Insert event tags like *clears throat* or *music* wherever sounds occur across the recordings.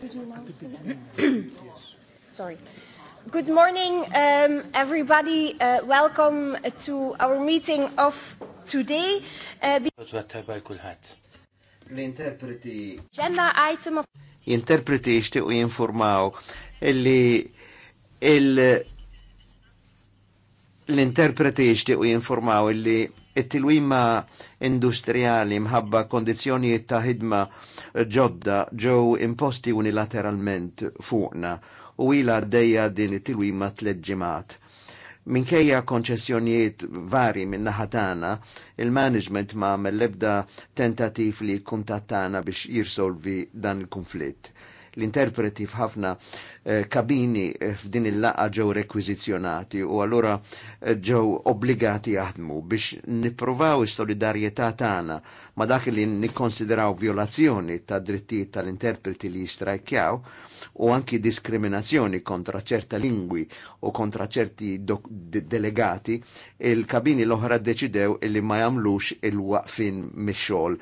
*coughs* Sorry. Good morning, um, everybody. Uh, welcome to our meeting of today. Uh, L-interpreti. Agenda item of. Interpreti ixtiq u jinformaw illi l-interpreti ixtiq u jinformaw illi it-tilwima industrijali mħabba kondizjoni ta' ħidma ġodda ġew imposti unilateralment fuqna u ila dejja din it-tilwima tleġġimat. Minkejja konċessjonijiet vari minn naħatana, il-management ma' l-ebda tentativ li kuntatana biex jirsolvi dan il-konflitt l-interpreti f'ħafna eh, kabini eh, f'din il-laqa ġew rekwizizjonati u allura eh, ġew obbligati jaħdmu biex nipprovaw is-solidarjetà tagħna ma dak li nikkonsideraw violazzjoni ta' drittijiet tal-interpreti li jistrajkjaw u anki diskriminazzjoni kontra ċerta lingwi u kontra ċerti delegati, il-kabini l-oħra deċidew li ma jagħmlux il-waqfin mix-xogħol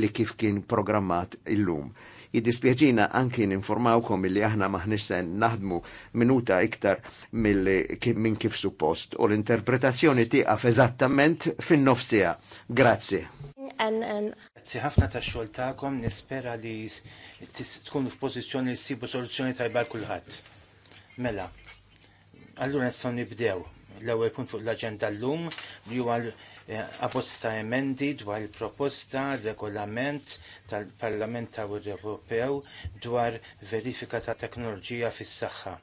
li kif kien programmat illum. Jiddispjaġina anki ninformawkom li aħna maħnix se naħdmu minuta iktar minn kif suppost u l-interpretazzjoni tiqaf eżattament fin-nofsija. Grazzi. Grazzi ħafna ta' xogħol tagħkom nispera li tkun f'pożizzjoni li ssibu soluzzjoni tajba kulħadd. Mela, allura nistgħu nibdew l-ewwel punt fuq l-aġenda llum li huwa Eh, abbozz emendi dwar il-proposta regolament tal-Parlament Ewropew dwar verifika ta' teknoloġija fis-saħħa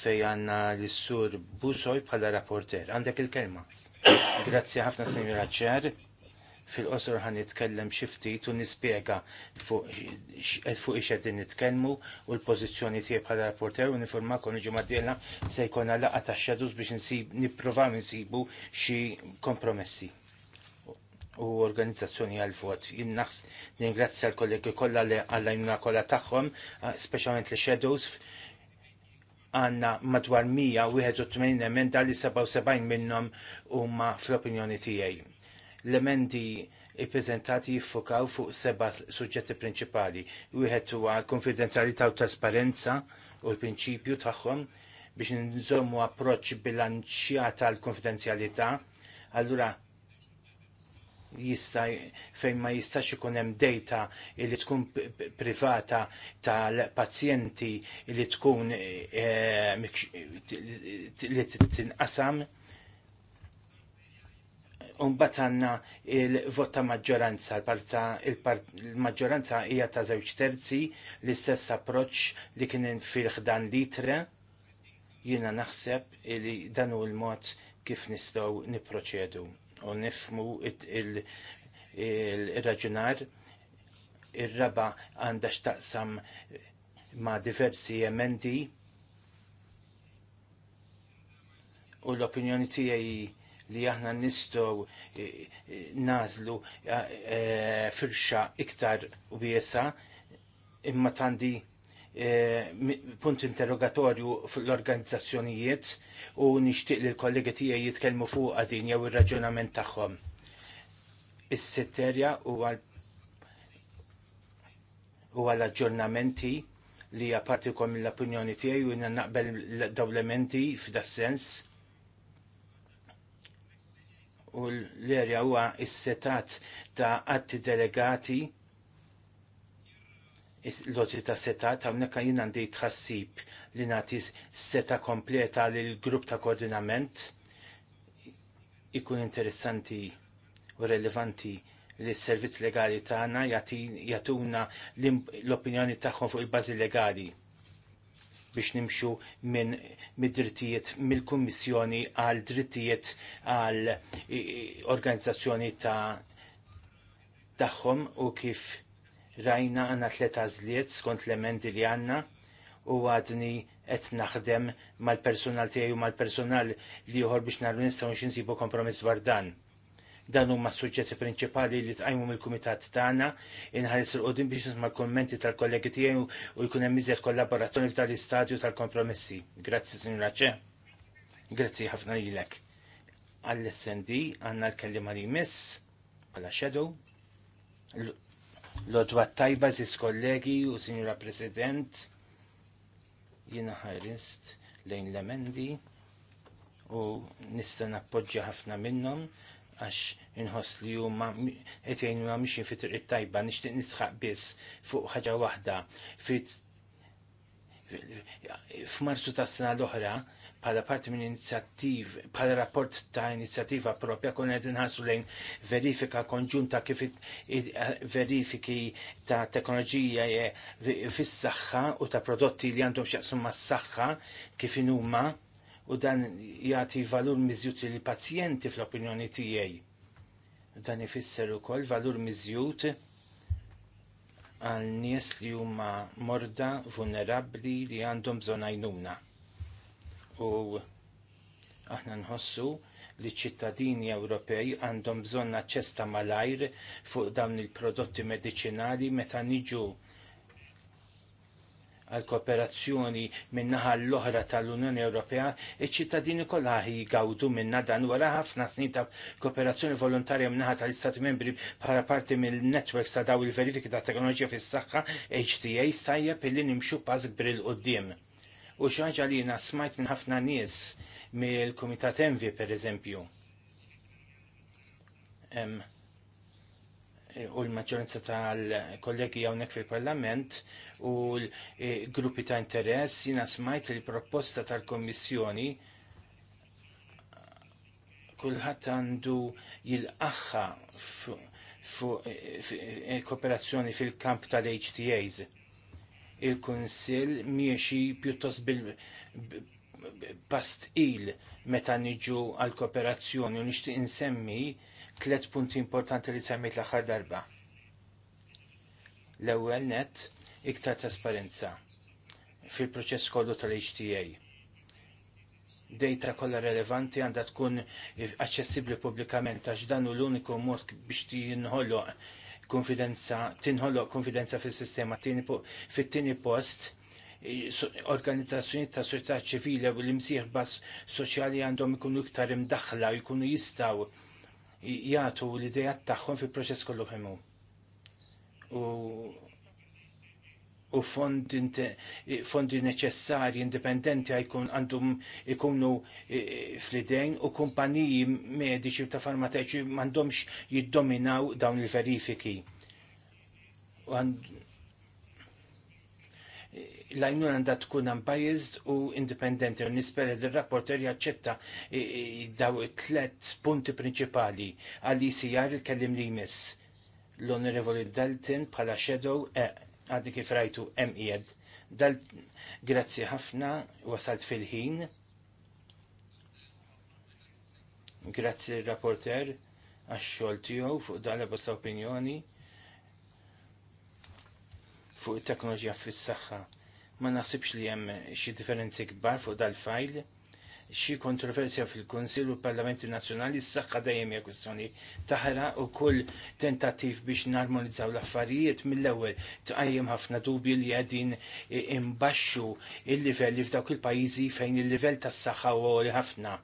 fej għanna l-sur Busoj bħala rapporter. Għandek il-kelma. *coughs* Grazzi ħafna, Signora Ċer fil-qosor ħan nitkellem ftit u nispjega fuq ixed din nitkellmu u l-pożizzjoni tiegħi bħala rapporter u nifurma kon ġimgħa dieħla se jkollna laqgħa tax-shadows biex nipprova nippruvaw insibu xi kompromessi u organizzazzjoni għal vot. naħs ningrazzja l-kollegi kollha li għallajna kollha tagħhom, speċjalment li shadows għanna madwar 181 emenda li 77 minnhom huma fl-opinjoni tiegħi L-emendi ippreżentati jiffokaw fuq seba suġġetti prinċipali. Wieħed huwa l-konfidenzjalità u trasparenza u l-prinċipju tagħhom biex nżommu approċċ bilanċjata għall konfidenzjalità. Allura jista' fejn ma jistax ikun hemm data li tkun privata tal-pazjenti eh, li tkun li tinqasam Unbat għanna il-vota maġġoranza, il-maġġoranza hija ta' żewġ terzi l-istess approċ li kien fil-ħdan litre. Jiena naħseb li dan hu l-mod kif nistgħu niproċedu u nifmu il-raġunar ir-raba għandha x'taqsam ma' diversi emendi u l-opinjoni tiegħi li aħna nistgħu eh, eh, nażlu eh, firxa iktar wiesa imma tandi punt interrogatorju fl-organizzazzjonijiet u nixtieq li l-kollegi tiegħi jitkellmu fuq din jew ir-raġunament tagħhom. Is-sitterja u għal aġġornamenti li hija kom l-opinjoni tiegħi u jina naqbel l-elementi f'da sens u l-erja huwa is-setat ta' atti delegati l-loti ta' setat hawnhekk jien għandi tħassib li nagħti seta kompleta lill grupp ta' koordinament ikun interessanti u relevanti li s-servizz legali tagħna jagħtuna l-opinjoni tagħhom fuq il-bażi legali biex nimxu minn mid-drittijiet mill-Kummissjoni għal drittijiet għal organizzazzjoni ta' tagħhom u kif rajna għanna tlet għażliet skont l-emendi li għanna u għadni qed naħdem mal-personal tiegħi u mal-personal li joħor biex narru nistgħu nxinsibu kompromiss dwar dan. Dan huma s-suġġetti prinċipali li tqajmu mill-kumitat tagħna inħares il-qudiem biex nisma' l-kummenti tal-kollegi tiegħi u jkun hemm iżjed kollaborazzjoni f'dan l-istadju tal-kompromessi. Grazzi Sinjura Ċe. Grazzi ħafna lilek. Għall-SND għandna l kelliema li jmiss bħala shadow. Lodwa tajba żis kollegi u Sinjura President jiena ħarist lejn l-emendi u nista nappoġġja ħafna minnhom għax inħoss li huma qed jgħinuna mixin fit triq tajba nixtieq nisħaq biss fuq ħaġa waħda fit f'Marzu tas-sena l-oħra bħala parti minn inizjattiv, bħala rapport ta' inizjattiva propja kun qed inħarsu lejn verifika konġunta kif verifiki ta' teknoloġija fis-saħħa u ta' prodotti li għandhom x'jaqsum mas-saħħa kif in huma u dan jagħti valur mizjut li pazjenti fl-opinjoni tiegħi. Dan ifisser ukoll valur mizjut għal nies li huma morda vulnerabbli li għandhom bżonn għajnuna. U aħna nħossu li ċittadini Ewropej għandhom bżonn aċċess malajr fuq dawn il-prodotti mediċinali meta niġu għal kooperazzjoni min-naħa l-oħra tal-Unjoni Ewropea, iċ-ċittadini kollha jgawdu minna dan wara ħafna snin ta' kooperazzjoni volontarja min-naħa tal-Istati Membri bħala parti mill netwerk ta' daw il-verifiki ta' teknoloġija fis-saħħa HTA stajja billi nimxu pass kbir il qudiem U xaġa li jiena smajt minn ħafna nies mill-Kumitat Envi pereżempju u l-maġġoranza tal-kollegi hawnhekk fil-Parlament u l-gruppi ta' interess jina smajt li proposta tal-Kommissjoni kulħadd għandu jil-axħa eh, kooperazzjoni fil-kamp tal-HTAs. Il-Kunsill miexi pjuttost bil past il meta niġu għal kooperazzjoni u nixtieq insemmi tliet punti importanti li semmit l-aħħar darba. L-ewwel net iktar trasparenza fil-proċess kollu tal-HTA. Dejta kollha relevanti għandha tkun aċċessibbli pubblikament għax dan hu l-uniku mod biex tinħoloq konfidenza, tinħoloq konfidenza fil-sistema fit-tieni post organizzazzjoni ta' soċjetà ċivili u l imsieħba bas soċjali għandhom ikunu iktar imdaħħla jkunu jistgħu jagħtu l-idejat tagħhom fil-proċess kollu kemmu. U fondi, fondi neċessari indipendenti għajkun għandhom ikunu e, fl-idejn u kumpaniji mediċi u ta' farmateċi mandomx jiddominaw dawn il-verifiki l-għajnuna għandha tkun unbiased u independenti. Nispera li rapporter jaċċetta daw tlet punti prinċipali għalli sijar il-kellim li jmiss. L-Onorevoli Dalton bħala Shadow e għaddi kif rajtu MED. Dal grazzi ħafna wasalt fil-ħin. Grazzi rapporter għax-xogħol tiegħu fuq dan bosta opinjoni fuq it-teknoloġija fis-saħħa ma naħsibx li hemm xi differenzi kbar fuq dal-fajl, xi kontroversja fil-Kunsill u Parlamenti Nazzjonali s-saxħa dejjem hija kwistjoni taħra u kull tentattiv biex narmonizzaw l-affarijiet mill-ewwel tqajjem ħafna dubji li qegħdin imbaxxu il-livelli f'dawk il-pajjiżi fejn il-livell tas-saħħa huwa ħafna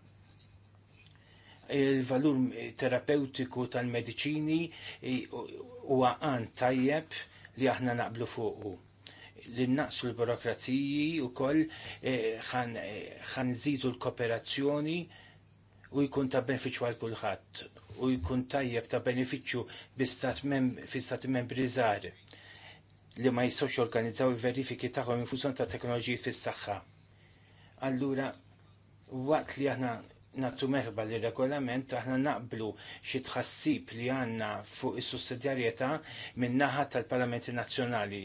il-valur terapeutiku tal mediċini huwa għan tajjeb li aħna naqblu fuqu li naqsu l-burokraziji u koll xan eh, zidu eh, l-kooperazzjoni u jkun ta' beneficju għal kulħadd u jkun tajjeb ta' beneficju fi stat membri żgħar li ma jistgħux organizzaw il-verifiki tagħhom infużjon ta' teknoloġiji fis-saħħa. Allura waqt li aħna nattu meħba li regolament aħna naqblu xi tħassib li għandna fuq is-sussidjarjetà min-naħa tal-Parlamenti Nazzjonali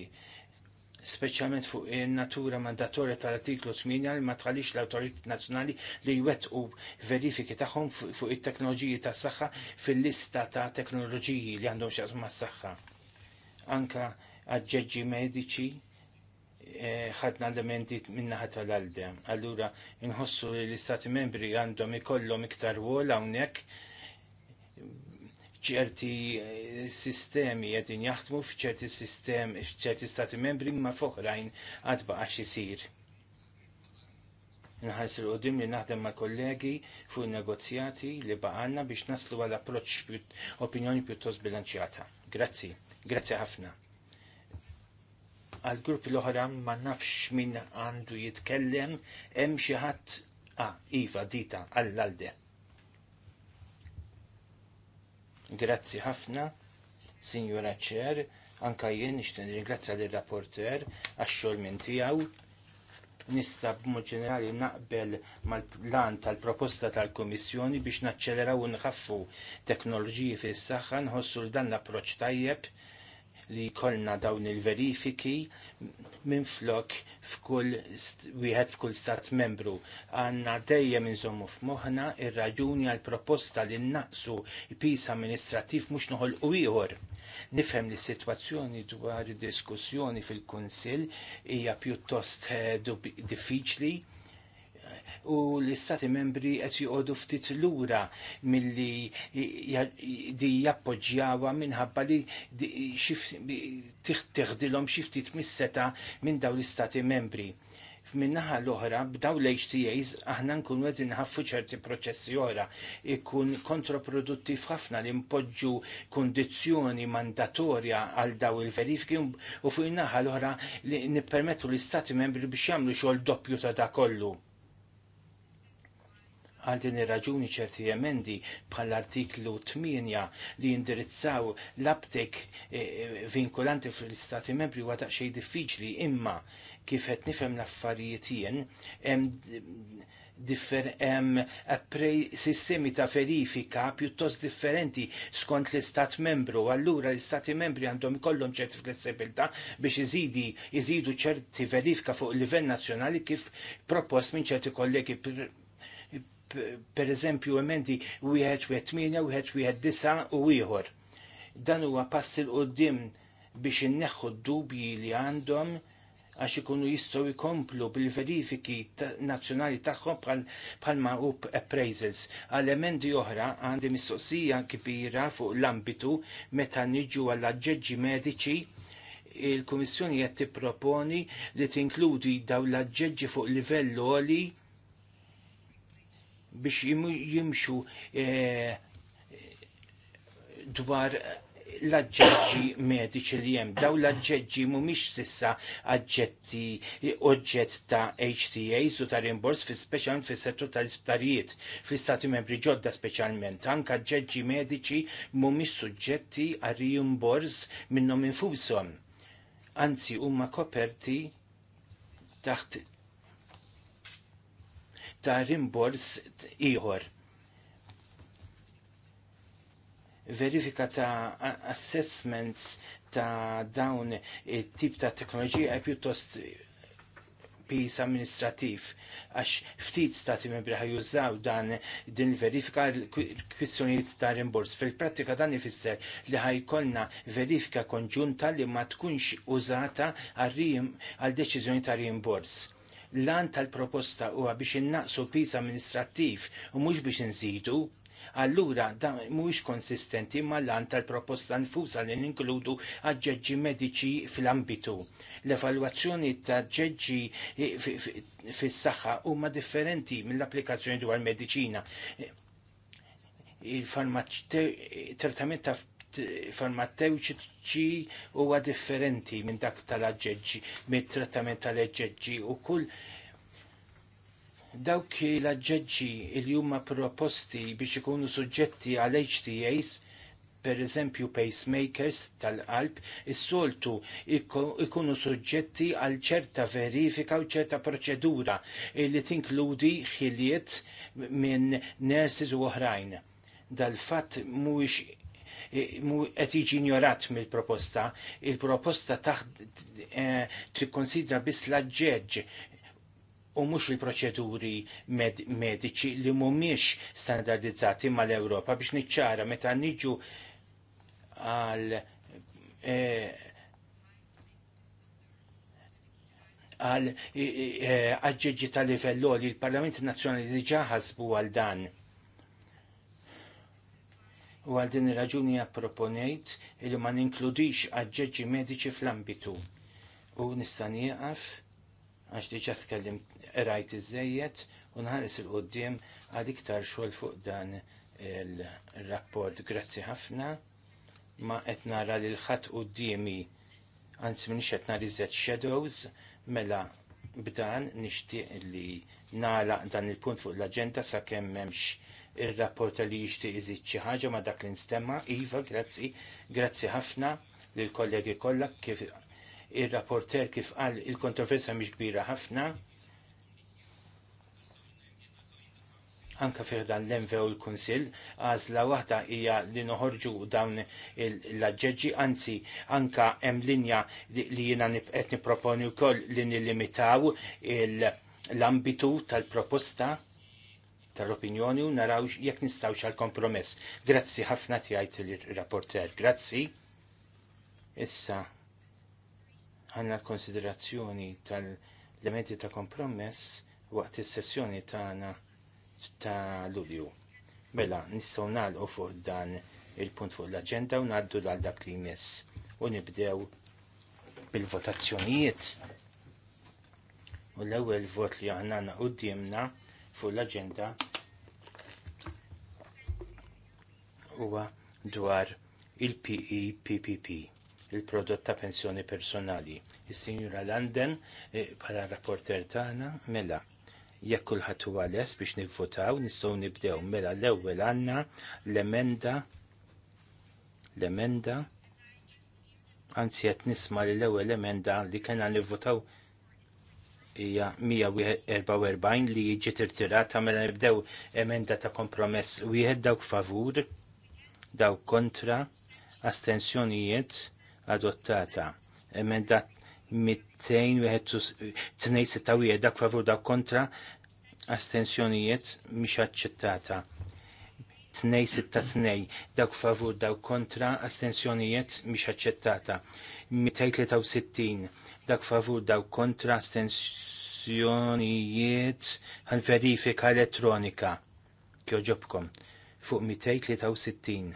speċjalment fuq in-natura mandatorja tal-artiklu 8 li ma tħallix l-awtoritajiet nazzjonali li jwettqu verifiki tagħhom fuq it-teknoloġiji tas-saħħa fil-lista ta' teknoloġiji li għandhom x'għadhom mas-saħħa. Anka aġġeġġi mediċi eh, ħadna elementi minnaħa tal għaldem Allura, nħossu li l-Istati membri għandhom ikollhom iktar wol hawnhekk ċerti eh, sistemi qegħdin jaħdmu f'ċerti sistem f'ċerti stati membri ma foħrajn għad baqax isir. Nħarsu l qodim li naħdem ma' kollegi fuq negozjati li baqanna biex naslu għal approċċ opinjoni pjuttost bilanċjata. Grazzi, grazzi ħafna. Għal grupp l-oħra ma nafx min għandu jitkellem, hemm xi ħadd ah, Iva, dita, għall-għalde. Grazzi ħafna, Signora Ċer, anka jien nixten ringrazzja lir rapporter għax-xogħol minn tiegħu. Nista b'mod ġenerali naqbel mal-plan tal-proposta tal-Komissjoni biex naċċeleraw u nħaffu teknoloġiji fis saħħa nħossu l dan l-approċċ tajjeb li kolna dawn il-verifiki minn flok f'kull wieħed f'kull stat membru. Għanna dejjem inżommu f'moħħna ir-raġuni għal proposta li naqsu pis amministrattiv mhux noħolqu ieħor. Nifhem li s-sitwazzjoni dwar id diskussjoni fil-Kunsill hija pjuttost eh, diffiċli u l-istati membri qed joqogħdu ftit lura milli di jappoġġjawha minħabba li tiħdilhom xi ftit mis-seta minn dawn l-istati membri. Minnaħa l-oħra, b'daw l-HTAs, aħna nkunu għed ħaffu ċerti proċessi oħra. Ikun kontraproduttiv ħafna li mpoġġu kondizjoni mandatorja għal daw il-verifiki u fuq in-naħa l-oħra li nippermettu l-istati membri biex jagħmlu xogħol doppju ta' da kollu għal din ir-raġuni ċerti emendi bħall-artiklu 8 li indirizzaw l-aptek eh, eh, vinkolanti fl-Istati Membri huwa xej diffiċli imma kif qed nifhem l-affarijiet jien hemm sistemi ta' verifika pjuttost differenti skont l-Istat Membru. Allura l-Istati Membri għandhom ikollhom ċerti flessibilta biex iżidu ċerti verifika fuq il livell nazzjonali kif propost minn ċerti kollegi per eżempju emendi wieħed wieħed tminja, wieħed wieħed disa u ieħor. Dan huwa passi il qoddim biex inneħħu d-dubji li għandhom għax ikunu jistgħu jkomplu bil-verifiki nazzjonali tagħhom bħal maqub appraisals. Għal emendi oħra għandi mistoqsija kbira fuq l-ambitu meta niġu għall aġġeġġi mediċi il-Kummissjoni qed tipproponi li tinkludi dawn l-aġġeġġi fuq livell oli biex jimxu eh, dwar l-aġġeġġi mediċi li jem. Daw l-aġġeġġi miex sissa aġġetti oġġett ta' HTA u ta' rimbors fi speċjalment fis settu tal-isptarijiet fl-istati membri ġodda speċjalment. Anka aġġeġġi mediċi mumiex suġġetti għal rimbors minnhom infushom. Anzi, huma koperti taħt ta' rimbors ieħor. Verifika ta' assessments ta' dawn it-tip ta' teknoloġija e pjuttost pis amministrativ għax ftit stati membri ħajużaw dan din verifika l-kwistjonijiet ta' rimbors. Fil-prattika dan ifisser li ħajkolna verifika konġunta li ma tkunx użata għal deċiżjoni ta' rimbors. L-an tal-proposta huwa biex innaqsu pis amministrativ u mhux biex inżidu, allura da mhuwiex konsistenti mal-lan tal-proposta nfusa li ninkludu għaġġeġġi mediċi fl-ambitu. L-evalwazzjoni ta' fil fis-saħħa huma differenti mill-applikazzjoni dwar mediċina il-trattament ta' farmaceutiċi huwa differenti minn dak tal-aġġeġġi, minn trattament tal-aġġeġġi u kull dawk l-aġġeġġi li huma proposti biex ikunu suġġetti għal HTAs per eżempju pacemakers tal-qalb, is-soltu ikunu suġġetti għal ċerta verifika u ċerta proċedura li tinkludi ħiliet minn nurses u oħrajn. Dal-fatt mhuwiex qed jiġi ignorat mill-proposta. Il-proposta taħt eh, tikkonsidra biss l-ġeġġ u mhux il-proċeduri mediċi li mhumiex standardizzati mal-Ewropa biex niċċara meta niġu għal eh, għal ħagġiġi eh, tal livell li l-Parlament Nazzjonali diġa ħasbu għal dan. U għal din ir-raġuni proponejt li ma ninkludix għadġeġi mediċi fl-ambitu. U nista' nieqaf għax diġà tkellim rajt iżejjed u nħares il-qudiem għal iktar xogħol fuq dan il-rapport. Grazzi ħafna ma qed nara li l-ħadd quddiemi, anzi minix qed nara shadows mela b'dan nixtieq li nara dan il-punt fuq l-aġenda sakemm m'hemmx ir-rapporta li jixtieq iżid xi ħaġa ma' dak li nstemma. Iva, grazzi, grazzi ħafna lill kollegi kollha kif ir-rapporter kif qal il-kontroversja mhix kbira ħafna. Anka fih dan l envew u l-Kunsill, għażla waħda hija li noħorġu dawn l-aġġeġġi, anzi anka hemm linja li jiena qed nipproponi wkoll li nilimitaw l-ambitu tal-proposta tal-opinjoni u naraw jekk nistgħux xal kompromess. Grazzi ħafna tiegħid il-rapporter. Grazzi. Issa għandna l-konsiderazzjoni tal-elementi ta' kompromess waqt is-sessjoni tagħna ta' Lulju. Mela, nistgħu nagħlqu fuq dan il-punt fuq l-aġenda u ngħaddu għal dak li jmiss u nibdew bil-votazzjonijiet. U l-ewwel vot li aħna għandna qudiemna fuq l-aġenda huwa dwar il-PEPPP, il-prodott ta' pensjoni personali. Is-Sinjura Landen eh, bħala rapporter tagħna mela jekk kulħadd huwa les biex nivvotaw nistgħu nibdew mela l-ewwel għandna l-emenda l-emenda anzi qed nisma' l ewwel emenda li kellna nivvotaw hija 144 li jiġi tirtirata mela nibdew emenda ta' kompromess wieħed dawk favur, dawk kontra, astensjonijiet adottata. Emenda 261 dak favur dawk kontra, astensjonijiet mhix aċċettata. 262 dawk favur dawk kontra, astensjonijiet mhix aċċettata. 263 dak favur daw kontra sensjonijiet għal verifika elettronika kjoġobkom fuq 263.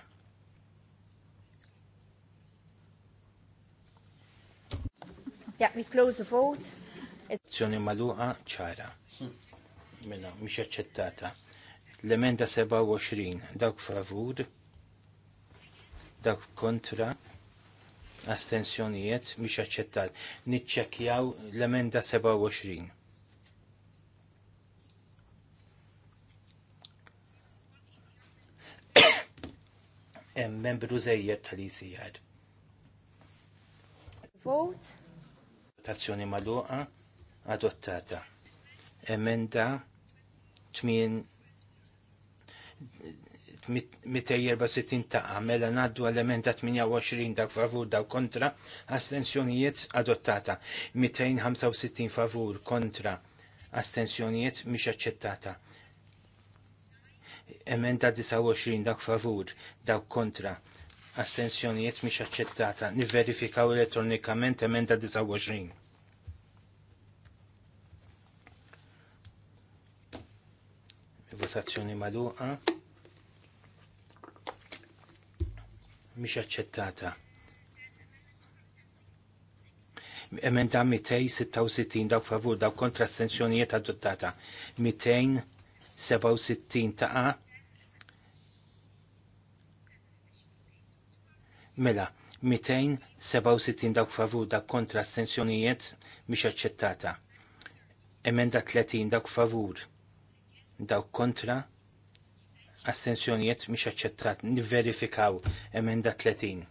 Yeah, we close the vote. Azzjoni maluqa ċara. Mela, mhix aċċettata. L-emenda 27 dawk favur, dawk kontra astensjonijiet mhix aċċettat. Niċċekkjaw l-emenda 27. *coughs* membru żejjed tal-ICR. Vote. Votazzjoni magħluqa adottata. Emenda 8 264 ta' mela naddu għall-emenda 28 dak favur daw kontra astensjonijiet adottata 265 favur kontra astensjonijiet mhix aċċettata. Emenda 29 dak favur daw kontra astensjonijiet mhix aċċettata. Nivverifikaw elettronikament emenda 29. Votazzjoni maluqa mhix aċċettata. Emenda 266 dawk favur dawk kontra astensjonijiet adottata. 267 taqa. Mela, 267 dawk favur dawk kontra astenzjonijiet mhix aċċettata. Emenda 30 dawk favur dawk kontra astensjonijiet mhix aċċettat nivverifikaw emenda 30.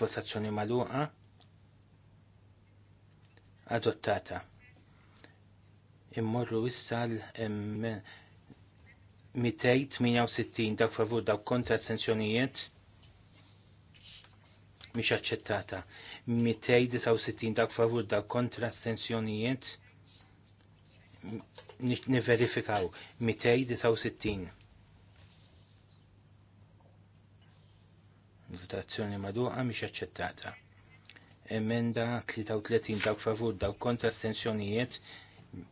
Votazzjoni magħluqa adottata. Immorru issa l-268 dak favur dak kontra astensjonijiet mhix aċċettata. 269 dak favur dak kontra astensjonijiet niverifikaw 269. Votazzjoni maduqa mhix aċċettata. Emenda 33 dawk favur dawk kontra astensjonijiet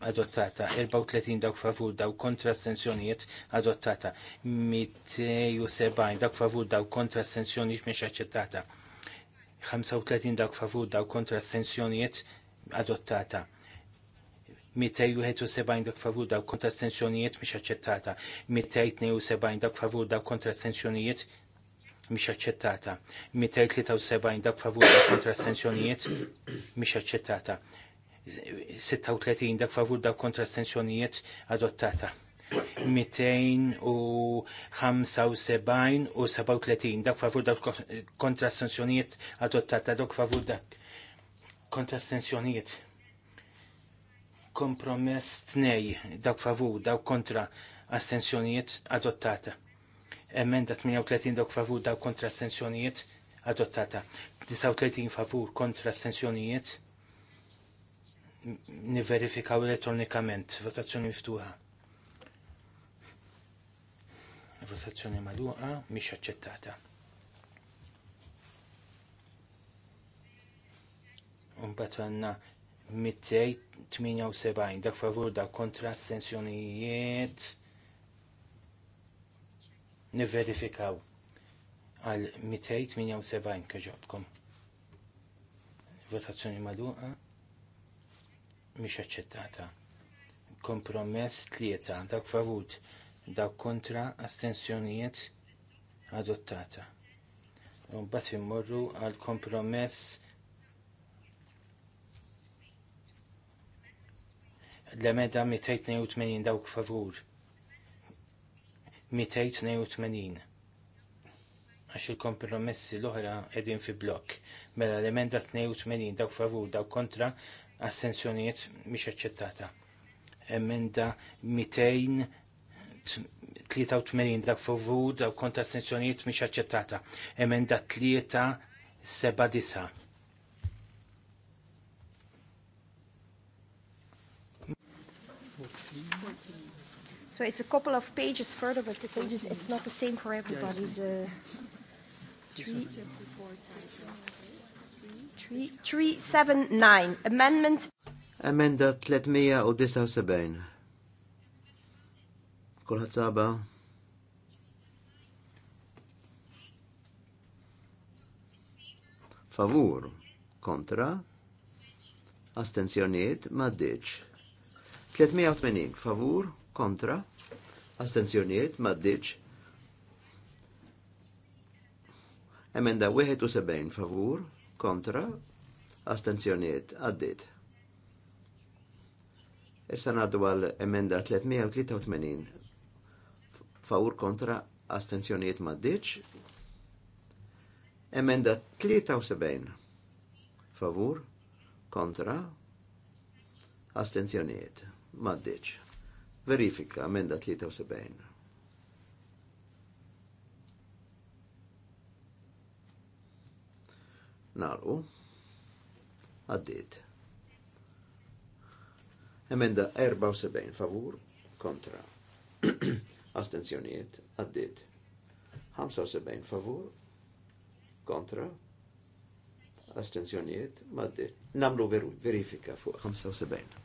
adottata, 34 dawk favur dawk kontra astensjonijiet adottata, 270 dawk favur dawk kontra astensjonijiet mhix aċċettata, 35 dawk favur dawk kontra astensjonijiet adottata. 271 dak favur daw kontra astensjonijiet mhix aċċettata, 272 dak favur daw kontra astensjonijiet mhix aċċettata, 273 dak favur daw kontra astensjonijiet mhix aċċettata, 36 dak favur daw kontra adottata. 275 u 37 dak favur dak kontra adottata dak favur daw kontra sanzjonijiet Kompromess tnej, dawk favur, dawk kontra astensjonijiet adottata. Emenda 38 dawk favur, dawk kontra astensjonijiet adottata. 39 favur kontra astensjonijiet niverifikaw elettronikament, votazzjoni miftuħa. Votazzjoni magħluqa mhix aċċettata. Un għandna 278 dak favur dak kontra astensjonijiet niverifikaw għal 278 kħeġobkom votazzjoni maduqa. mhix aċċettata. Kompromess tlieta dak favut dak kontra astensjonijiet adottata. U mbagħad morru għal kompromess l-emenda 282 dawk favur. 282. Għax il-kompromessi l-oħra edin fi blok. Mela l-emenda 82 dawk favur dawk kontra assenzjoniet mhix aċċettata. Emenda 283 dawk favur dawk kontra assenzjoniet mhix aċċettata. Emenda 3 disa' So it's a couple of pages further, but the pages, it's not the same for everybody. The three, three, three, seven, nine. Amendment. Amenda 379. Kulħat saba. Favur. Kontra. Astenzjoniet. Maddiċ. 380. Favur kontra, astenzjonijiet maddiċ. Emenda 71 favur, kontra, astenzjoniet, għaddit. Issa naddu għal emenda 383 favur kontra astenzjoniet maddiċ. Emenda 73 favur kontra astenzjonijiet maddiċ. Verifika, amenda 73. Narqu. Għaddit. Emenda 74 favur kontra. *clears throat* Astenzjoniet, għaddit. 75 favur kontra. Astenzjoniet, maddit. Namlu verifika fuq 75.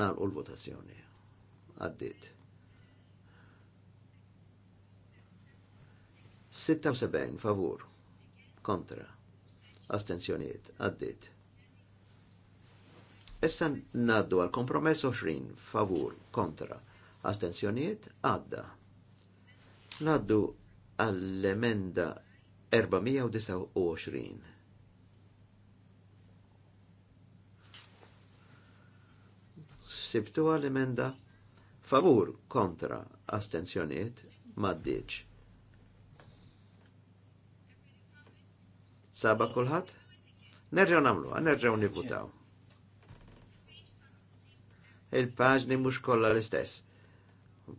nalqu l-votazzjoni. Għaddit. 76 favur kontra astenzjoniet għaddit. Issa naddu għal kompromess 20 favur kontra astenzjoniet għadda. Naddu għall-emenda 429 Sibtu għal-emenda favur kontra astenzjoniet maddiċ. Saba kulħat? Nerġaw namlu, nerġaw nivutaw. il pagni mux kolla l-istess.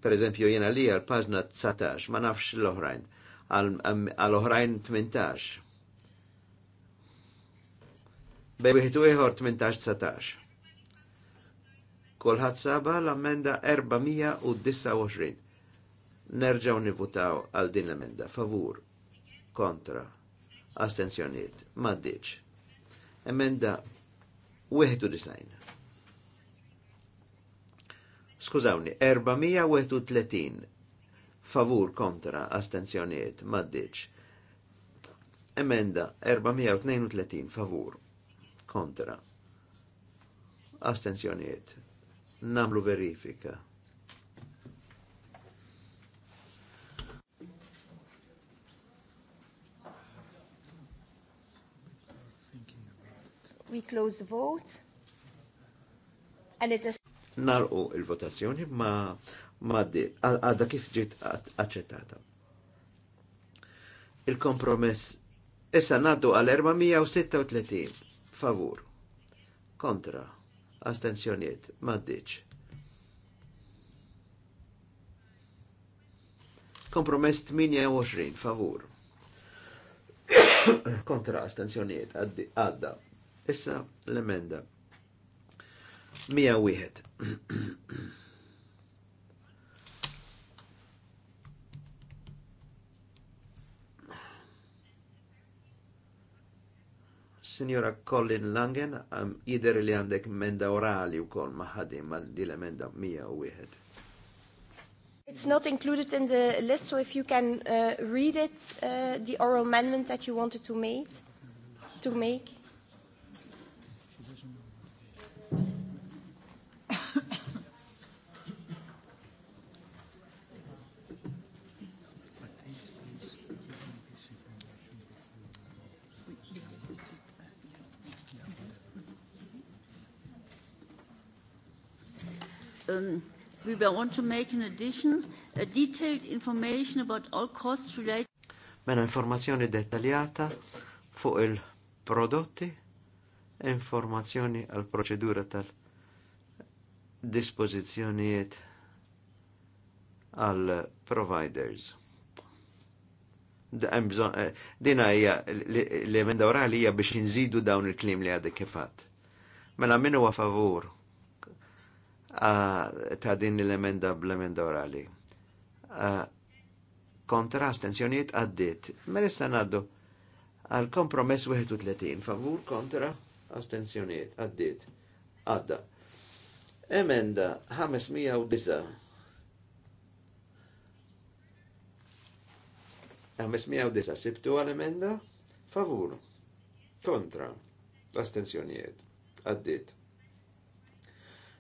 Per eżempju, jena li għal pagna 19, ma nafx l-oħrajn, għal-oħrajn 18. Bebiħtu iħor 18-19. Kolħat saba l-ammenda 429. Nerġaw nivutaw għal din l-ammenda. Favur. Kontra. Astenzjoniet. Maddiċ. Emenda 91. Skużawni, 431. Favur kontra astenzjoniet. Maddiċ. Emenda 432 favur kontra astenzjoniet namlu verifika. We close the vote. And it is... Narqu il-votazzjoni ma maddi għadda kif ġiet accettata. Il-kompromess issa naddu għal 436 favur kontra astensjoniet, maddiċ. Kompromess 28, favur. *coughs* Kontra astensjoniet, għadda. Issa l-emenda. 101. *coughs* Signora Colin Langen, jider li għandek menda orali u kol maħadi ma di mija u wieħed. It's not included in the list, so if you can uh, read it, uh, the oral amendment that you wanted to make. To make. um, we want to make an addition, a detailed information about all costs related. Mena informazzjoni dettaljata fuq il-prodotti, informazzjoni għal proċedura tal-dispożizzjonijiet għal providers. Eh, dina hija l-emenda orali hija biex inżidu dawn il-klim li għadek kifat. Mela minnu għafavur favur ta' din l-emenda bl-emenda orali. Kontra tensjoniet għaddit. Merista mela naddu għal kompromess 31, favur kontra astensjoniet għaddit. Għadda. Emenda 509. 509 sibtu għal emenda favur kontra astensjoniet għaddit.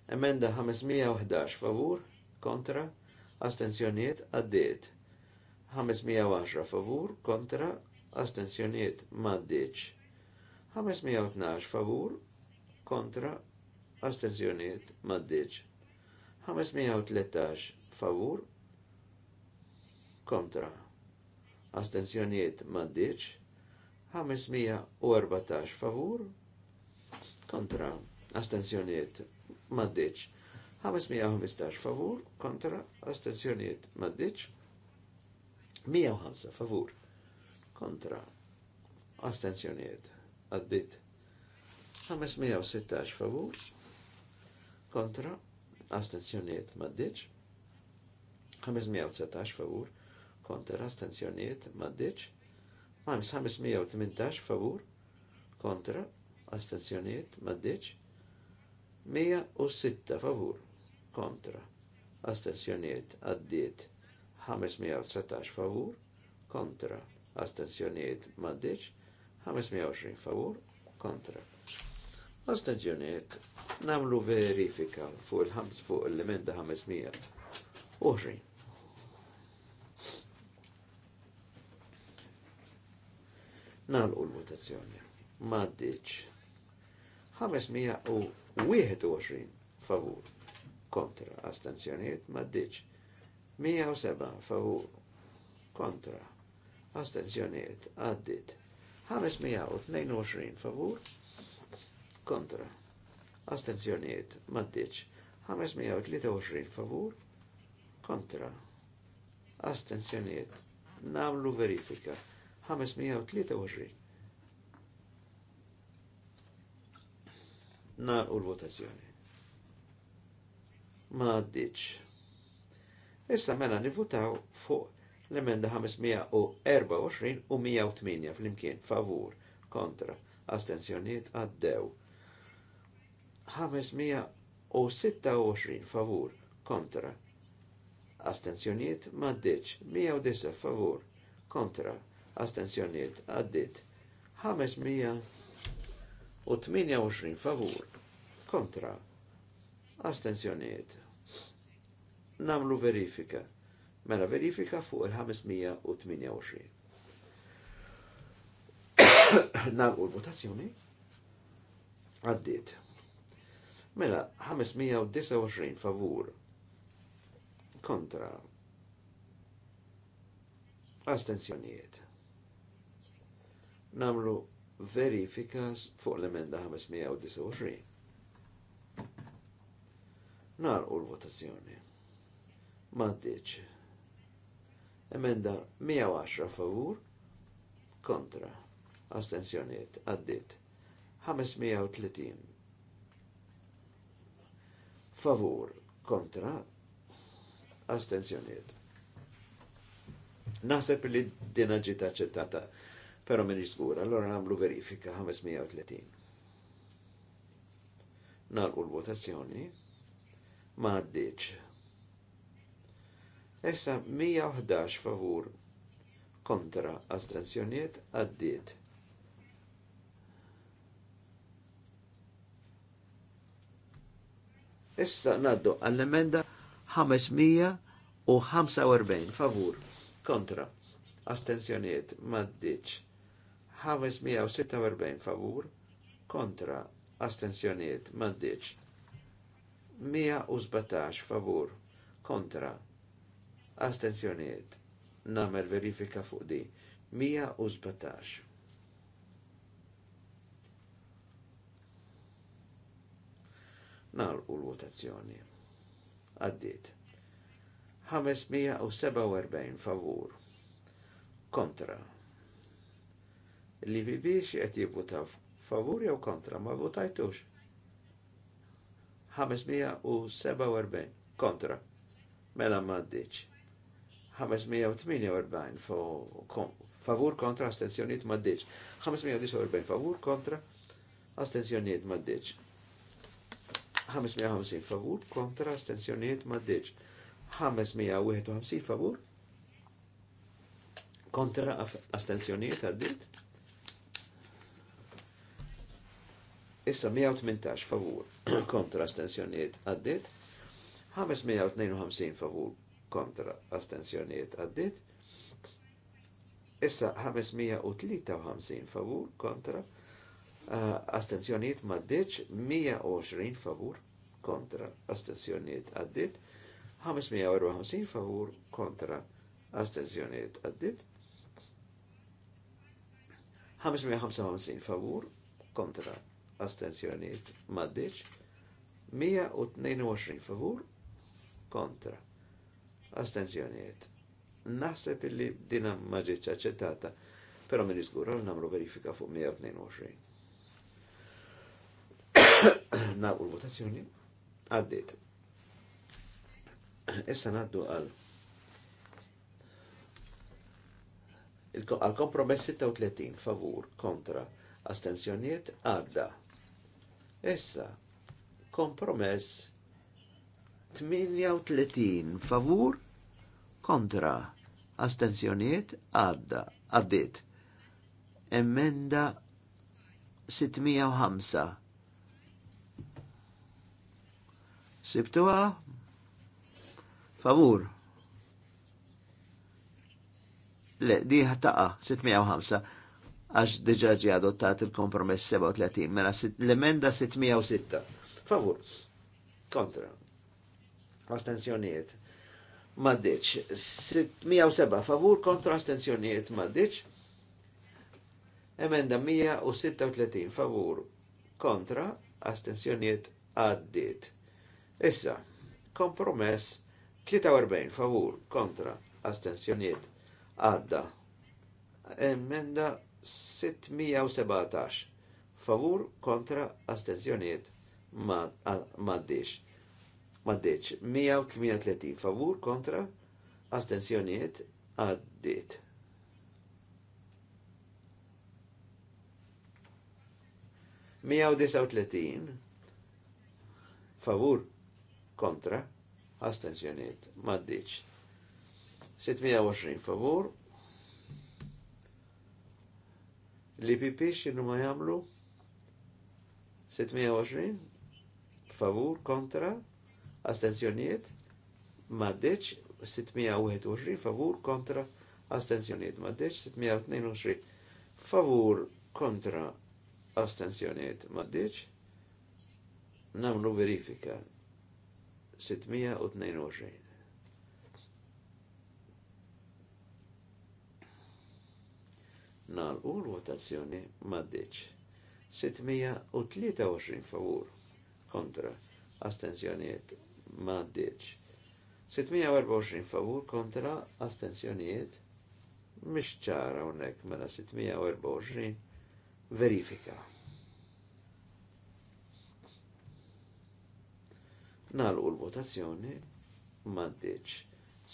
Emenda 511 favur kontra astensjoniet għaddiet. 510 favur kontra astensjoniet maddiċ. 512 favur kontra astensjoniet maddiċ. 513 favur kontra astensjoniet maddiċ. 514 favur kontra astensjoniet maddiċ. 515 favur kontra astenzjoniet maddiċ. 105 favur kontra astenzjoniet għaddit. 516 favur kontra astenzjoniet maddiċ. 517 favur kontra astenzjoniet maddiċ. 518 favur kontra astenzjoniet maddiċ. 106 favur kontra Astenzjoniet għaddiet 517 favur kontra Astenzjoniet maddiċ 520 favur kontra Astenzjoniet namlu verifika fuq il-ħams fuq l-emenda 520 nalqu l-votazzjoni maddiċ u 21 favur kontra astenzjoniet ma maddiċ 107 favur kontra astenzjoniet għaddit 522 favur kontra astenzjoniet ma maddiċ 523 favur kontra astenzjoniet namlu verifika 523 nar u l-votazzjoni. Ma għaddiċ. Issa mela nivutaw fuq l-emenda 524 u 108 fl-imkien favur kontra astenzjoniet għaddew. 526 favur kontra astenzjoniet maddiċ 109 favur kontra astenzjoniet għaddit 500 u 28 favur kontra astensjoniet. Namlu verifika. Mela verifika fuq il-528. *coughs* Nagħu l-votazzjoni għaddiet. Mela 529 favur kontra astensjonijiet. Namlu verifikas fuq l-emenda 529. Nar u l-votazzjoni. Maddiċ. Emenda 110 favur, kontra. Astenzjoniet għaddit. 530. Favur, kontra. Astenzjoniet. Naseb li dinaġi taċċettata. ċettata pero minn zgur, allora namlu verifika 530. Nalqu l-votazzjoni, ma għaddiċ. Issa 111 favur kontra astensjoniet għaddiet. Issa naddu għall-emenda 545 favur kontra astensjoniet maddiċ. 546 favur kontra astensjoniet maddiċ 117 favur kontra astensjoniet namel verifika fuq di 117 nar u l-votazzjoni għaddit 547 favur kontra li biex qed jivvuta favur jew kontra, ma votajtux. 547 kontra. Mela ma ddiċ. 548 favur kontra astenzjoniet ma ddiċ. 549 favur kontra astenzjoniet ma ddiċ. 550 favur kontra astenzjoniet ma ddiċ. 551 favur kontra astenzjoniet għaddit. Issa 118 *clears throat* favur kontra astensjoniet għaddit, 552 favur kontra astensjoniet għaddit, issa 553 favur kontra uh, astensjoniet maddeċ, 120 favur kontra astensjoniet għaddit, 554 favur kontra astensjoniet għaddit, 555 favur kontra astenzjoniet maddiċ, 122 favur kontra astenzjoniet. Naħseb illi dina maġiċa aċċettata, pero minn iżgur namlu verifika fuq 122. *coughs* Naqu l-votazzjoni, għaddit. Issa naddu għal għal kompromess 36 favur kontra astenzjoniet għadda. Issa, kompromess 38 favur kontra astenzjoniet għadda għaddit emenda 605 sibtuha favur le di ħataqa 605 għax diġaġi adottat il-kompromess 37, mela l-emenda 606. Favur, kontra, astenzjoniet, maddiċ, 607, favur, kontra, astenzjoniet, maddiċ, emenda 136, favur, kontra, astenzjoniet, għaddit. Issa, kompromess 43, favur, kontra, astenzjoniet, għadda. Emenda 617 favur kontra astenzjoniet maddix. Maddix 138 favur kontra astenzjoniet għaddit. tletin favur kontra astenzjoniet maddiċ. 620 favur Li ipp xinu ma jamlu? 620? Favur, kontra, astenzjoniet? deċ 621 favur, kontra, astenzjoniet. deċ 622 favur, kontra, astenzjoniet. deċ namlu verifika. 622. Nal u l-votazzjoni maddiċ. 623 favur kontra astenzjoniet maddiċ. 624 favur kontra astenzjoniet mish ċara unnek mela 624 verifika. Nalqu l-votazzjoni maddiċ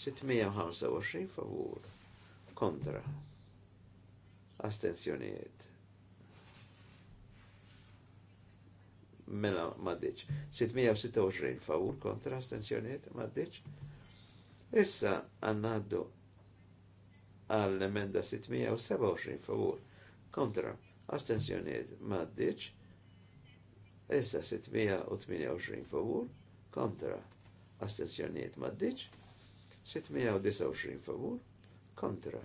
625 favur kontra astenzjonijiet. Mela maddiċ. 626 favur kontra astenzjonijiet maddiċ. Issa għannaddu għall-emenda 627 favur kontra astenzjonijiet maddiċ. Issa 628 favur kontra astenzjonijiet maddiċ. 629 favur kontra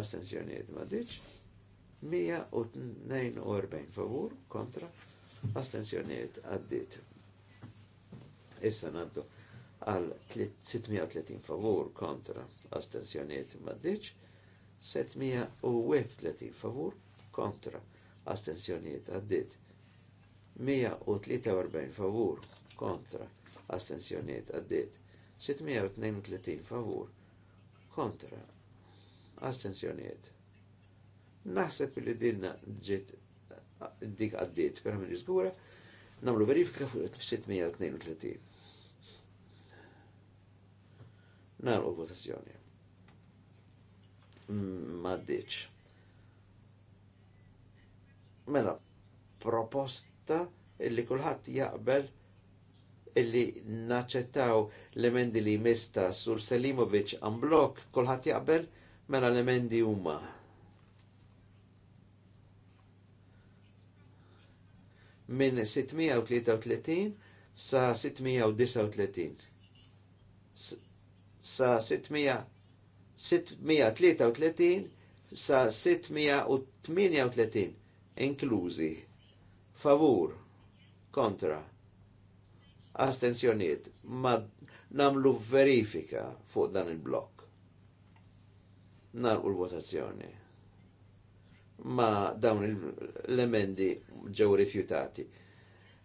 astenzjonijiet maddiċ. 142 favur kontra astensjoniet għaddit. Issa naddu għal 630 favur kontra astensjoniet maddiċ, 730 favur kontra astensjoniet għaddit. 143 favur kontra astensjoniet għaddit. 632 favur kontra astensjoniet Naħseb li dinna ġiet dik għaddiet, per minn iżgura, namlu verifika fuq 632. Nagħmlu votazzjoni. Mm, ma ddiċ. Mela, proposta illi kulħadd jaqbel illi naċċettaw l-emendi li mista sur Selimovic għan blok kulħadd jaqbel mela l-emendi huma. minn 633 sa 639. Sa 600 633 sa 638 inklużi. Favur, kontra, astensjoniet, ma namlu verifika fuq dan il-blok. Narqu l-votazzjoni ma dawn l-emendi ġew rifjutati.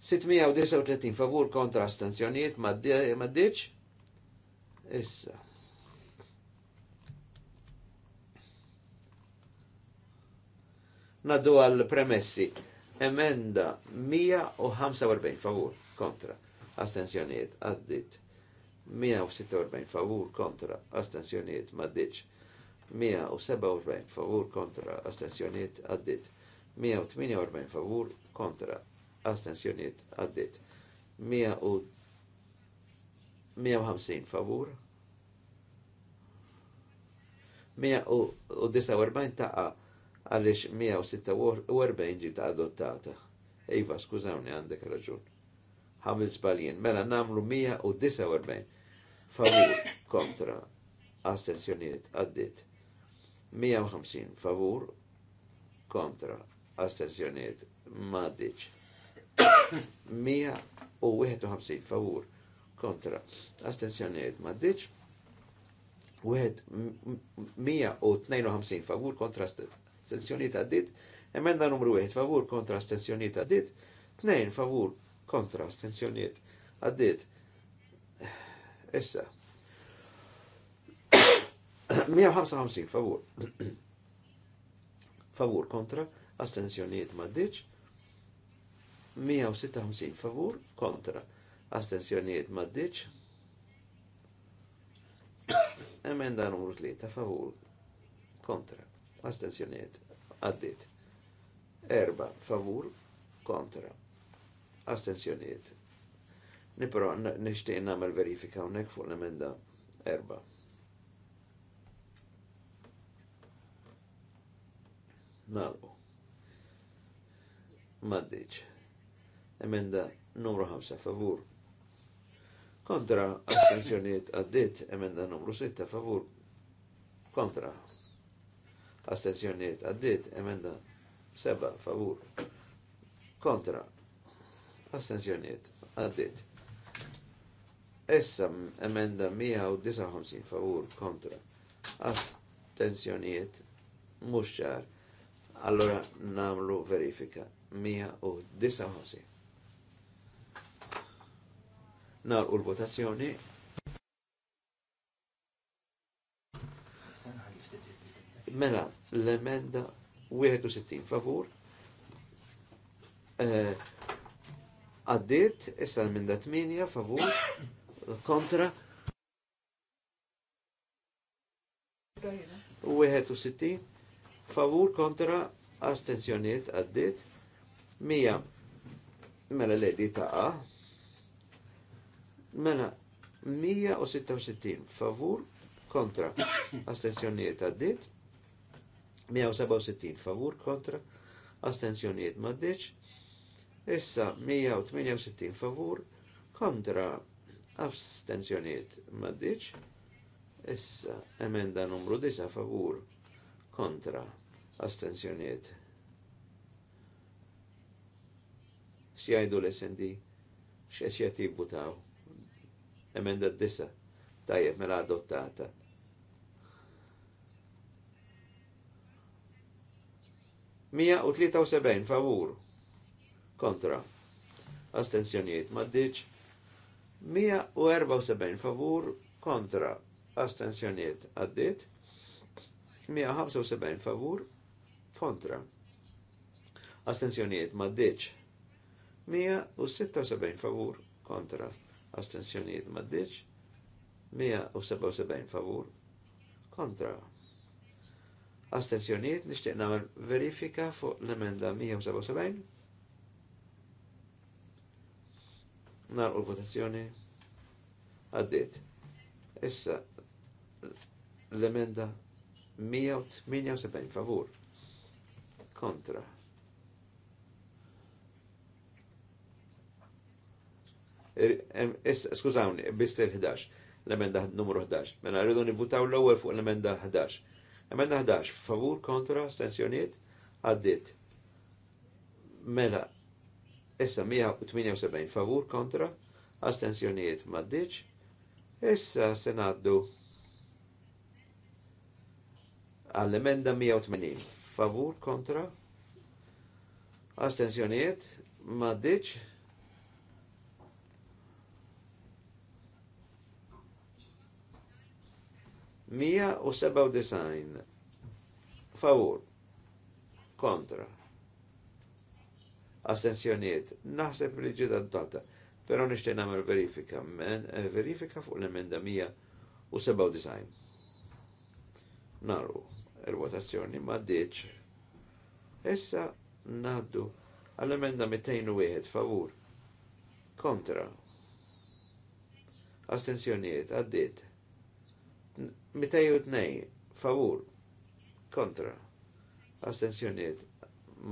639 favur kontra astenzjoniet ma ddiċ. Issa. Naddu għal premessi. Emenda 145 favur kontra astenzjoniet għaddit. 146 favur kontra astenzjoniet ma 147 favur kontra astensjoniet għaddit. 148 favur kontra astensjoniet għaddit. 150 favur 149 taqa għalix 146 ġiet adottata. Iva, skużawni, għandek raġun. Għamil zbaljen, mela namlu 149 favur kontra astensjoniet għaddit. 150 favur kontra astensjoniet maddiċ. 151 *coughs* favur kontra astensjoniet maddiċ. 152 favur kontra astensjoniet għaddit. Emenda numru 1 favur kontra astensjoniet għaddit. 2 favur kontra astensjoniet għaddit. *sighs* Issa, 155 favur. *clears throat* favur kontra, astensjonijiet maddiċ. 156 favur kontra, astensjonijiet maddiċ. *clears throat* Emenda numru 3 favur kontra, astensjonijiet addit. Erba favur kontra, astensjonijiet. Nipro nishtiq namel verifika unnek fuq l-emenda erba' Nalqu. Maddiċ. Emenda numru 5 favur. Kontra astensjoniet għaddit. Emenda numru 6 favur. Kontra. Astensjoniet għaddit. Emenda 7 favur. Kontra. Astensjoniet għaddit. Essa emenda 159 favur kontra. Astensjoniet muxċar Allora namlu verifika. 159. u l-votazzjoni. Mela, l-emenda 61 favur. Eh, għaddit, issa l-emenda 8 favur kontra. 61 favur kontra astenzjoniet għaddit, mija mela l-edi taqa, mela 166 favur kontra astenzjoniet għaddit, 167 favur kontra astensjoniet maddeċ, issa 168 favur kontra astenzjoniet maddeċ, issa emenda numru 9 favur kontra astenzjoniet. Xjajdu l-SND, xiex jatibu taw. Emenda d-disa, tajjeb mela adottata. Mija u sebejn favur kontra astenzjoniet maddiċ sebejn favur kontra astenzjoniet għaddit 175 favur kontra. Astenzjoniet Astenzjonijiet deċ. 176 favur kontra. Astenzjoniet Astenzjonijiet deċ. 177 favur kontra. Astenzjoniet nishtiq namel verifika fuq l-emenda 177. Nar u votazzjoni għaddit. Issa l-emenda 177 178 favur kontra. Er, skużawni, bist il-11, l-emenda numru 11. Mena rridu nivutaw l-ewwel fuq l-emenda 11. Emenda 11, favur kontra stensjoniet għaddit. Mela, issa 178 favur kontra astensjoniet maddiċ. Issa senaddu għall-emenda 180. Favur kontra astensjoniet maddiċ Mija u seba u design. Favur. Kontra. Astensjoniet. Naħseb li ġida data. Pero nishtiq namel verifika. Men, eh, verifika fuq l-emenda mija u seba u design. Naru il-votazzjoni ma ddiċ. Issa naddu għall-emenda 201 favur kontra astensjonijiet għaddit 202 favur kontra astensjonijiet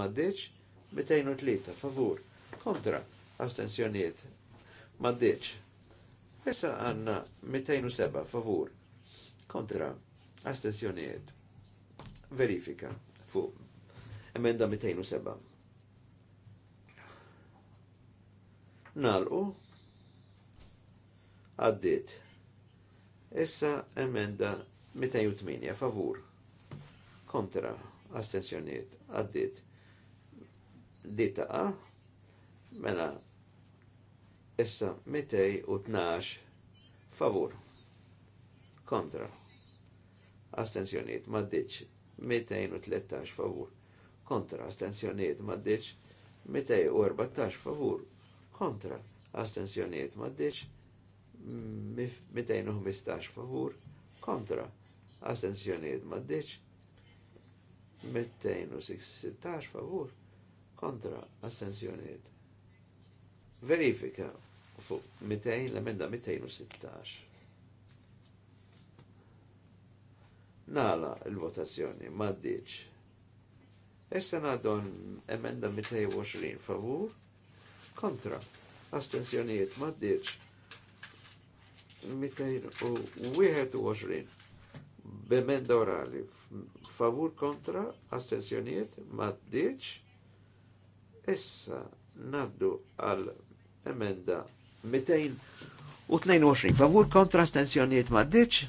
maddiċ 203 favur kontra astensjonijiet maddiċ issa għanna 207 favur kontra Astenzjoniet verifika fuq emenda 207. Nalqu għaddit. Issa emenda 208 favur kontra astensjoniet għaddit. Dita A mela issa 212 favur kontra astensjoniet maddiċ 213 favur kontra astensjoniet maddiċ 214 favur kontra astensjoniet maddiċ 215 favur kontra astensjoniet maddiċ 216 favur kontra astensjoniet verifika fuq 200 l-emenda 216 Nala il-votazzjoni, maddiċ. Issa għadon emenda 220 favur, kontra, astensjonijiet maddiċ. 221 b'emenda orali, favur kontra, astensjonijiet maddiċ. Issa naddu għal emenda 222 favur kontra, astensjonijiet maddiċ.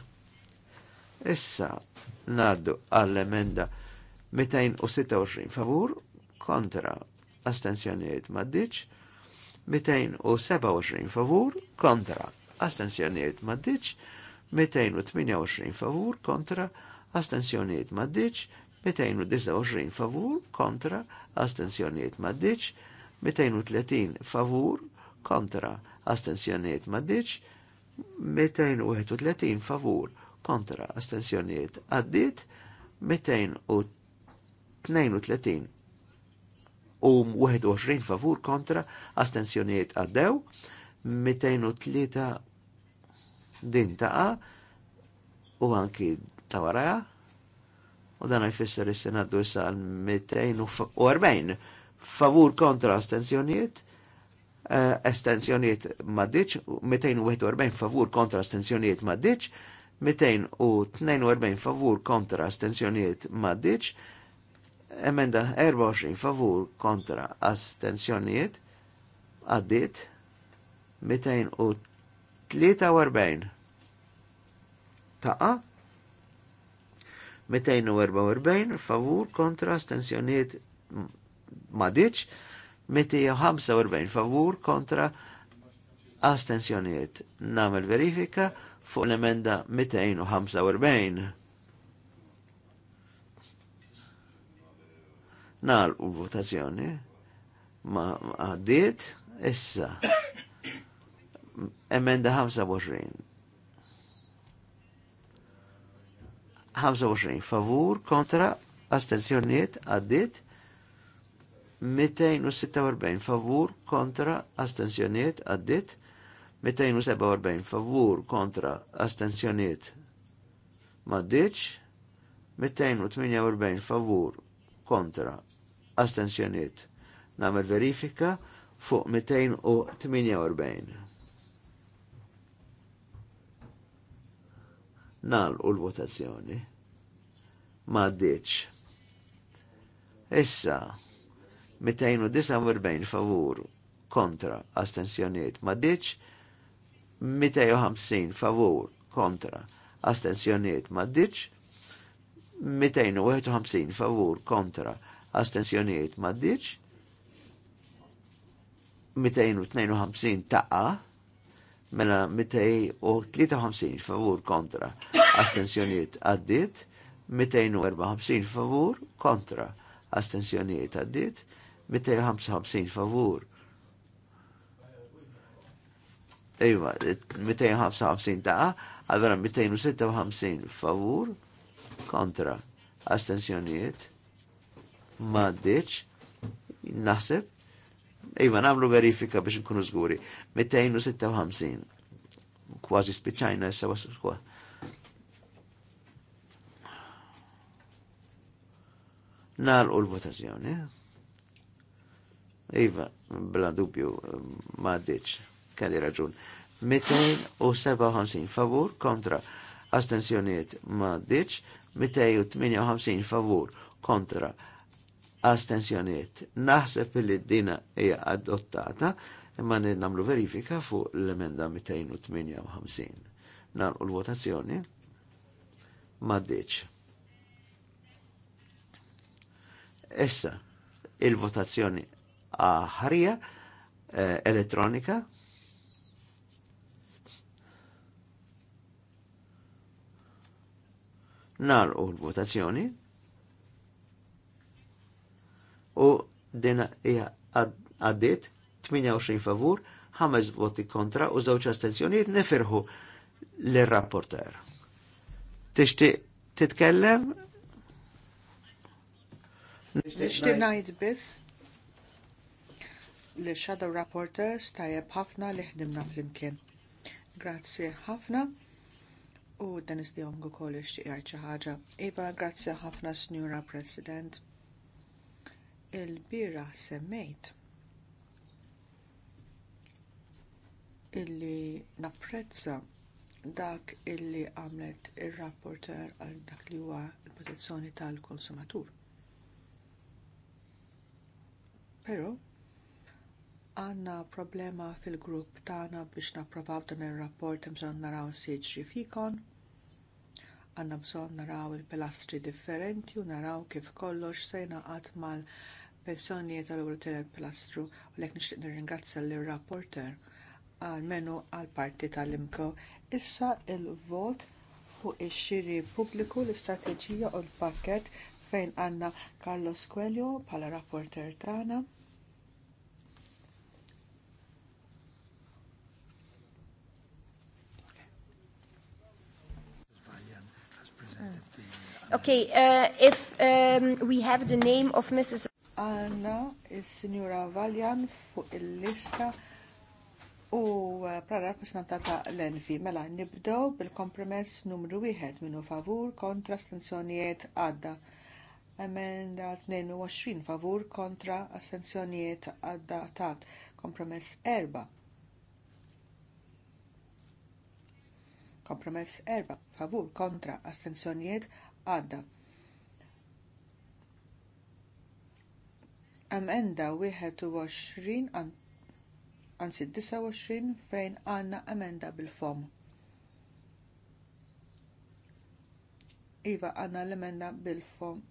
Issa naddu għall-emenda 226 favur kontra astensjonijiet maddiċ, 227 favur kontra astensjonijiet maddiċ, 228 favur kontra astensjonijiet maddiċ, 229 favur kontra astensjonijiet maddiċ, 230 favur kontra astensjonijiet maddiċ, 231 favur kontra astensjonijiet għaddit 232 u 21 favur kontra astensjonijiet għaddew 203 din taqa u anki tawaraja u dan jfisser il-senat du issa għal 240 favur kontra astensjonijiet estensjoniet eh, maddiċ, 241 favur kontra estensjoniet maddiċ, 242 favur kontra astensjonijiet maddiċ, emenda 24 favur kontra astensjonijiet għaddit 243 taqa 244 favur kontra astensjonijiet maddiċ 245 favur kontra astensjoniet namel verifika fuq l-emenda 245. Nar u votazzjoni ma għaddit issa emenda 25. 25 favur kontra astenzjoniet għaddit 246 favur kontra astenzjoniet għaddit 247 favur kontra astensjoniet maddiċ, 248 favur kontra astensjoniet. Namel verifika fuq 248. Nal u l-votazzjoni. Maddiċ. Issa, 249 favur kontra astensjoniet maddiċ, 250 favur kontra astensjoniet maddiċ, 251 favur kontra astensjoniet maddiċ, 252 taqqa, mela 253 favur kontra astensjoniet għaddit, 254 favur kontra astensjoniet għaddit, 255 favur Ejwa, 255 ta' għadra 256 favur kontra astensjoniet, maddiċ naħseb ejwa, iva, namlu verifika biex nkunu zguri. 256. Kważi spiċajna jessa wasu skwa. u l-votazzjoni. Iva, bla dubju, ma' kelli raġun. 257 favur kontra astensjoniet ma diċ, 258 favur kontra astensjoniet. Naħseb li d-dina hija adottata imma namlu verifika fuq l-emenda 258. u l-votazzjoni ma diċ. Issa, il-votazzjoni aħrija eh, elettronika nar u l-votazzjoni u dena hija għaddit 28 favur, 5 voti kontra u żewġ astenzjonijiet neferħu l-rapporter. Tixti titkellem? Nixti najt biss li shadow rapporters tajjeb ħafna li ħdimna fl-imkien. Grazie ħafna U Dennis De Jong ukoll ixtieq ħagġa. xi ħaġa. Iva, grazzi ħafna Snjura President. Il-bira semmejt illi napprezza dak illi għamlet ir il rapporter għal dak li huwa l-protezzjoni tal-konsumatur. Però għandna problema fil-grupp tagħna biex napprovaw dan ir-rapport imżon naraw siġri fikon. Għanna bżonn naraw il-pilastri differenti u naraw kif kollox se jingħaqad mal-pensjonijiet tal-ewwel pilastru u lek nixtieq nirringrazzja lir-rapporter għalmenu għal parti tal-imko. Issa il-vot fuq ix-xiri pubbliku l-istrateġija u l-pakket fejn għandna Carlos Coelho bħala rapporter tagħna. Okay, uh, if um, we have the name of Mrs. Anna, il-Signora Valjan fuq il-lista u uh, prarar ta' l-envi. Mela, nibdow bil-kompromess numru 1 minnu favur kontra astensjonijiet għadda. Emenda 22 favur kontra astensjonijiet għadda tat. Kompromess 4. Kompromess 4 favur kontra astensjonijiet għadda għadda. Emenda 21 anzi 29 fejn għandna emenda bil-fom. Iva għandna l-emenda bil-fom.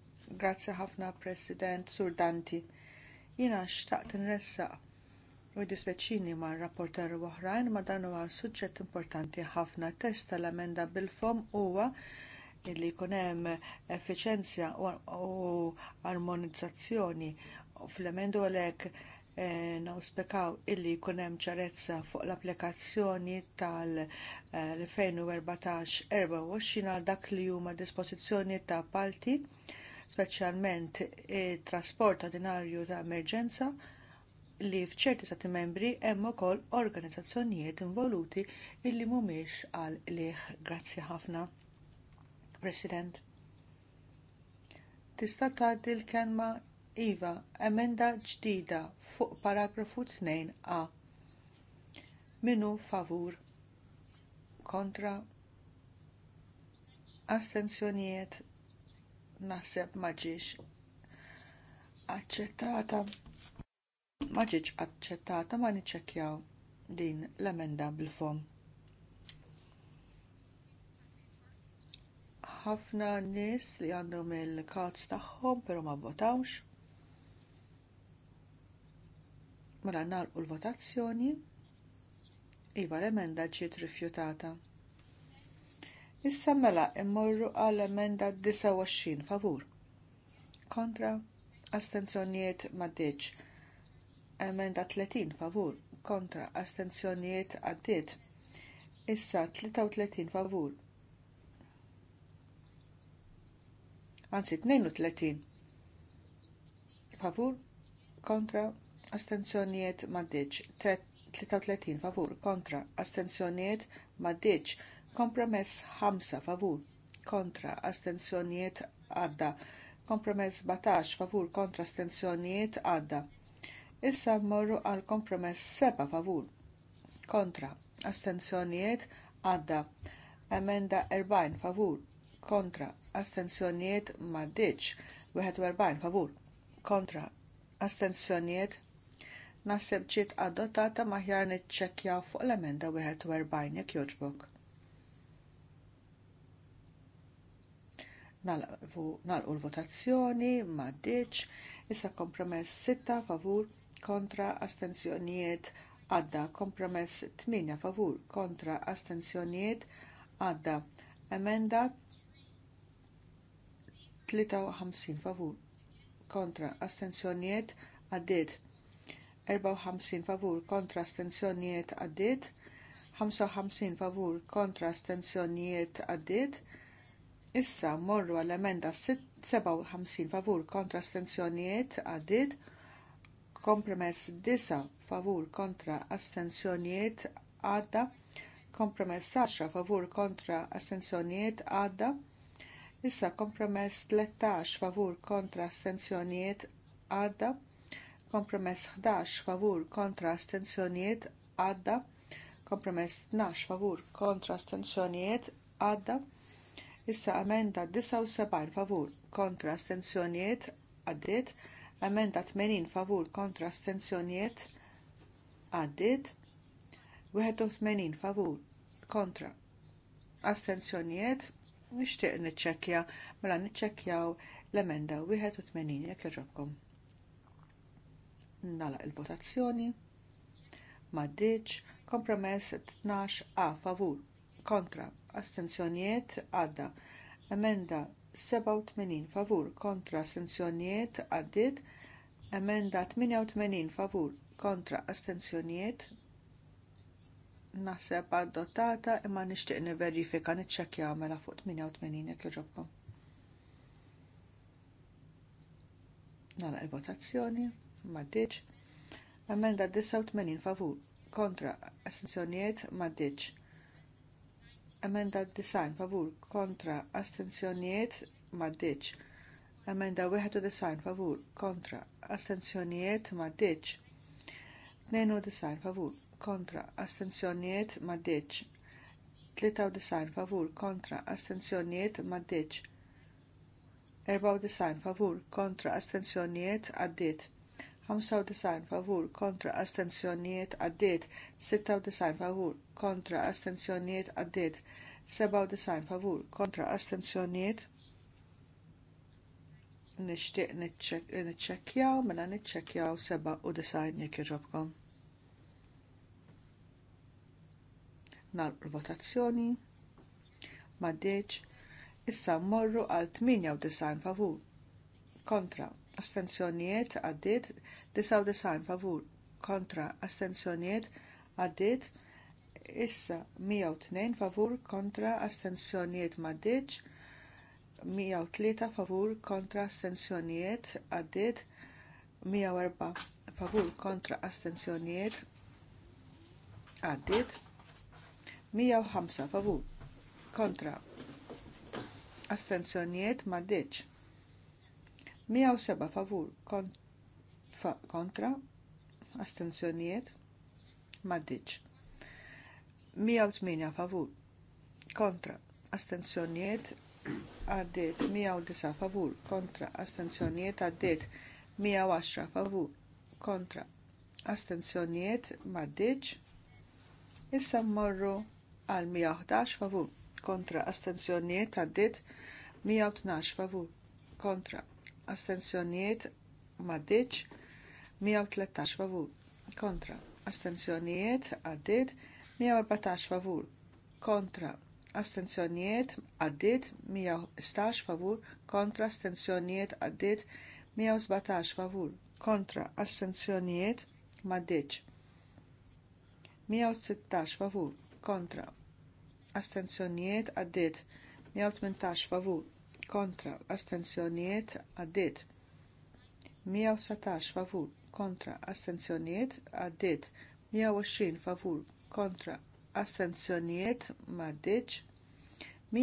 Grazzi ħafna President Surdanti. Jiena xtaqt n-ressa u dispeċini ma' rapporter oħrajn ma' dan huwa suġġett importanti ħafna test tal-emenda bil-fom huwa Illi jkun hemm effiċenzja u armonizzazzjoni fl-emendu għalhekk eh, nawspekaw illi jkun hemm ċarezza fuq l-applikazzjoni tal-2014-24 għal dak li huma dispożizzjoni ta' palti, speċjalment it trasport ordinarju ta' emerġenza li fċerti stati membri hemm ukoll organizzazzjonijiet involuti illi mhumiex għal liħ. Grazzi ħafna. President. Tista' tgħaddi l-kelma Iva, emenda ġdida fuq paragrafu 2a. Minu favur. Kontra. Astenzjonijiet. Naħseb ma Aċċettata. Ma ġietx aċċettata ma niċċekkjaw din l-emenda bil-fom. ħafna nies li għandhom il-kazz tagħhom però ma votawx. Mela nagħlqu l-votazzjoni. Iva l-emenda ġiet rifjutata. Issa mela immorru għall emenda 29 favur. Kontra astenzjonijiet maddiċ. Emenda 30 favur. Kontra astenzjonijiet għaddiet. Issa 33 favur anzi 32. Favur kontra astenzjoniet maddiċ 33 favur kontra astenzjoniet maddiċ kompromess 5 favur kontra astenzjoniet għadda kompromess 17 favur kontra astenzjoniet għadda issa mmorru għal kompromess 7 favur kontra astenzjoniet għadda emenda 40 favur kontra astensjonijiet maddiċ 41 favur kontra astensjonijiet naħseb ġiet adottata maħjar niċċekkjaw fuq l-emenda 41 jekk jogħġbok. Nalqu l-votazzjoni ma maddiċ, issa kompromess 6 favur kontra astensjonijiet għadda kompromess 8 favur kontra astensjonijiet għadda emenda 53 favur kontra astensjonijiet għaddit 54 favur kontra astensjonijiet għaddit 55 favur kontra astensjonijiet għaddit Issa morru għall emenda 57 favur kontra astensjonijiet għaddit kompromess 10 favur kontra astensjonijiet għadda kompromess 10 favur kontra astensjonijiet għadda Issa kompromess 13 favur kontra astensjonijiet għadda. Kompromess 11 favur kontra astensjonijiet għadda. Kompromess 12 favur kontra astensjonijiet għadda. Issa amenda 79 favur kontra astensjonijiet għaddit, Amenda 80 favur kontra astensjonijiet għaddit, 81 favur kontra astensjonijiet nixtieq niċċekkja mela niċċekkjaw l-emenda 81 jekk jaġobkom. Nalaq il-votazzjoni. Maddiċ kompromess 12 a favur kontra astenzjonijiet għadda. Emenda 87 favur kontra astenzjonijiet għaddit. Emenda 88 favur kontra astenzjonijiet naħseb adottata imma nixtieq niverifika niċċekkja mela fuq 88 jekk jogħġobkom. Nagħlaq il-votazzjoni, maddiċ. Emenda 89 favur kontra astenzjonijiet maddiċ. Emenda 90 favur kontra astenzjonijiet maddiċ. Emenda 91 favur kontra astenzjonijiet m'għaddiġ. 92 favur kontra astenzjonijiet deċ. 93 favur kontra astenzjonijiet deċ. 94 favur kontra astenzjonijiet għaddiet 95 favur kontra astenzjonijiet għaddiet 96 favur kontra astenzjonijiet għaddiet 97 favur kontra astenzjonijiet nishtiq niċċekkjaw mela niċċekkjaw seba' u design jekk jogħġobkom. nagħlqu l-votazzjoni deċ Issa mmorru għal 98 favur. Kontra, astenzjonijiet għaddiet 99 favur. Kontra, astenzjonijiet għaddit issa 102 favur kontra astenzjonijiet deċ 103 favur kontra astenzjonijiet għaddit 104 favur kontra astenzjonijiet għaddiet 105 favur kontra Astenzjoniet astenzjonijiet deċ. 107 favur kontra Astenzjoniet astenzjonijiet deċ. 108 favur kontra astenzjonijiet għaddiet 109 favur kontra astenzjonijiet għaddiet 110 favur kontra Astenzjoniet astenzjonijiet deċ. issa mmorru għal 111 favur kontra astenzjonijiet għaddit 112 favur kontra astenzjonijiet maddiċ 113 favur kontra astenzjonijiet għaddit 114 favur kontra astenzjonijiet għaddit 116 favur kontra astenzjonijiet għaddit 117 favur kontra astenzjonijiet maddiċ 116 favur kontra astenzjonijiet għaddit 118 favur kontra astenzjonijiet għaddit 117 favur kontra astenzjonijiet għaddit 120 favur kontra astenzjonijiet maddiċ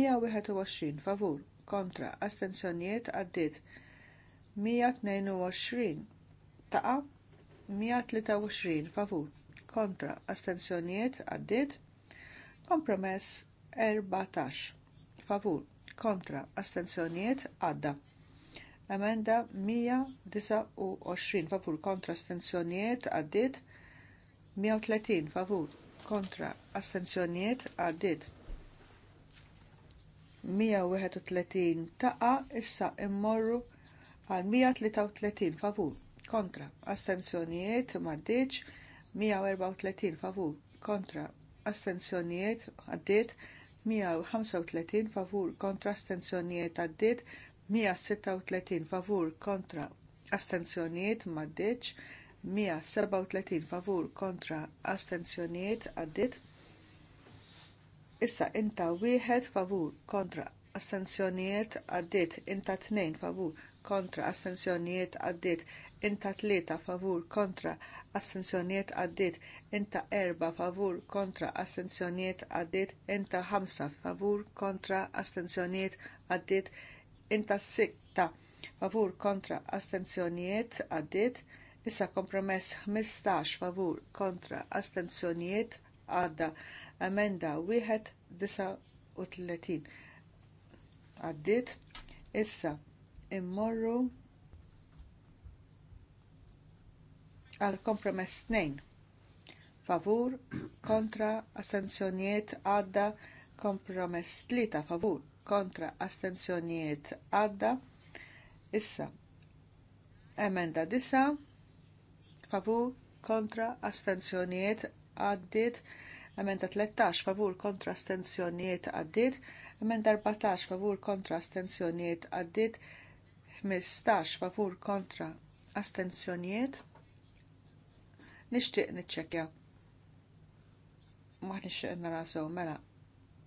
121 favur kontra astenzjonijiet għaddit 122 taqa 123 favur kontra astenzjonijiet għaddit Kompromess 14. Favur kontra Astenzjoniet. għadda. Emenda 129 favur kontra Astenzjoniet. għaddit 130 favur kontra Astenzjoniet. għaddit 131 taqa issa immorru għal 133 favur kontra astenzjonijiet maddiċ 134 favur kontra astenzjonijiet għaddiet 135 favur kontra astenzjonijiet għaddiet 136 favur kontra astenzjonijiet maddiċ 137 favur kontra astenzjonijiet għaddiet issa inta wieħed favur kontra astenzjonijiet għaddiet inta tnejn favur kontra astenzjonijiet għaddiet inta tlieta favur kontra astenzjoniet għaddit, inta erba favur kontra astenzjoniet għaddit, inta ħamsa favur kontra astenzjoniet għaddit, inta sitta favur kontra astenzjoniet għaddit, issa kompromess 15 favur kontra astenzjoniet għadda, emenda 1.39 għaddit, issa immorru għal kompromess 2. Favur kontra astenzjoniet għadda kompromess tlita favur kontra astenzjonijiet għadda issa emenda disa, favur kontra astenzjonijiet għaddit emenda 13 favur kontra astenzjoniet għaddit, emenda 14 favur kontra astenzjonijiet għaddit, 15 favur kontra astenzjonijiet Nixtieq niċċekkja. Ma nixtieq narasaw, mela.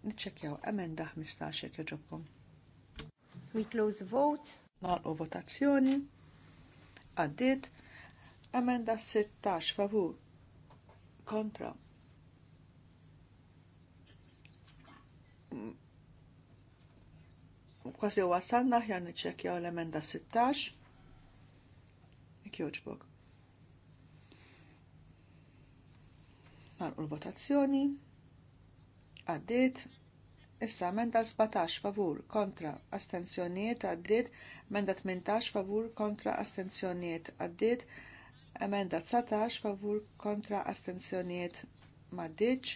Niċċekkjaw emenda 15 jekk joġobkom. We close the vote. u votazzjoni. Għaddiet. Emenda 16 favur. Kontra. Kważi għasanna ħjar niċċekkjaw l-emenda 16. Jekk joġbok. Nanqu l-votazzjoni. għaddit Issa emenda 17 favur kontra astenzjonijiet għaddiet, emenda 18 favur kontra astenzjonijiet għaddiet, emenda 19 favur kontra astenzjoniet maddiċ.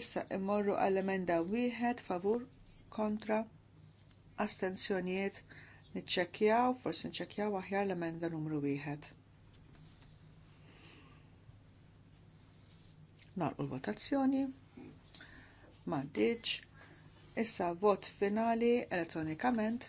Issa immorru għall emenda 1 favur kontra astenzjonijiet niċċekkjaw, forsi nċekjaw aħjar l-emenda numru 1. Narqu l-votazzjoni. Maddiċ. Issa vot finali elettronikament.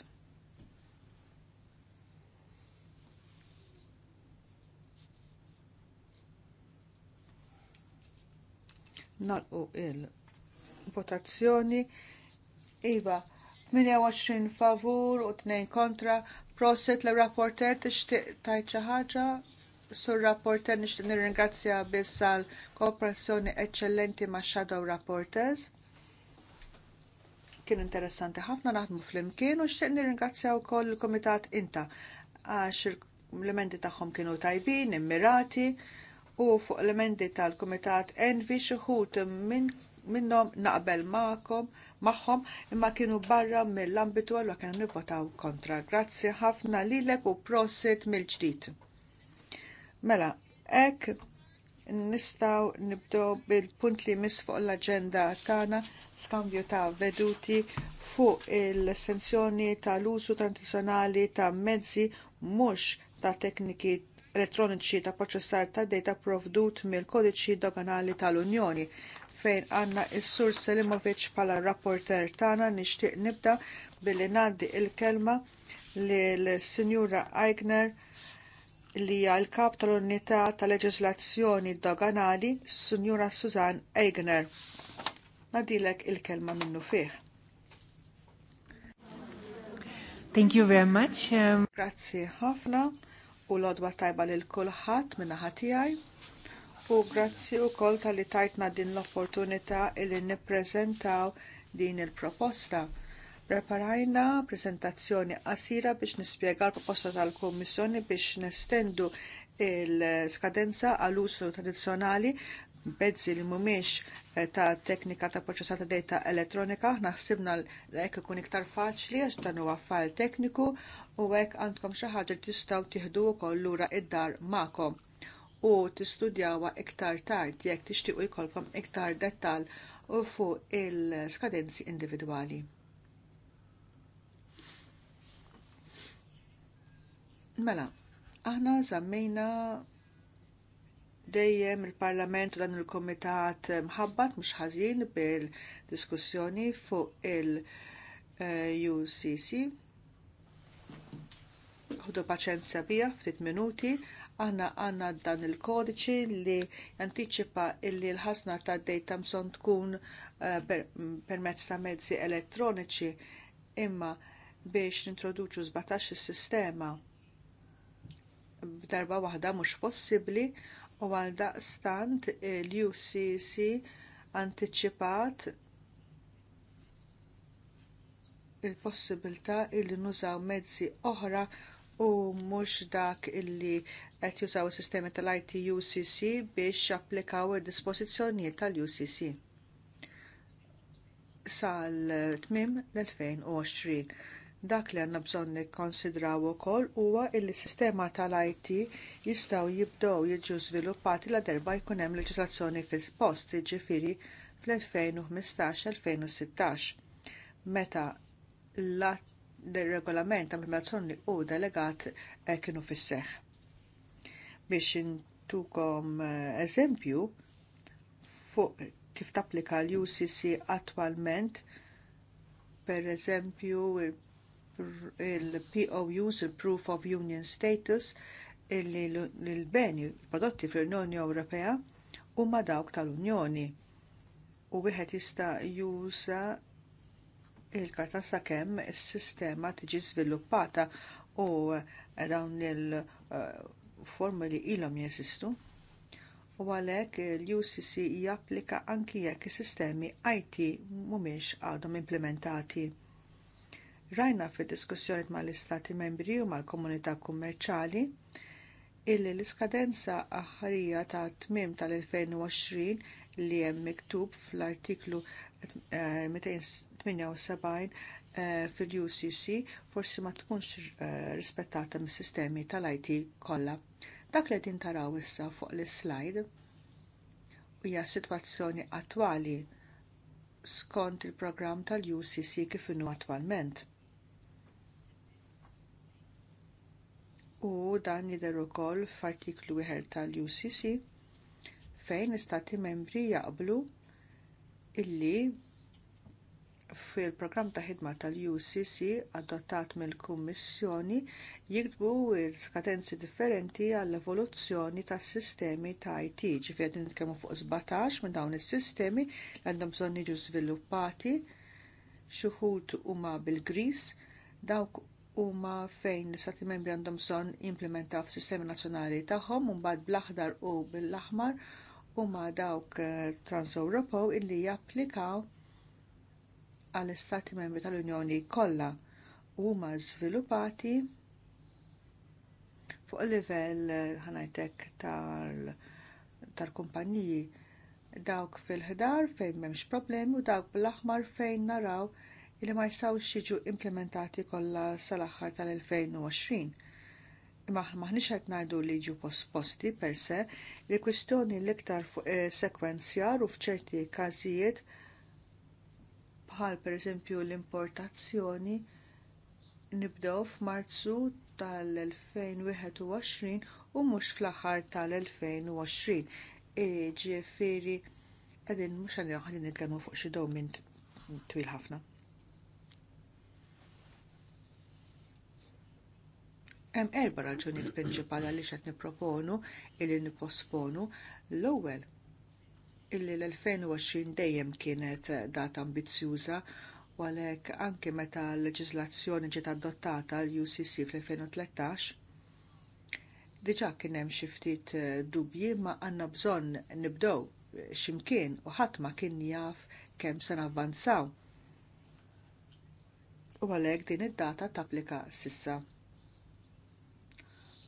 Narqu il-votazzjoni. Iva, 28 e favur u 2 kontra. Proset l-rapporter tixtieq tajt xi ħaġa Sur Rapporter nixtieq nirringrazzja biss għal kooperazzjoni eċċellenti ma' Shadow Rapporters. Kien interessanti ħafna naħdmu flimkien u xtieq nirringrazzja wkoll il-Kumitat Inta għax l-elementi tagħhom kienu tajbin, immirati u fuq l elementi tal-Kumitat Envi xuħut minn minnom naqbel maħkom, magħhom imma kienu barra mill-ambitu għallu kienu nivvotaw kontra. Grazzi ħafna lilek u prosit mill-ġdid. Mela, ek nistaw nibdow bil-punt li mis fuq l-agenda tagħna skambju ta' veduti fuq il-estensjoni tal-użu tradizzjonali ta' mezzi mhux ta' tekniki elettroniċi ta' proċessar ta' data provdut mill-kodiċi doganali tal-Unjoni fejn għanna il-sur Selimovic pala rapporter tana nishtiq nibda billi naddi il-kelma l-Sinjura Eigner li hija l-kap tal-Unità tal-Leġiżlazzjoni Doganali, Sinjura Suzanne Eigner. Nadilek il-kelma minnu fih. Thank you very much. Um... Grazzi ħafna u l-odwa tajba lil kulħadd minna ħatijaj. U grazzi u kol tal-li tajtna din l-opportunità li nippreżentaw din il-proposta Preparajna prezentazzjoni qasira biex nispjega l-proposta tal-Kommissjoni biex nestendu il-skadenza għall-usu tradizzjonali bezzi li mumiex eh, ta' teknika ta' proċessata data elettronika, naħsibna l-ek ikun iktar faċli għax dan huwa fajl tekniku u hekk għandkom xi ħaġa tistgħu tieħdu wkoll lura id-dar magħkom u tistudjawha iktar tard jekk tixtiequ jkollkom iktar dettal u fuq il-skadenzi individwali. Mela, aħna zammejna dejjem il-Parlament u dan il-Komitat eh, mħabbat mhux ħażin bil-diskussjoni fuq il-UCC. Ħudu paċenza bija ftit minuti, aħna għanna dan il-kodiċi li jantiċipa illi l-ħasna ta' dejta mson tkun eh, permezz ta' mezzi elettroniċi imma biex nintroduċu 17 is-sistema b'darba waħda mhux possibbli u għal daqstant l-UCC anticipat il-possibilità illi nużaw mezzi oħra u mhux dak illi qed jużaw is-sistemi tal-IT UCC biex applikaw id-dispożizzjonijiet tal-UCC sal tmiem l-2020. Dak li għanna bżonn nikkonsidraw ukoll huwa li s sistema tal-IT jistgħu jibdew jiġu żviluppati la derba jkun hemm leġislazzjoni fil-post, jiġifieri fl-2015-2016, meta l-regolament tal-migrazzjoni u delegat eh, kienu fis-seħħ. Biex intukom eh, eżempju fuq kif tapplika l-UCC attwalment, pereżempju il-POUs, il-Proof of Union Status, illi l-beni prodotti fl-Unjoni Ewropea huma dawk tal-Unjoni. U wieħed jista' juża il-karta sakemm is-sistema tiġi żviluppata u dawn il-formuli uh, ilhom jeżistu. U għalhekk l-UCC japplika anki jekk is-sistemi IT mhumiex għadhom implementati Rajna fid-diskussjoni mal-Istati membri u mal-komunità kummerċali illi l-iskadenza aħħarija ta' tmiem tal-2020 li hemm miktub fl-artiklu 278 eh, eh, fil-UCC forsi ma tkunx eh, rispettata mis-sistemi tal-IT kollha. Dak li qegħdin taraw issa fuq l-slide hija s-sitwazzjoni attwali skont il-programm tal-UCC kif inhu attwalment u dan jidher ukoll f'artiklu wieħed tal-UCC fejn istati membri jaqblu illi fil-programm ta' ħidma tal-UCC adottat mill-Kummissjoni jiktbu l-skadenzi differenti għall-evoluzzjoni tas sistemi ta' IT, ġifier din fuq 17 minn dawn is-sistemi li għandhom bżonn jiġu żviluppati xi wħud huma bil-gris dawk huma fejn l-istati membri għandhom bżonn jimplementaw f'sistemi nazzjonali tagħhom u mbagħad bl-aħdar u bil-aħmar huma dawk eh, transewropew illi japplikaw għall-istati membri tal-Unjoni kollha u huma żviluppati fuq il-livell eh, ħanajtek tal-kumpaniji dawk fil-ħdar fejn m'hemmx problemi u dawk bl-aħmar fejn naraw li ma jistgħux jiġu implementati kollha sal-aħħar tal-2020. Imma maħniex qed ngħidu li jiġu posposti per se, li kwistjoni l-iktar eh, sekwenzjar u f'ċerti każijiet bħal pereżempju l-importazzjoni nibdew f'Marzu tal-2021 u mhux fl-aħħar tal-2020. E, ġifieri qegħdin mhux għandna nitkellmu fuq xi dowmin twil ħafna. Hemm erba raġunijiet prinċipali għaliex qed nipproponu illi nipposponu l-ewwel illi l-2020 dejjem kienet data ambizzjuża u għalhekk anke meta l-leġiżlazzjoni ġiet adottata l-UCC fl-2013 diġà kien hemm xi ftit eh, dubji ma għandna bżonn nibdew x'imkien u ħadd ma kien jaf kemm se navvanzaw. U għalhekk din id-data tapplika sissa.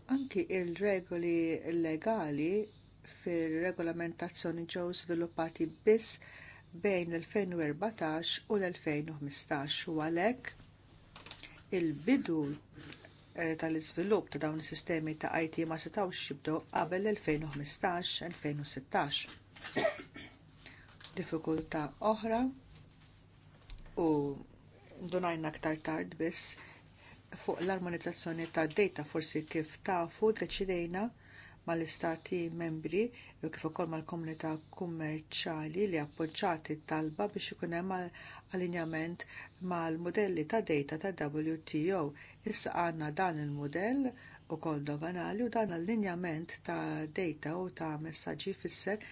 Anki il-regoli legali fil-regolamentazzjoni ġew sviluppati biss bejn il-2014 u l-2015 u għalhekk il-bidu eh, tal-iżvilupp ta' dawn is-sistemi ta' IT ma setgħux jibdew qabel l-2015-2016. Diffikultà oħra u aktar tard biss fuq l-armonizzazzjoni ta' data forsi kif tafu deċidejna mal-istati membri u kif ukoll mal-komunità kummerċali li appoġġati talba biex ikun hemm allinjament mal-modelli ta' data ta' WTO. Issa għandna dan il-modell ukoll doganali u dan allinjament ta' data u ta' messaġġi fisser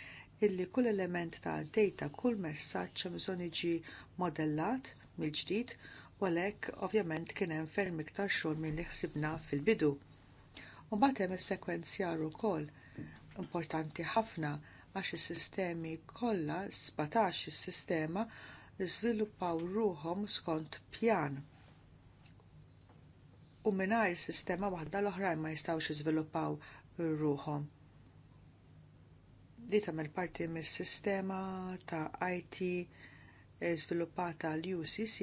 illi kull element ta' data, kull messaġġ bżonn jiġi modellat mill-ġdid u għalhekk ovvjament kien hemm ferm iktar xogħol minn li ħsibna fil-bidu. U mbagħad hemm is-sekwenzjar ukoll importanti ħafna għax is-sistemi kollha sbatax is-sistema żviluppaw ruhom skont pjan u mingħajr sistema waħda l-oħrajn ma jistgħux jiżviluppaw ruhom. Di parti mis-sistema ta' IT eh, żviluppata l-UCC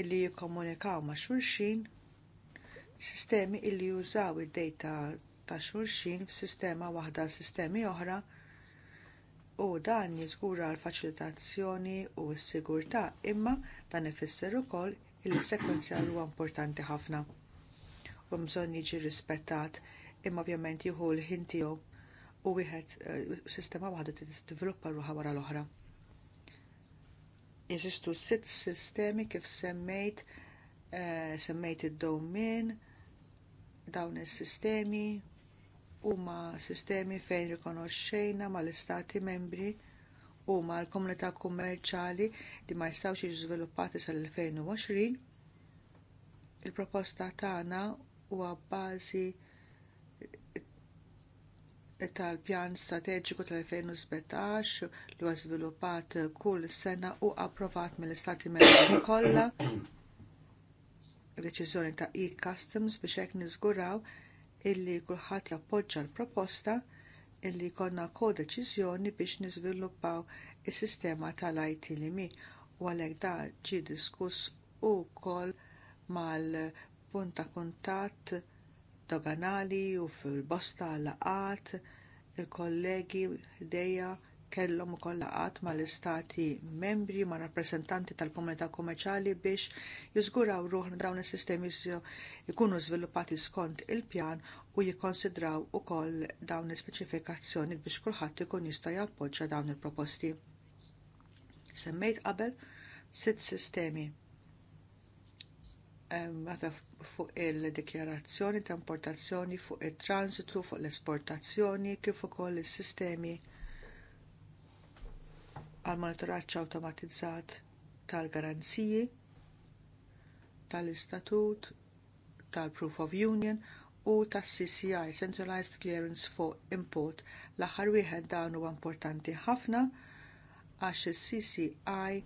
illi jikkomunikaw ma' xulxin, sistemi illi jużaw id-data ta' xulxin f'sistema waħda sistemi oħra u dan jiżgura l-faċilitazzjoni u s-sigurtà imma dan ifisser ukoll s sekwenzjal huwa importanti ħafna. U bżonn jiġi rispettat imma ovvjament jieħu l-ħin tiegħu u wieħed eh, sistema waħda tiddiviluppa ruħha wara l-oħra jesistu sitt sistemi kif semmejt eh, semmejt id-domin dawn is-sistemi huma sistemi fejn rikonoxxejna mal-istati membri u mal-komunità kummerċali li ma jistgħux jiżviluppati sal-2020 il-proposta tagħna huwa bbażi tal-pjan strateġiku tal-2017 li huwa żviluppat kull sena u approvat mill-Istati Membri kollha deċiżjoni ta' e-customs biex hekk niżguraw illi kulħadd jappoġġa l-proposta illi jkollna kodeċiżjoni biex niżviluppaw is-sistema tal-IT li mi u għalhekk da ġie diskuss ukoll mal-punt ta' kuntatt doganali u fil-bosta laqat il-kollegi ħdejja kellhom ukoll laqat mal-istati membri ma' rappreżentanti tal-komunità kummerċjali biex jiżguraw ruħna dawn is-sistemi jkunu żviluppati skont il-pjan u jikkonsidraw ukoll dawn l-ispeċifikazzjoni biex kulħadd ikun jista' jappoġġja dawn il-proposti. Semmejt qabel sitt sistemi ehm, meta fuq il-dikjarazzjoni ta' importazzjoni fuq it transitu fuq l-esportazzjoni kif ukoll is-sistemi għall monitoraġġ awtomatizzat tal-garanziji tal-istatut tal-proof of union u tas-CCI Centralized Clearance for Import l-aħħar wieħed dan huwa importanti ħafna għax is-CCI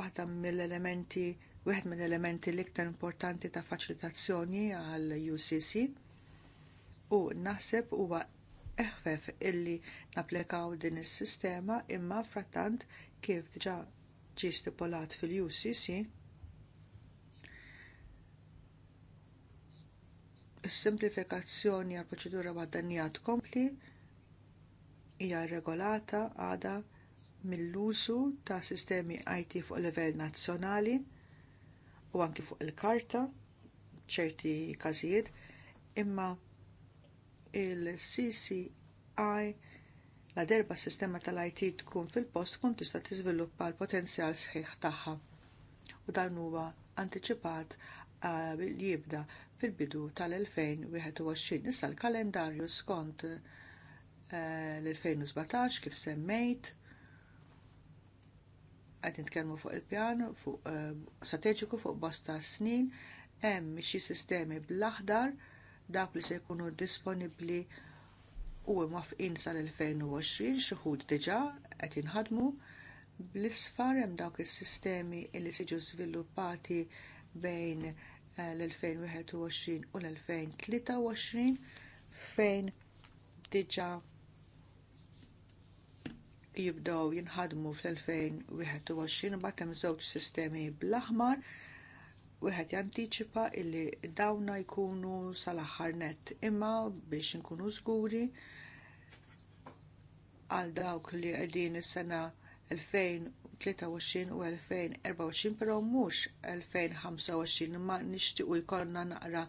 waħda mill-elementi Wieħed mill-elementi l-iktar importanti ta' faċilitazzjoni għal UCC u naħseb huwa eħfef illi napplikaw din is-sistema imma frattant kif diġà ġie stipulat fil-UCC is-simplifikazzjoni għall proċedura għad-danija tkompli hija regolata għada mill-użu ta' sistemi IT fuq livell nazzjonali u anki fuq il-karta ċerti każijiet, imma il-CCI la derba sistema tal-IT tkun fil-post kun tista' tiżviluppa l-potenzjal sħiħ tagħha. U dan huwa antiċipat li jibda fil-bidu tal-2021. Issa l-kalendarju skont eh, l-2017 kif semmejt qed nitkellmu fuq il-pjan fuq ehm, strateġiku fuq bosta snin hemm xi sistemi bl-aħdar dak li se jkunu disponibbli u mafqin sal-2020 xi wħud diġà qed jinħadmu bl-isfar hemm dawk is-sistemi li siġu żviluppati bejn eh, l-2021 u l-2023 fejn diġà jibdew jinħadmu fl-2021 imma hemm żewġ sistemi bl-aħmar wieħed jantiċipa illi dawna jkunu sal-aħħar nett imma biex inkunu żguri għal dawk li qegħdin is-sena 2023 u 2024 però mhux 2025 imma nixtiequ jkollna naqra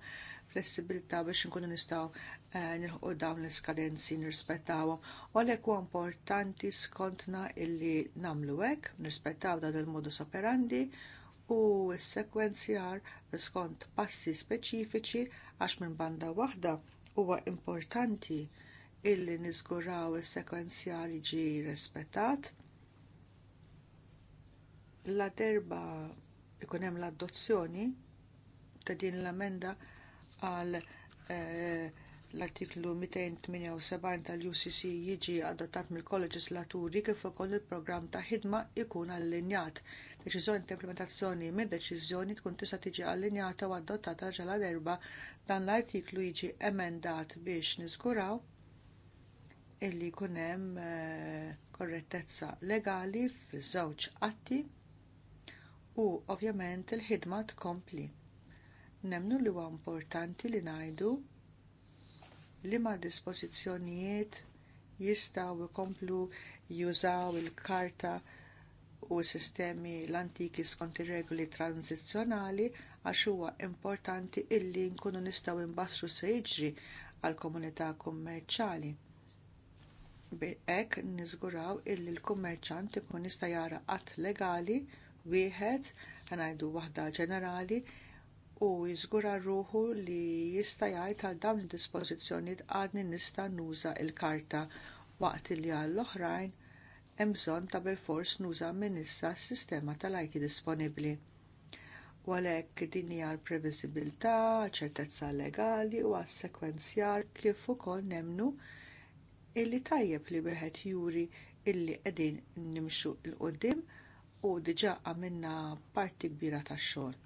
flessibilità biex nkunu nistgħu eh, nilħu dawn l-iskadenzi nirrispettawhom. U għalhekk huwa importanti skontna illi nagħmlu hekk, nirrispettaw dan il-modus operandi u s-sekwenzjar skont passi speċifiċi għax minn banda waħda huwa importanti illi niżguraw is-sekwenzjar jiġi rispettat la derba ikun hemm l-adozzjoni ta' din l-amenda għal eh, l-artiklu 278 tal-UCC jiġi adottat mill-kolleġislaturi kif ukoll il-programm ta' ħidma jkun allinjat. Deċiżjoni ta' implementazzjoni minn deċiżjoni tkun tista' tiġi allinjata u adottata ġala darba dan l-artiklu jiġi emendat biex niżguraw illi jkun hemm eh, korrettezza legali fiż-żewġ atti u ovvjament il-ħidma tkompli Nemnu li huwa importanti li ngħidu li ma' dispożizzjonijiet jistgħu jkomplu jużaw il-karta u s-sistemi l-antiki skont ir-regoli tranzizzjonali għax huwa importanti illi nkunu nistgħu nbassru se jiġri għall komunità kummerċjali. Hekk niżguraw illi l-kummerċant ikun jista' jara att legali wieħed ngħidu waħda ġenerali u jiżgura ruħu li jista' jgħid għal dawn id-dispożizzjonijiet għadni nista' nuża l-karta waqt li għall oħrajn hemm bżonn ta' bilfors nuża minn issa s-sistema tal ajki disponibbli. U għalhekk din hija l-previsibilità, ċertezza legali u għas-sekwenzjar kif ukoll nemnu illi tajjeb li wieħed juri illi qegħdin nimxu l qudiem u diġà għamilna parti kbira tax-xogħol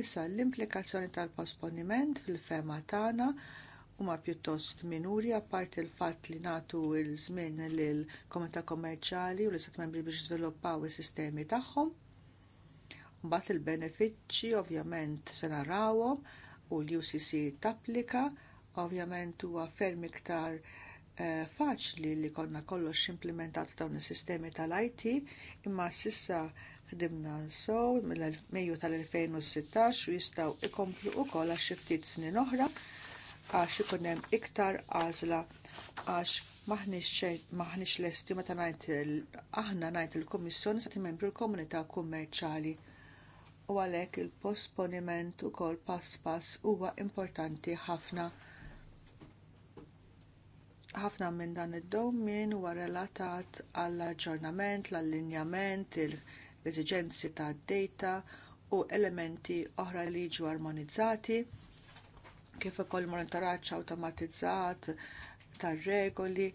Issa l-implikazzjoni tal-posponiment fil-fema tagħna huma pjuttost minuri apparti l-fatt li nagħtu l-żmien lill komunità kommerċjali u l-istat membri biex żviluppaw is-sistemi tagħhom. Mbagħad il-benefiċċji ovvjament se narawhom u l-UCC tapplika, ovvjament huwa ferm iktar eh, faċli li konna kollox implementat f'dawn is-sistemi tal-IT, imma sissa ħdimna sow mill-Mejju tal-2016 u jistgħu ikomplu wkoll għax xi ftit snin oħra għax ikun hemm iktar għażla għax maħniex lesti meta ngħid aħna najt il-Kummissjoni sa membru l-Komunità Kummerċjali u għalhekk il-posponiment ukoll pass pass huwa importanti ħafna ħafna minn dan id-dowmin huwa relatat għall-aġġornament, l-allinjament, il- l-eżigenzi ta' data u elementi oħra li jiġu armonizzati kif ukoll monitoraġġ awtomatizzat tar-regoli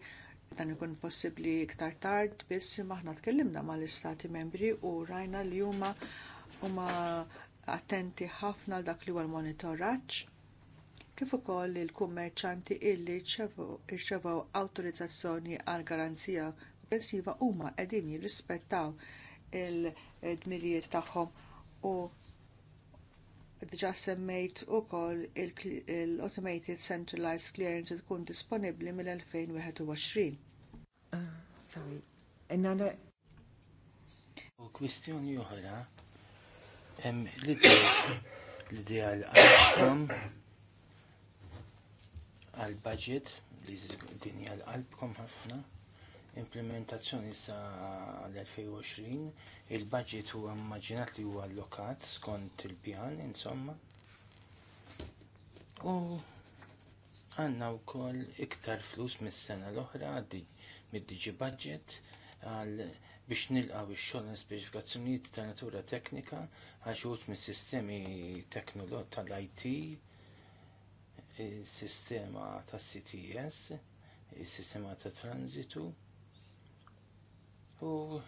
dan ikun possibbli iktar tard biss aħna tkellimna mal-istati membri u rajna li huma huma attenti ħafna dak li huwa l-monitoraġġ kif ukoll il-kummerċanti illi rċevew awtorizzazzjoni għal garanzija kompressiva huma qegħdin jirrispettaw il-dmirijiet tagħhom u diġa semmejt ukoll il-Automated Centralized Clearance tkun disponibli mill-2021. Uh, u kwistjoni oħra l-idea l-qalbkom għal-budget li din l-qalbkom ħafna implementazzjoni sa l-2020 il-budget huwa immaġinat li huwa allokat skont il-pjan insomma u għanna wkoll iktar flus mis-sena l-oħra mid-diġi budget għal biex nilqaw ix-xogħol speċifikazzjonijiet ta' natura teknika għax wut mis-sistemi teknoloġ tal-IT il-sistema tas CTS, il-sistema ta' transitu, U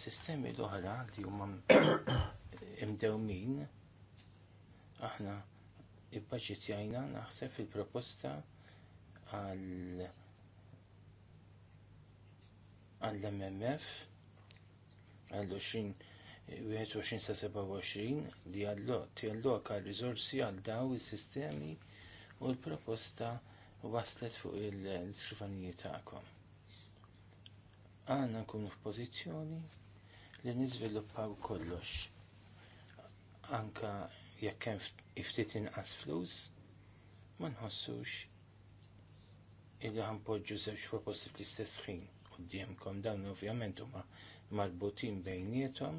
sistemi l-oħra li huma *coughs* imdewmin aħna ibbaġġitjajna naħseb fil-proposta għal għall-MMF għal 21 sa 27 li għal rizorsi għal daw is-sistemi u l-proposta waslet fuq il skrifanijiet tagħkom għana nkunu f'pożizzjoni li niżviluppaw kollox. Anka jekk hemm ftit inqas flus, ma nħossux illi ħanpoġġu żewġ proposti fl-istess ħin qudiemkom dawn ovvjament huma marbutin bejniethom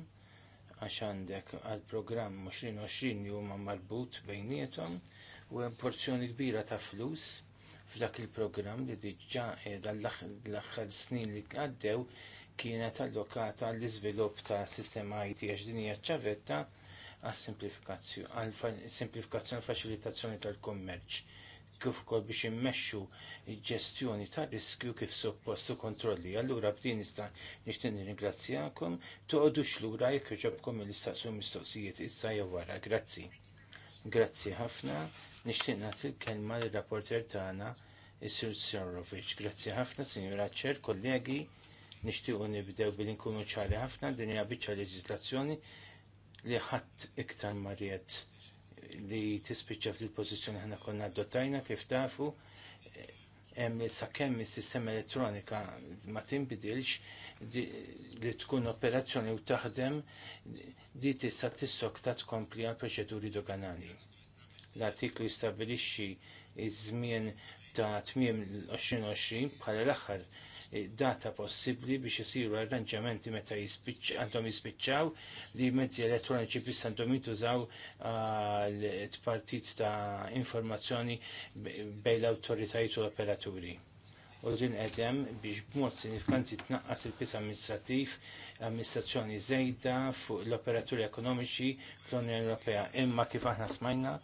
għax għandek għal programm 2020 li huma marbut bejniethom u hemm porzjoni kbira ta' flus f'dak il-programm li diġà qiegħda eh, l-aħħar snin li għaddew kienet allokata l iżvilupp ta' sistema IT għax din hija ċavetta għal-simplifikazzjoni faċilitazzjoni tal-kommerċ kif ukoll biex immexxu ġestjoni tar riskju kif suppost u kontrolli. Allura b'din nista' nixtieq nirringrazzjakom toqgħodux lura jekk joġobkom il-istaqsu mistoqsijiet issa jew wara. Grazzi. Grazzi ħafna Nixtieq nagħti l-kelma lir-rapporter tagħna is-Sur Sorovic. Grazzi ħafna, Sinjura Ċer, kollegi, nixtiequ nibdew billi nkunu ċari ħafna din hija biċċa leġiżlazzjoni li ħadd iktar marjet li tispiċċa fil pożizzjoni ħana konna adottajna kif tafu hemm sakemm is-sistema elettronika ma tinbidilx li tkun operazzjoni u taħdem di tista' ta' tkompli għal proċeduri doganali L-artiklu jistabilixxi iż-żmien ta' tmiem l-2020 bħala l-aħħar eh, data possibbli biex isiru arranġamenti meta għandhom jispiċċaw li mezzi elettroniċi biss għandhom jintużaw għal partit ta' informazzjoni bejn l-awtoritajiet u l-operaturi. U din qedem biex b'mod sinifikanti tnaqqas il-pis amministrattiv amministrazzjoni żejda fuq l-operaturi ekonomiċi fl-Unjoni Ewropea imma kif aħna smajna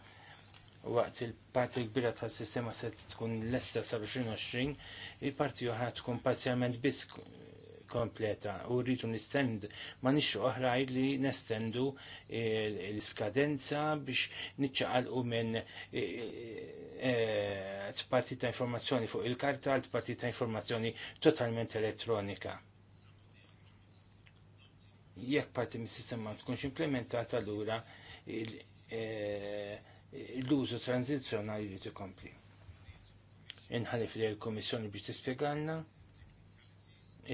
waqt il-parti kbira tas sistema se tkun lesta sa' 2020, il-parti oħra tkun parzjalment biss kompleta u rridu nistend ma nixu oħraj li nestendu l-skadenza biex niċċaqalqu minn e, e, e, t-parti ta' informazzjoni fuq il-karta għal tparti ta' informazzjoni totalment elettronika. Jekk parti mis-sistema tkunx implementata allura l-użu tranzizjonali li tikompli. Inħalif li l-Komissjoni biex tispjegalna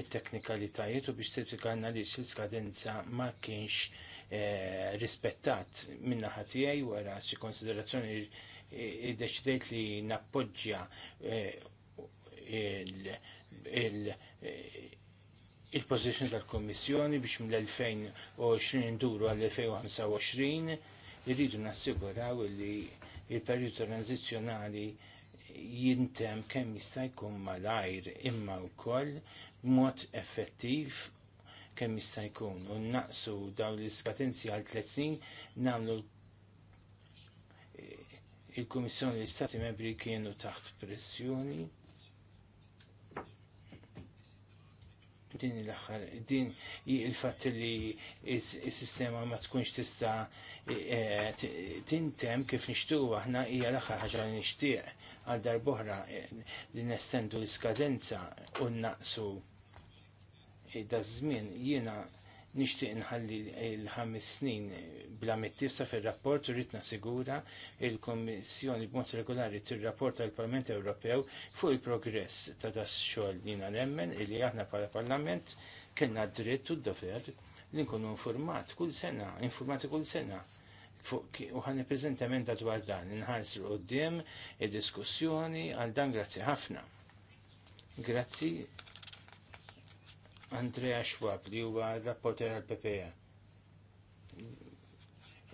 il teknikalitajiet u biex tispjegalna li l-skadenza ma kienx eh, rispettat minna ħatijaj wara xi konsiderazzjoni id-deċidejt li nappoġġja eh, il-pozizjoni tal komissjoni biex mill-2020 nduru għall-2025 irridu nassiguraw li il-periodu tranzizjonali jintem kemm jista' jkun malajr imma wkoll b'mod effettiv kemm jista' jkun u naqsu dawn l-iskatenzi għal tliet snin nagħmlu eh, il-Kummissjoni l-Istati Membri kienu taħt pressjoni din l-axar, din il fat li il-sistema ma tkunx tista e, e, tintem kif nixtuq aħna hija l-axar ħaġa li nixtieq għal darbohra e, li nestendu l-iskadenza u naqsu id żmien jiena nixtieq nħalli l-ħames snin bla mittifsa fil-rapport u sigura il-Kommissjoni b'mod regolari tir-rapport tal-Parlament Ewropew fuq il-progress ta' das xogħol li nemmen illi aħna bħala Parlament kellna dritt u d-dover li nkunu informat kull sena, informati kull sena fuq u ħan prezentament dwar dan inħarsu l qoddim id-diskussjoni għal dan grazzi ħafna. Grazzi Andrea Schwab li huwa rapporter għal PPA. E.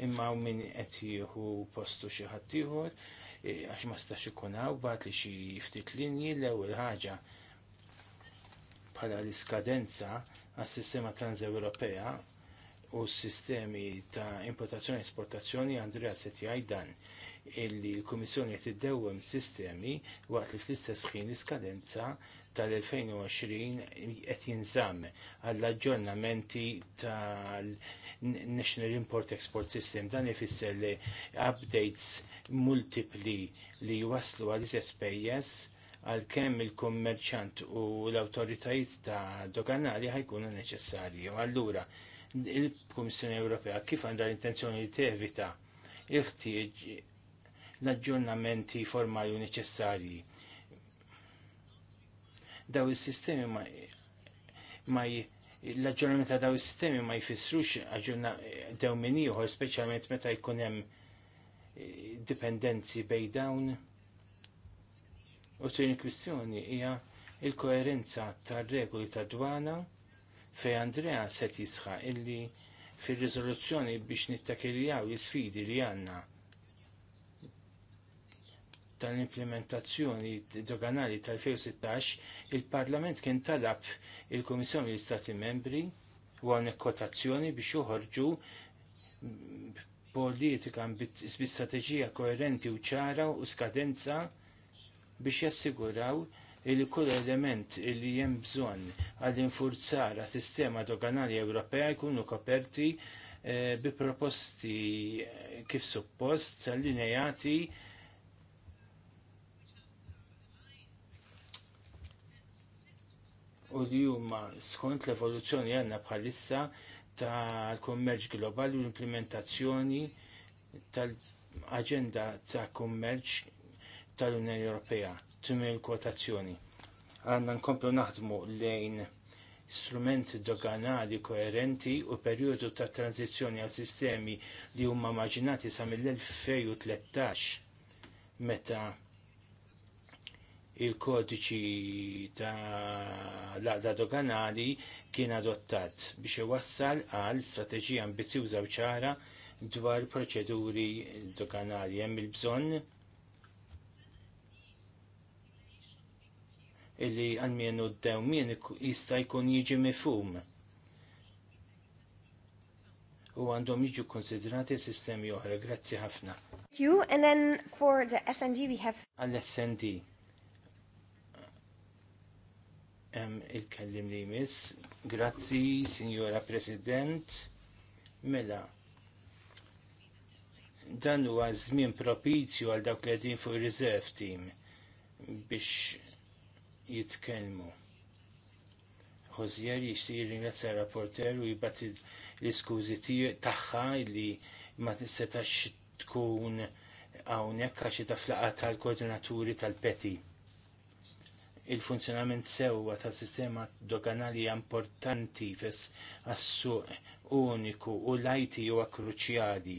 Imma u min qed jieħu postu xi ħadd ieħor e, għax ma stax ikun hawn li xi ftit linji l-ewwel ħaġa bħala l-iskadenza għas-sistema Transewropea u s-sistemi ta' importazzjoni esportazzjoni Andrea Setjaj dan illi l-Komissjoni qed iddewwem sistemi waqt li fl-istess ħin iskadenza tal-2020 qed jinżamm għall-aġġornamenti tal-National Import Export System dan ifisser li updates multipli li waslu għal spejjeż għalkemm il-kummerċant u l-awtoritajiet ta' doganali ħajkunu neċessarji. Allura, il-Kummissjoni Ewropea kif għandha l-intenzjoni li tevita il-ħtieġ l-aġġornamenti formali u neċessarji daw is-sistemi ma, ma l-aġġornament ta' daw is-sistemi ma jfissrux aġġorna daw minn ieħor speċjalment meta jkun hemm e, dipendenzi bej dawn. U tieni kwistjoni hija il-koerenza tar-regoli tad dwana fej Andrea set jisħa illi fil-riżoluzzjoni biex nittakirjaw l-sfidi li għanna tal-implementazzjoni doganali tal-2016, il-Parlament kien talab il-Komissjoni l-Istati membri u għonek kotazzjoni biex joħorġu politika bi strateġija koerenti u ċara u skadenza biex jassiguraw il kull element li hemm bżonn għall-infurzar sistema doganali Ewropea jkunu koperti eh, bi proposti kif suppost allineati u li huma skont l-evoluzzjoni għandna bħalissa tal-kummerċ globali u l-implementazzjoni tal-aġenda ta' kummerċ tal-Unjoni Ewropea tumil l-kwotazzjoni. Għanna nkomplu naħdmu lejn strumenti doganali koerenti u perjodu ta' tranzizjoni għal sistemi li huma maġinati sa' mill-2013 meta il-kodiċi ta' laqda doganali kien adottat biex iwassal għal strateġija ambizjuża u ċara dwar proċeduri doganali. Hemm il-bżonn illi għalmienu d-dewmien jista' jkun jiġi mifhum u għandhom jiġu konsiderati sistemi oħra. Grazzi ħafna. You and then for the SND we have għall-SND il-kellim li jmiss. Grazzi, Signora President. Mela, dan huwa żmien propizju għal dawk li qegħdin fuq ir-reserve team biex jitkellmu. Hozier jixtieq jirringrazzja rapporter u jibgħat l-iskużi tagħha li ma setax tkun hawnhekk għax ta' tal-koordinaturi tal-peti il-funzjonament sewwa tas sistema doganali importanti fis għas-suq uniku u l-IT huwa kruċjali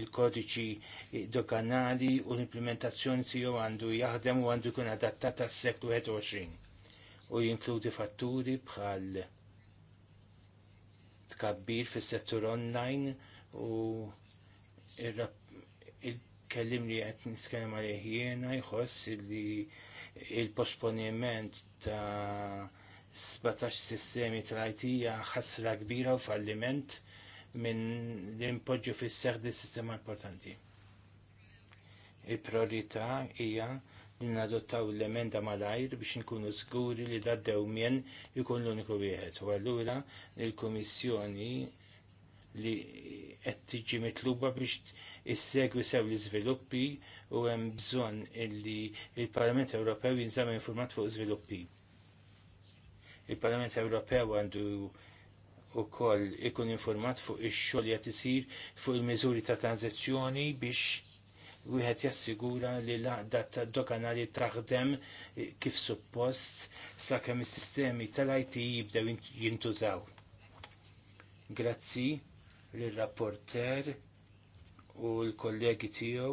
il-kodiċi doganali u l-implementazzjoni tiegħu għandu jaħdem u għandu jkun adattat għas-seklu 21 u jinkludi fatturi bħal tkabbir fis-settur online u ir-rapp kellim li għet nitkellem għalih jiena jħoss li il-posponiment ta' 17 sistemi tal-IT ħasra kbira u falliment minn li impoġġu fis di sistema importanti. Il-priorità hija li nadottaw l-emenda malajr biex nkunu żguri li da dewmien ikun l-uniku wieħed. U allura il-Kummissjoni li qed tiġi mitluba biex issegwi sew l-iżviluppi u hemm bżonn illi il-Parlament Ewropew jinżamm informat fuq żviluppi. Il-Parlament Ewropew għandu wkoll ikun informat fuq ix-xogħol qed isir fuq il-miżuri ta' tranzizzjoni biex wieħed jassigura li l-għaqda ta' dokanali traħdem kif suppost sakemm is-sistemi tal-IT jibdew jintużaw. Grazzi lir rapporter u l-kollegi tiegħu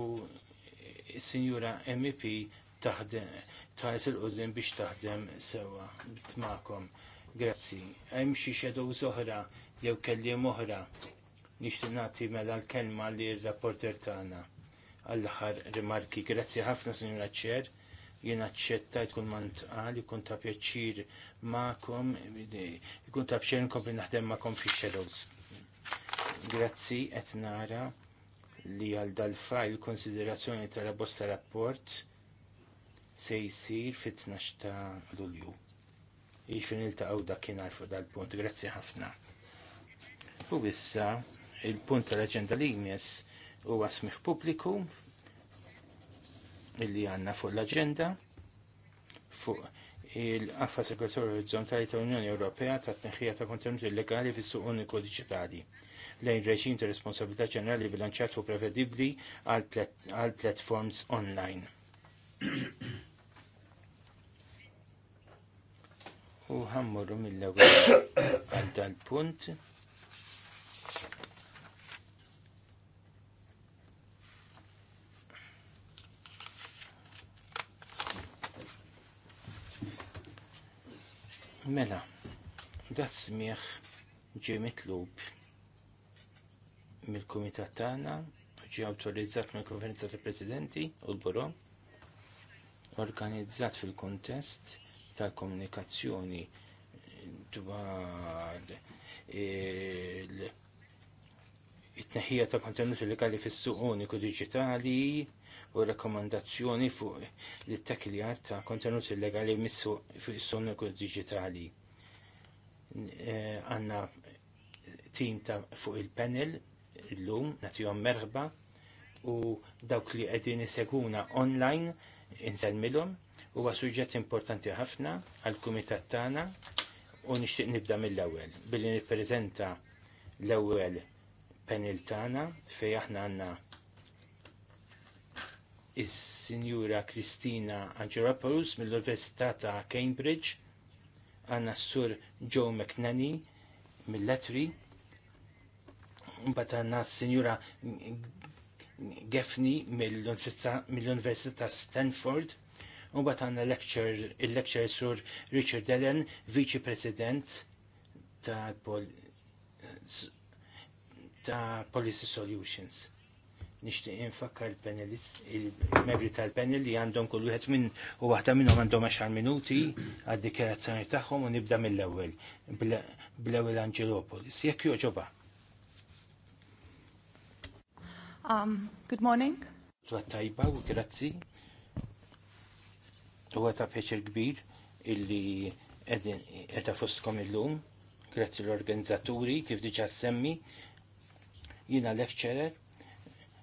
u s-sinjura MEP taħdem tħares il-qudiem biex taħdem sewa tmakom. Grazzi. Hemm xi xedow oħra jew kelliem oħra nixtieq nagħti mela l-kelma li r-rapporter tagħna għall-aħħar rimarki. Grazzi ħafna, Sinjura Ċer jien aċċettajt jkun mant għal, ikun ta' pjaċir ma'kom, ikun ta' pjaċir nkompli naħdem ma'kom fi shadows. Grazzi, et nara li għal dal il konsiderazzjoni tal bosta rapport se jisir fit-12 ta' Lulju. Ixfin jiġifieri il għawda kien fuq dal-punt, grazzi ħafna. U issa, il-punt tal-aġenda li jmiss huwa għasmiħ pubbliku illi għanna fuq l-agenda fuq il-qaffa segretorju orizzontali tal-Unjoni Ewropea ta' tneħħija ta' kontenuti illegali fis suq uniku diġitali lejn reġim ta' responsabilità ġenerali bilanċat u prevedibbli għal platforms online. u ħammurru mill-ewwel għal dal-punt Mela, smieħ ġie mitlub mill-kumitat tagħna u ġie awtorizzat mill-konferenza tal-Presidenti u l-Buro organizzat fil-kontest tal-komunikazzjoni dwar it-tneħħija ta' kontenuti legali fis-suq uniku diġitali u rekomendazzjoni fuq l t ta' kontenuti illegali missu fuq is-sonniku digitali. Eh, għanna tim ta' fuq il-panel illum natihom merħba u dawk li qegħdin iseguna online inselmilhom huwa suġġett importanti ħafna għall kumitat tagħna u nixtieq nibda mill-ewwel billi nippreżenta l-ewwel panel tagħna fejn aħna għandna is-Sinjura Kristina Angelopoulos mill-Università ta' Cambridge, għanna s-sur Joe McNanny mill-Letri, mbagħad għanna s-Sinjura Gefni mill-Università ta' Stanford, u għanna għandna il-lecturer sur Richard Allen, Viċi President ta' Policy Solutions nixtieq infakkar il-panelist, il-membri tal-panel li għandhom kull wieħed minn u waħda minnhom għandhom 10 minuti għad-dikjerazzjoni tagħhom u nibda mill-ewwel bl-ewwel Angelopolis. Jekk joġoba. Um, good morning. Twa tajba u grazzi. Huwa ta' pjaċir kbir illi qed fostkom illum. Grazzi l-organizzaturi kif diġà semmi. Jiena lecturer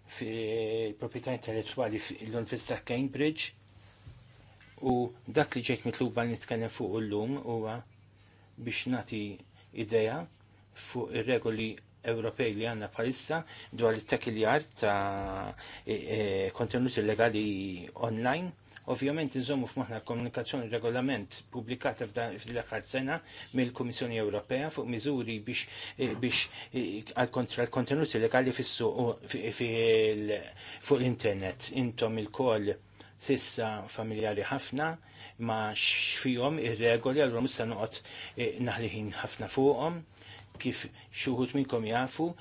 fil-proprietà intellettuali l-Università Cambridge u dak li ġejt mitluba nitkellem fuq illum huwa biex nagħti idea fuq ir-regoli Ewropej li għandna bħalissa dwar it-tekiljar ta' e, e, kontenuti legali online Ovvjament nżommu f'maħna l-komunikazzjoni regolament pubblikata f'dil-aħħar sena mill-Kummissjoni Ewropea fuq miżuri biex eh, biex eh, għal kontenuti legali fis-suq fuq l-internet. Intom il-koll sissa familjari ħafna ma xfijom ir-regoli għal mhux sanuqot eh, naħliħin ħafna fuqhom kif xuħut minnkom jafu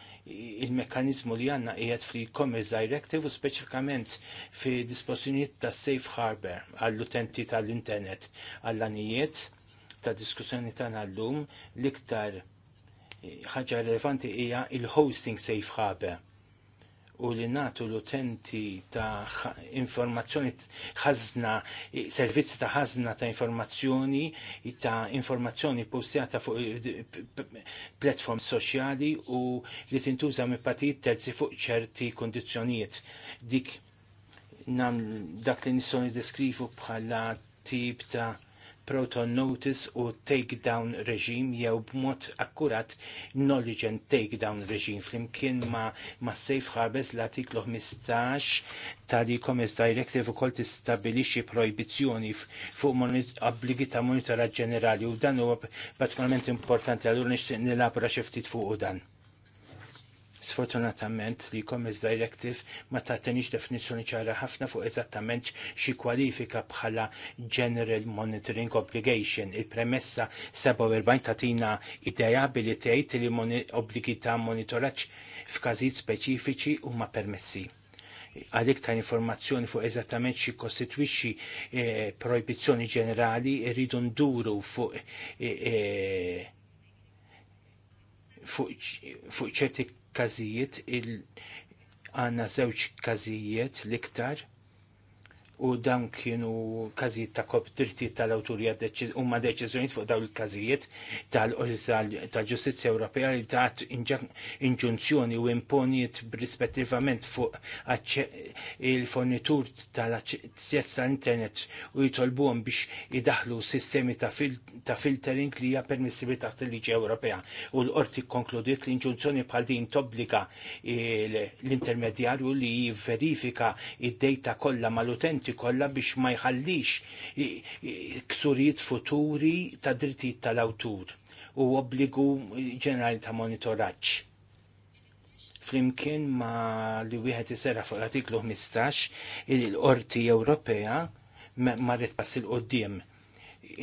il mekanizmu li għanna jgħed fil-Commerce Directive u speċifikament fi dispożizzjonijiet ta' Safe Harbor għall-utenti tal-internet għall-anijiet ta' diskussjoni tagħna llum l-iktar ħaġa relevanti hija il-hosting safe harbor u li natu l-utenti ta' informazzjoni ħazna, servizzi ta' ħazna ta' informazzjoni, ta' informazzjoni postjata fuq platform soċjali u li tintuża mi patijiet terzi fuq ċerti kondizjonijiet. Dik nam dak li nistgħu deskrivu bħala tip ta' proton notice u takedown reġim jew b'mod akkurat knowledge takedown reġim flimkien ma, ma safe harbors l-artiklu 15 tal-e-commerce directive u kol tistabilixi proibizjoni fuq obbligi ta' monitoraġġ ġenerali u dan huwa partikolarment importanti għallur nixtieq nilabra xi ftit fuq dan. Sfortunatament li Commerce Directive ma tatenix definizjoni ċara ħafna fuq eżattament xi kwalifika bħala General Monitoring Obligation. Il-premessa 47 tatina ideja billi tgħid li obbligi ta' monitoraġġ f'każijiet speċifiċi huma permessi għalik ta' informazzjoni fuq eżattament xi kostitwixxi e, proibizzjoni ġenerali rridu nduru fuq e, e, fuq ċerti każijiet il għanna żewġ każijiet l-iktar u dawn kienu każijiet ta' koptirti tal u huma deċiżjonijiet fuq dawn il-każijiet tal-Ġustizzja Ewropea li tat inġunzjoni u imponiet rispettivament fuq il-fornitur tal-aċċess tal-internet u jitolbuhom biex idaħlu sistemi ta' filtering li hija permissibbli taħt il-liġi Ewropea. U l-qorti konkludiet li inġunzjoni bħal din tobbliga l-intermedjarju li jivverifika id-dejta kollha mal-utenti l kollha biex ma jħallix ksurijiet futuri ta' drittijiet tal-awtur u obbligu ġenerali ta' monitoraġġ flimkien ma li wieħed isera fuq l-artiklu 15 il-Qorti Ewropea marret pass il qoddim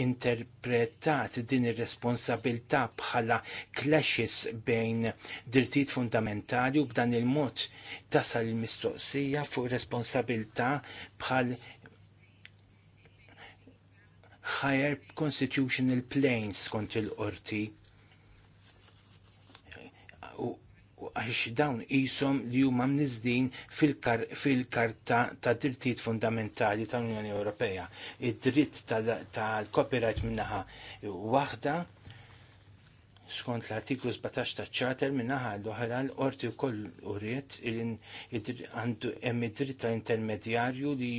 interpretat din ir-responsabilità bħala clashes bejn drittijiet fundamentali u b'dan il-mod tasal il-mistoqsija fuq responsabilità bħal higher constitutional planes kont il-qorti għax dawn jisom li huma mniżdin fil-karta ta' drittijiet fundamentali tal-Unjoni Ewropea. Id-dritt tal-copyright minnaħa waħda skont l-artiklu 17 ta' ċarter minnaħa l-oħra l-orti koll u rrit għandu hemm id-dritt ta' intermedjarju li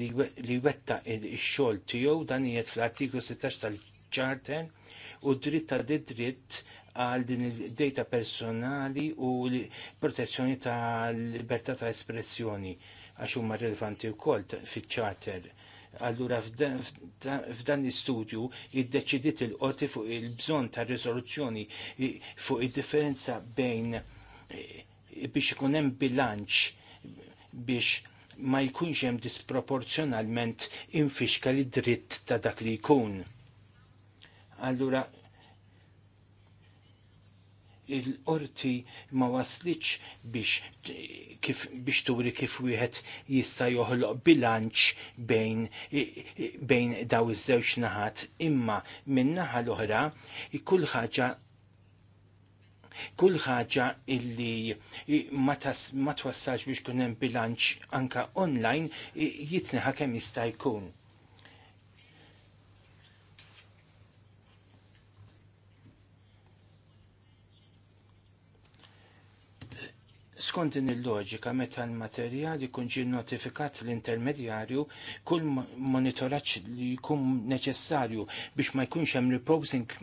li wetta il-xol tiegħu dan jiet fl-artiklu 16 tal-ċarter u dritt ta' dritt għal din il-data personali u l-protezzjoni tal-libertà ta' espressjoni għax huma rilevanti wkoll fiċ-charter. Allura f'dan l-istudju iddeċidiet il-qorti fuq il-bżonn ta' riżoluzzjoni fuq id-differenza bejn e, biex ikun hemm bilanċ biex ma jkunx hemm disproporzjonalment infixka l dritt ta' dak li jkun. Allura il-qorti ma waslitx biex kif biex turi kif wieħed jista' joħloq bilanċ bejn bejn daw iż-żewġ naħat imma min naħa l-oħra kull ħaġa kull ħaġa illi ma twassalx biex tkun hemm bilanċ anka online jitneħa kemm jista' jkun. Skont din il-loġika meta l-materjal ikun ġie notifikat l-intermedjarju kull monitoraġġ li jkun neċessarju biex ma jkunx hemm reposing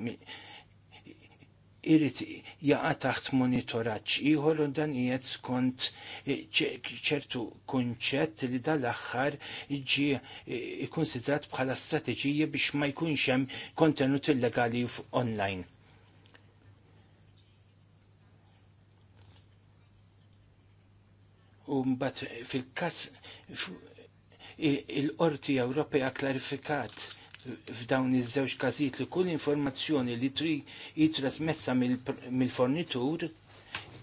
irrid jaqa' taħt monitoraġġ ieħor u dan qiegħed skont e, ċertu kunċett li dal-aħħar ġie e, ikkunsidrat bħala strateġija biex ma jkunx hemm kontenut illegali online u mbagħad fil-każ il-Qorti Ewropea klarifikat f'dawn iż-żewġ każijiet li kull informazzjoni li tri jitrasmessa mill-fornitur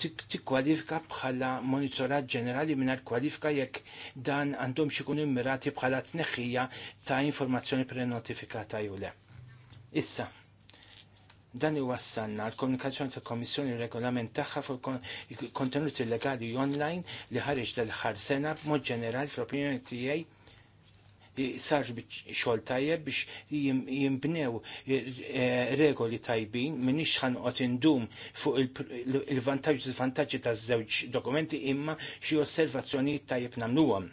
tikkwalifika bħala monitorat ġenerali mingħajr kwalifika jekk dan għandhom jkunu immirati bħala tneħħija ta' informazzjoni prenotifikata jew le. Issa, Dan iwassalna l-komunikazzjoni tal komissjoni regolament tagħha fuq kontenuti legali online li ħareġ dal-ħar sena b'mod ġenerali fl-opinjoni tiegħi sarx xogħol tajjeb biex jimbnew e, e, regoli tajbin minix ħanqot indum fuq il-vantaġġ u vantaġġi taż-żewġ dokumenti imma xi osservazzjonijiet tajjeb nagħmluhom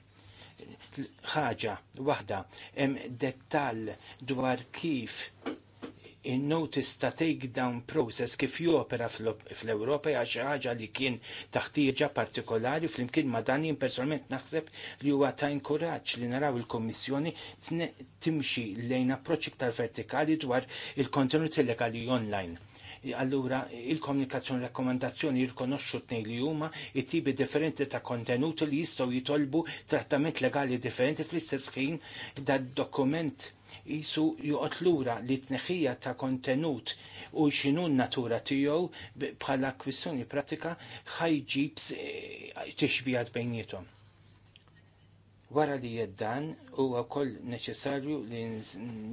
ħaġa waħda hemm dettall dwar kif in-notice ta' takedown process kif jopera fl-Ewropa hija xi ħaġa li kien taħtieġa partikolari flimkien ma' dan jien personalment naħseb li huwa ta' inkoraġġ li naraw il-Kommissjoni timxi lejn approċċ iktar vertikali dwar il-kontenut illegali online. Allura, il-komunikazzjoni rakkomandazzjoni jirkonoxxu tnej li huma it-tibi differenti ta' kontenuti li jistgħu jitolbu trattament legali differenti fl-istess ħin dad-dokument jisu juqot lura li tneħħija ta' kontenut u xinu natura tijow bħala kwistjoni pratika ħajġib eh, tixbijat bejnietom. Wara li jeddan huwa wkoll neċessarju li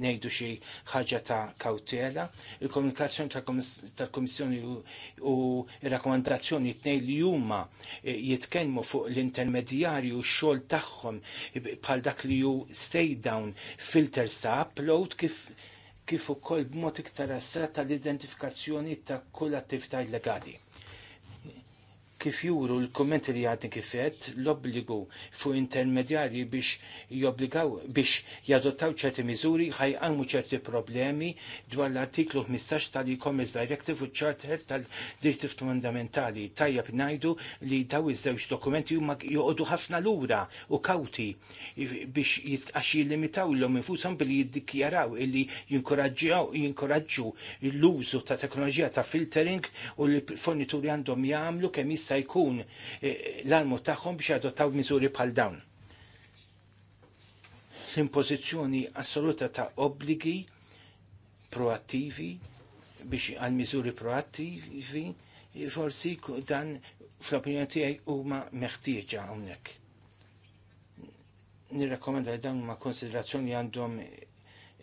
ngħidu xi ħaġa ta' kawtela, il-komunikazzjoni tal-Komissjoni u il-rakomandazzjoni t-nej li huma e, jitkellmu fuq l-intermedjarju xol x-xogħol tagħhom bħal dak li hu stay down filters ta' upload kif kif ukoll b'mod iktar astrat tal-identifikazzjoni ta' kull attività illegali kif juru l kummenti li għadni kifet l-obbligu fuq intermedjari biex jobbligaw biex jadottaw ċerti miżuri ħajqamu ċerti problemi dwar l-artiklu 15 tal-e-commerce directive u ċarter tal-dirtif fundamentali. Tajja ngħidu li daw iż-żewġ dokumenti huma joqogħdu ħafna lura u kawti biex għax jillimitaw l-lom infushom billi jiddikjaraw illi jinkoraġġu l-użu ta' teknoloġija ta' filtering u l-fornituri għandhom jagħmlu kemm jista' jista' jkun eh, l-armu tagħhom biex jadottaw miżuri bħal dawn. L-impożizzjoni assoluta ta' obbligi proattivi biex għal miżuri proattivi forsi dan fl-opinjoni tiegħi huma meħtieġa hawnhekk. Nirrakkomenda li dawn huma konsiderazzjoni għandhom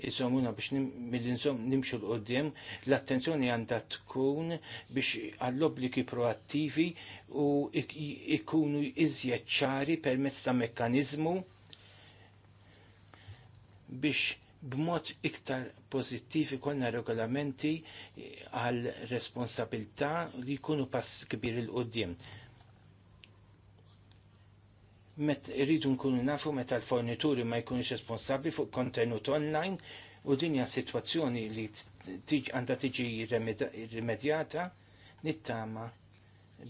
iżomuna biex mill nimxu l-qoddim, l-attenzjoni għandha tkun biex għall-obbligi proattivi u ikunu iżjed ċari permezz ta' mekkanizmu biex b'mod iktar pozittiv ikollna regolamenti għal responsabilità li jkunu pass kbir il-qoddim met rridu nkunu nafu meta l-fornituri ma jkunx responsabbli fuq kontenut online u dinja situazzjoni li għandha tiġi rimedjata nittama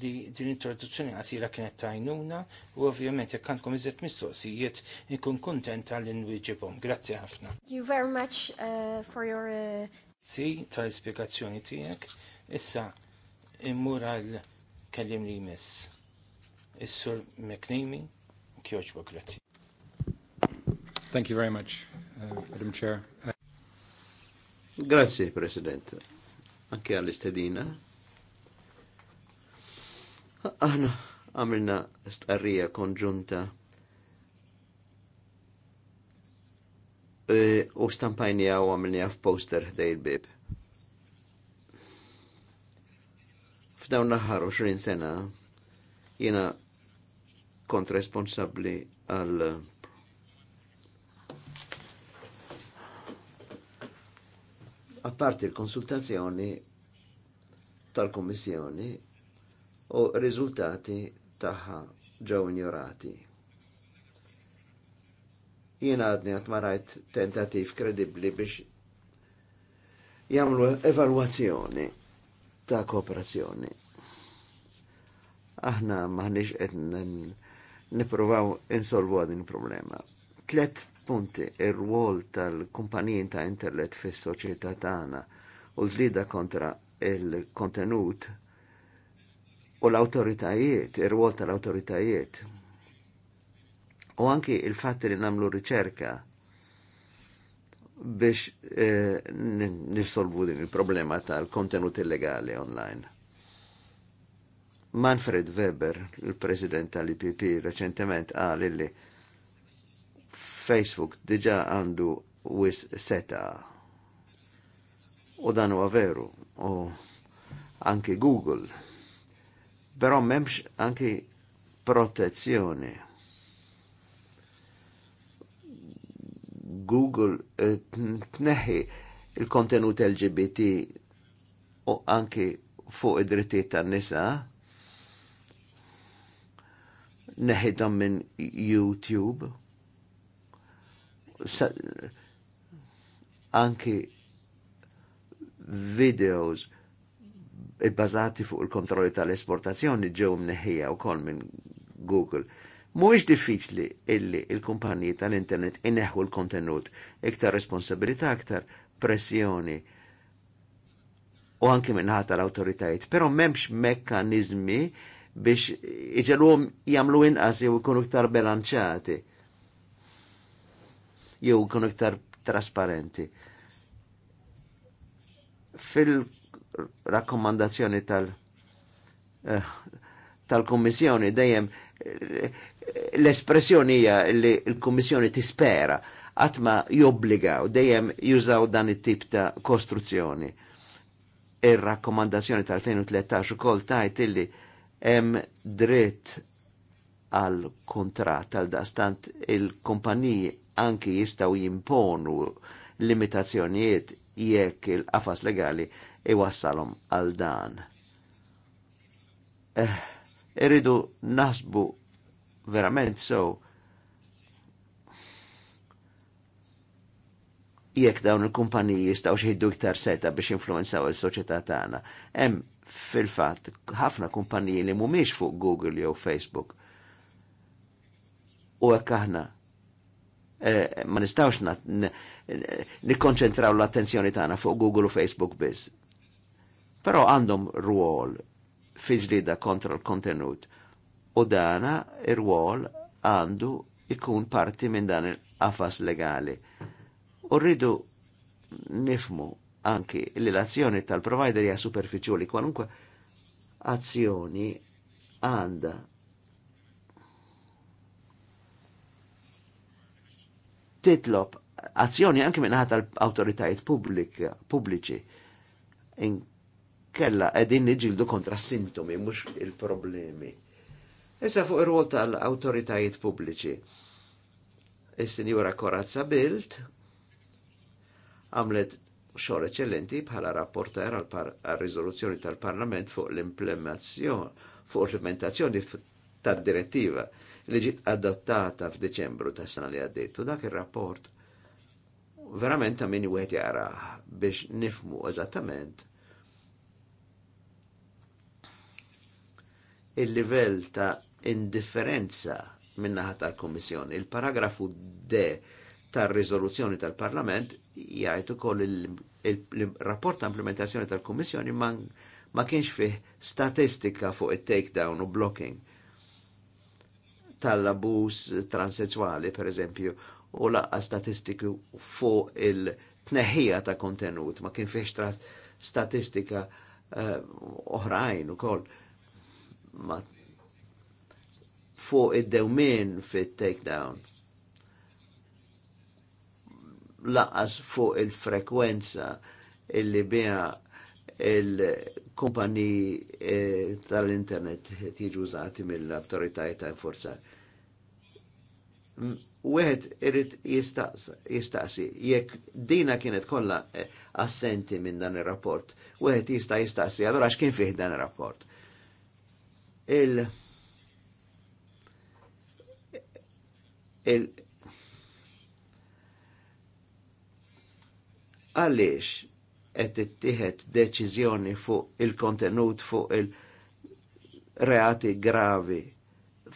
li din introduzzjoni għasira kienet tajnuna u ovvjament jekk għandkom iżet mistoqsijiet nkun kontent għal inwiġibom. Grazzi ħafna. You very much uh, for your uh... Si tal spiegazzjoni tiegħek. Issa immur għal kellim li jmiss. Issur sur McNamee, kjoġbo Thank you very much, uh, Madam Chair. Grazie, President. Anke għall-istedina. Aħna għamilna starrija konġunta e, u stampajni għaw għamilni għaf poster ħdej il-bib. F'dawn l-ħar 20 sena jena kont responsabli għal apparti l-konsultazzjoni tal-Kommissjoni u riżultati tagħha ġew injorati. Jien għadni għat marajt tentativ kredibli biex jagħmlu evalwazzjoni ta' kooperazzjoni. Aħna maħniex qed nippruvaw insolvu din problema. Tlet punti il rwol tal-kumpanijin ta' internet fis-soċjetà tagħna u l-ġlida kontra il-kontenut il kontenut u l-autoritajiet, ir-rwol tal-autoritajiet. U anki il-fatt li namlu riċerka biex eh, din il-problema tal-kontenut illegali online. Manfred Weber, il-president tal-IPP, reċentement għal illi Facebook diġa għandu wis seta. U dan huwa veru. U anki Google però memx anki protezzjoni. Google eh, tneħi il-kontenut LGBT u anki fuq id-drittijiet tan-nisa Neħi dan minn YouTube. Sa, anki videos bbażati fuq il-kontrolli tal-esportazzjoni ġew mneħħija wkoll minn Google. Mhuwiex diffiċli illi il-kumpaniji tal-internet ineħħu l-kontenut iktar responsabilità aktar pressjoni u anki minnħata tal-autoritajiet, però memx mekkanizmi biex iġelwom jamlu inqas jew ikunu iktar bilanċati jew ikunu iktar trasparenti. fil rakkomandazzjoni tal- eh, tal-Kommissjoni dejjem l-espressjoni hija li l-Kommissjoni tispera għatma u dejjem jużaw dan it-tip ta' kostruzzjoni. Ir-rakkomandazzjoni tal-2013 ukoll tajt illi hemm dritt għal kontrat għal dastant il-kumpaniji anki jistaw jimponu limitazzjonijiet jekk il-qafas legali iwassalhom għal dan. Eh, irridu nasbu verament so jekk dawn il-kumpaniji jistgħu xieħdu iktar seta biex influenzaw il-soċjetà tagħna. Hemm fil-fatt ħafna kumpaniji li mhumiex fuq Google jew Facebook. U hekk aħna eh, ma nistgħux nikkonċentraw l-attenzjoni tagħna fuq Google u Facebook biss. Però għandhom ruol fiġlida kontra l-kontenut u dana ir-rwol għandu ikun parti minn dan il-qafas legali. U rridu nifmu anki li l-azzjoni tal-provider hija superfiċjali kwalunkwe azzjoni għanda titlob azzjoni anke minn ħadd tal-awtoritajiet pubbliċi kella qegħdin niġildu kontra sintomi mhux il-problemi. Issa fuq ir-rol tal-awtoritajiet pubbliċi. Is-Sinjura Korazza Bilt għamlet xogħol eċellenti bħala rapporter għal Rizoluzzjoni tal-Parlament fuq l-implementazzjoni fuq l-implementazzjoni tad-direttiva li ġiet adottata f'Deċembru ta' sena li għaddejtu dak ir-rapport verament ta' min wieħed jara biex nifmu eżattament il-livell ta' indifferenza minnaħa tal-Kommissjoni. Il-paragrafu D tar rizoluzzjoni tal-Parlament jgħid ukoll il-rapport ta' implementazzjoni tal-Kommissjoni ma kienx fih statistika fuq it-takedown u blocking tal-abus transsexuali, per eżempju, u laqqa statistiku fuq il-tneħija ta' kontenut, ma kien fiex statistika eh, oħrajn u koll ma fuq id-dewmin fit takedown laqas fuq il-frekwenza illi bija il-kumpani eh, tal-internet tiġu użati mill-autoritajiet ta' forza. Wieħed irid jistaqsi, jekk dina kienet kollha eh, assenti minn dan ir-rapport, wieħed jista' jistaqsi, allura x'kien fih dan ir-rapport? il il għaliex qed ittieħed deċiżjoni fuq il-kontenut fuq il-reati gravi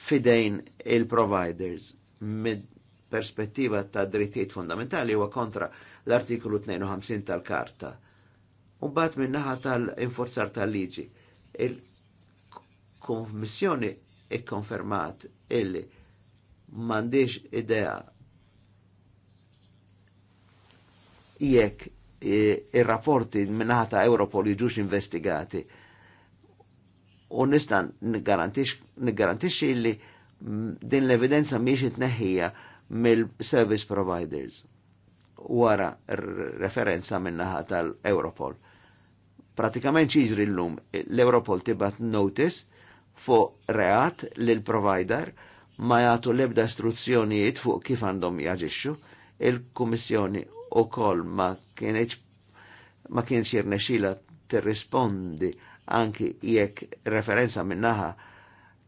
fidejn il-providers mid perspettiva ta' drittijiet fundamentali huwa kontra l-artiklu 52 tal-karta. U bat minnaħa tal-infurzar tal-liġi il-Kommissjoni ikkonfermat illi m'għandix idea jekk eh, il rapporti minnata Europol jiġux investigati. U nistan nigarantixxi li mm, din l-evidenza miex itneħija mill-service providers wara referenza minnaħa tal-Europol. Pratikament ċiżri l-lum, l-Europol tibat notice fuq reat lil provider ma jgħatu l-ebda istruzzjonijiet fuq kif għandhom jaġixxu. Il-Kummissjoni kol ma kienx ma kienx jirnexxila tirrispondi anki jekk referenza minnaħa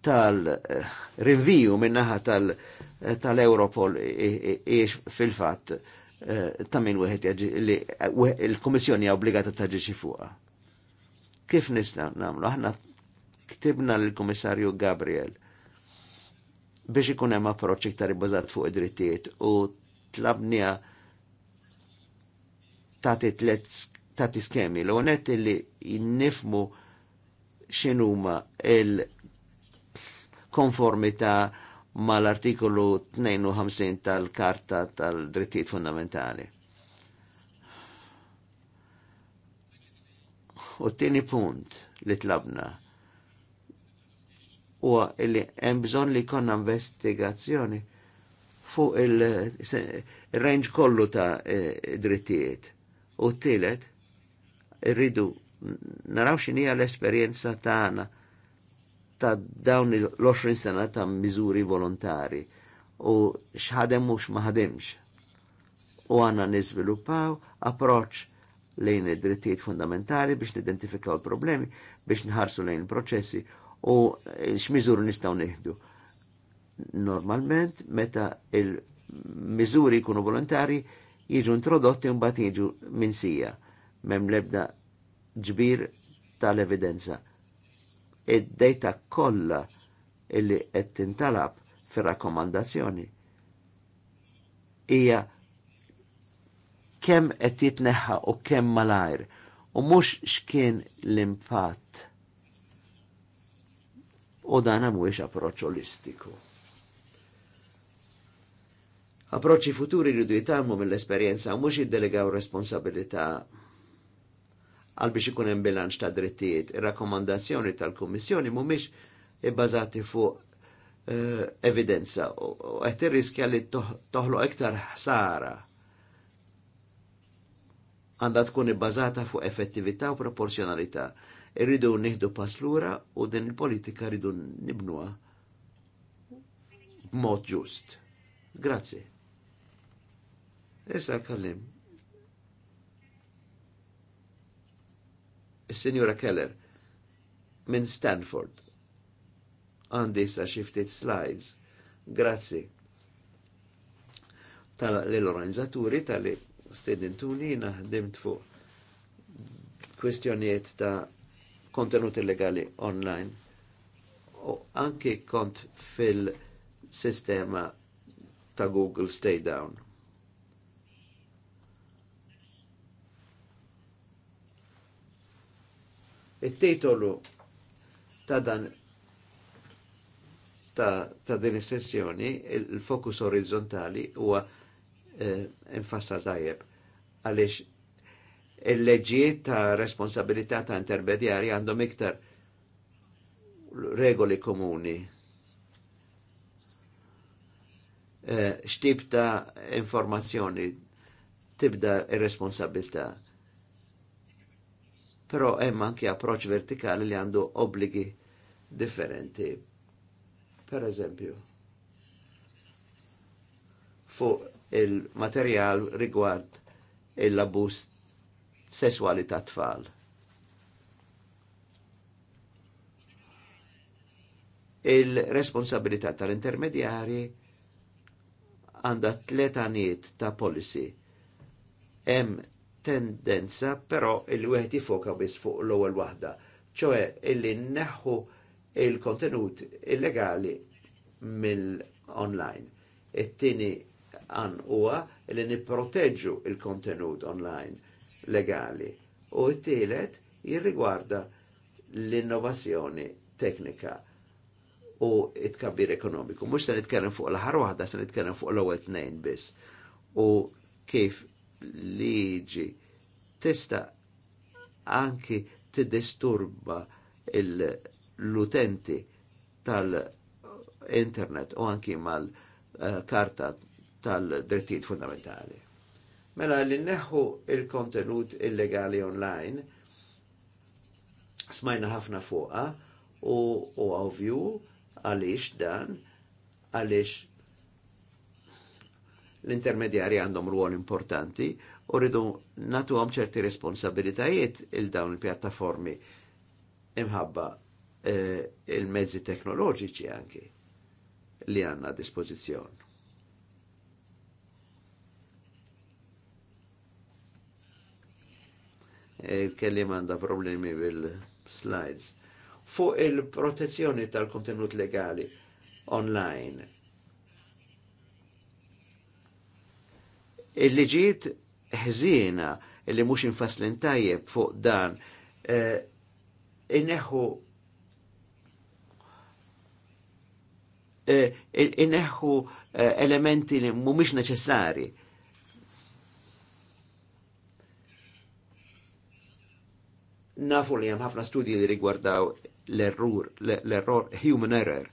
tal-rinviju eh, minnaħa eh, tal-Europol iex fil-fatt eh, ta' min wieħed li il-Kummissjoni obbligata taġiġi fuqha. Kif nistgħu nagħmlu? Aħna ktibna l-Komissarju Gabriel biex ikun hemm approċċ iktar ibbażat fuq id-drittijiet u tlabnija tagħti tliet tagħti skemi l onet li jinnifmu x'inhuma il-konformità mal-artikolu 52 tal-Karta tal-Drittijiet Fundamentali. U t-tieni punt li tlabna u li hemm bżonn li jkollna investigazzjoni fuq il-range kollu ta' e, drittijiet. U t-tielet, rridu naraw x'inhija l-esperjenza tagħna ta' dawn l-20 sena ta' miżuri volontari u x'ħadem mhux ma U għanna niżviluppaw approċċ lejn id-drittijiet fundamentali biex nidentifikaw il-problemi, biex nħarsu lejn il-proċessi u x'miżur nistgħu neħdu. Normalment meta il-miżuri jkunu volontari jiġu introdotti u mbagħad jiġu minsija m'hemm lebda ġbir tal-evidenza. Id-dejta kollha illi qed tintalab fir-rakkomandazzjoni hija kemm qed jitneħħa u kemm malajr u mhux x'kien l-impatt u dan mhuwiex approċċ olistiku. Approċċi futuri li du jitammu mill-esperjenza mhux jiddelegaw responsabilità għal biex ikun hemm bilanċ ta' drittijiet. Ir-rakkomandazzjoni tal-Kummissjoni mhumiex ibbażati fuq uh, evidenza u qed irriskja li toħloq iktar ħsara għandha tkun ibbażata fuq effettività u proporzjonalità. Irridu nieħdu pass lura u din il-politika rridu nibnuha b'mod ġust. Grazzi. Issa kallim. Is-Sinjura Keller minn Stanford. Għandi issa xi ftit slides. Grazzi tal-organizzaturi tal-istedentuni naħdimt fuq kwestjonijiet ta' kontenuti illegali online. U anki kont fil-sistema ta' Google Stay Down. Il-titolu ta' dan ta', ta din sessjoni il-fokus orizzontali huwa eh, tajjeb għaliex il-leġijiet ta' responsabilità ta' intermedjari għandhom iktar regoli komuni. E, xtib ta' informazzjoni tibda ir-responsabilità. Però hemm anke approċċ vertikali li għandu obbligi differenti. Per eżempju, fuq il-materjal rigward il abust sesswali ta' tfal. Il-responsabilità tal-intermedjari għanda tletaniet ta' policy. Hemm tendenza però il-wieħed jifoka biss fuq l-ewwel waħda, ċoe illi neħħu il-kontenut illegali mill-online. It-tieni għan huwa li nipproteġġu il-kontenut online legali. U t-tielet jirrigwarda l-innovazzjoni teknika u it-kabbir ekonomiku. Mux se nitkellem fuq l-ħar waħda, se nitkellem fuq l t-nejn bis. U kif liġi tista' anki t-disturba l-utenti tal-internet u anki mal-karta eh, tal-drittijiet fundamentali. Mela li neħu il-kontenut illegali online, smajna ħafna fuqa u, għavju għalix dan, għalix l-intermedjari għandhom ruol importanti u rridu natu għom ċerti responsabilitajiet il-dawn il-pjattaformi imħabba eh, il-mezzi teknoloġiċi anki li għanna dispozizjon. kelli manda problemi bil-slides. Fu il-protezzjoni tal-kontenut legali online. il liġiet ħżina illi mux infaslin tajjeb fuq dan eh, inneħu eh, inneħu eh, elementi li mumiex neċessari Nafu li hemm ħafna studji li rigwardaw l-errur, l-error, human error.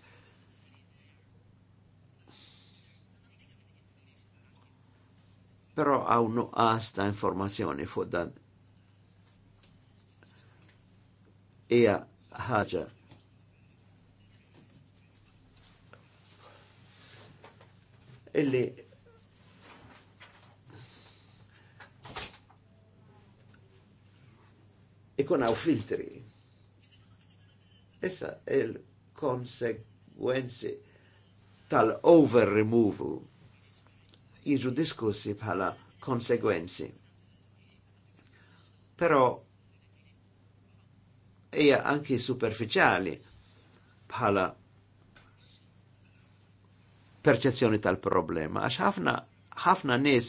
Però għaw nuqqas ta' informazzjoni fuq dan. Ija ħaġa illi ikun għaw filtri. Issa il-konsegwenzi tal-over removal jiġu diskussi bħala konsegwenzi. Pero, hija anki superficiali bħala perċezzjoni tal-problema, għax ħafna nis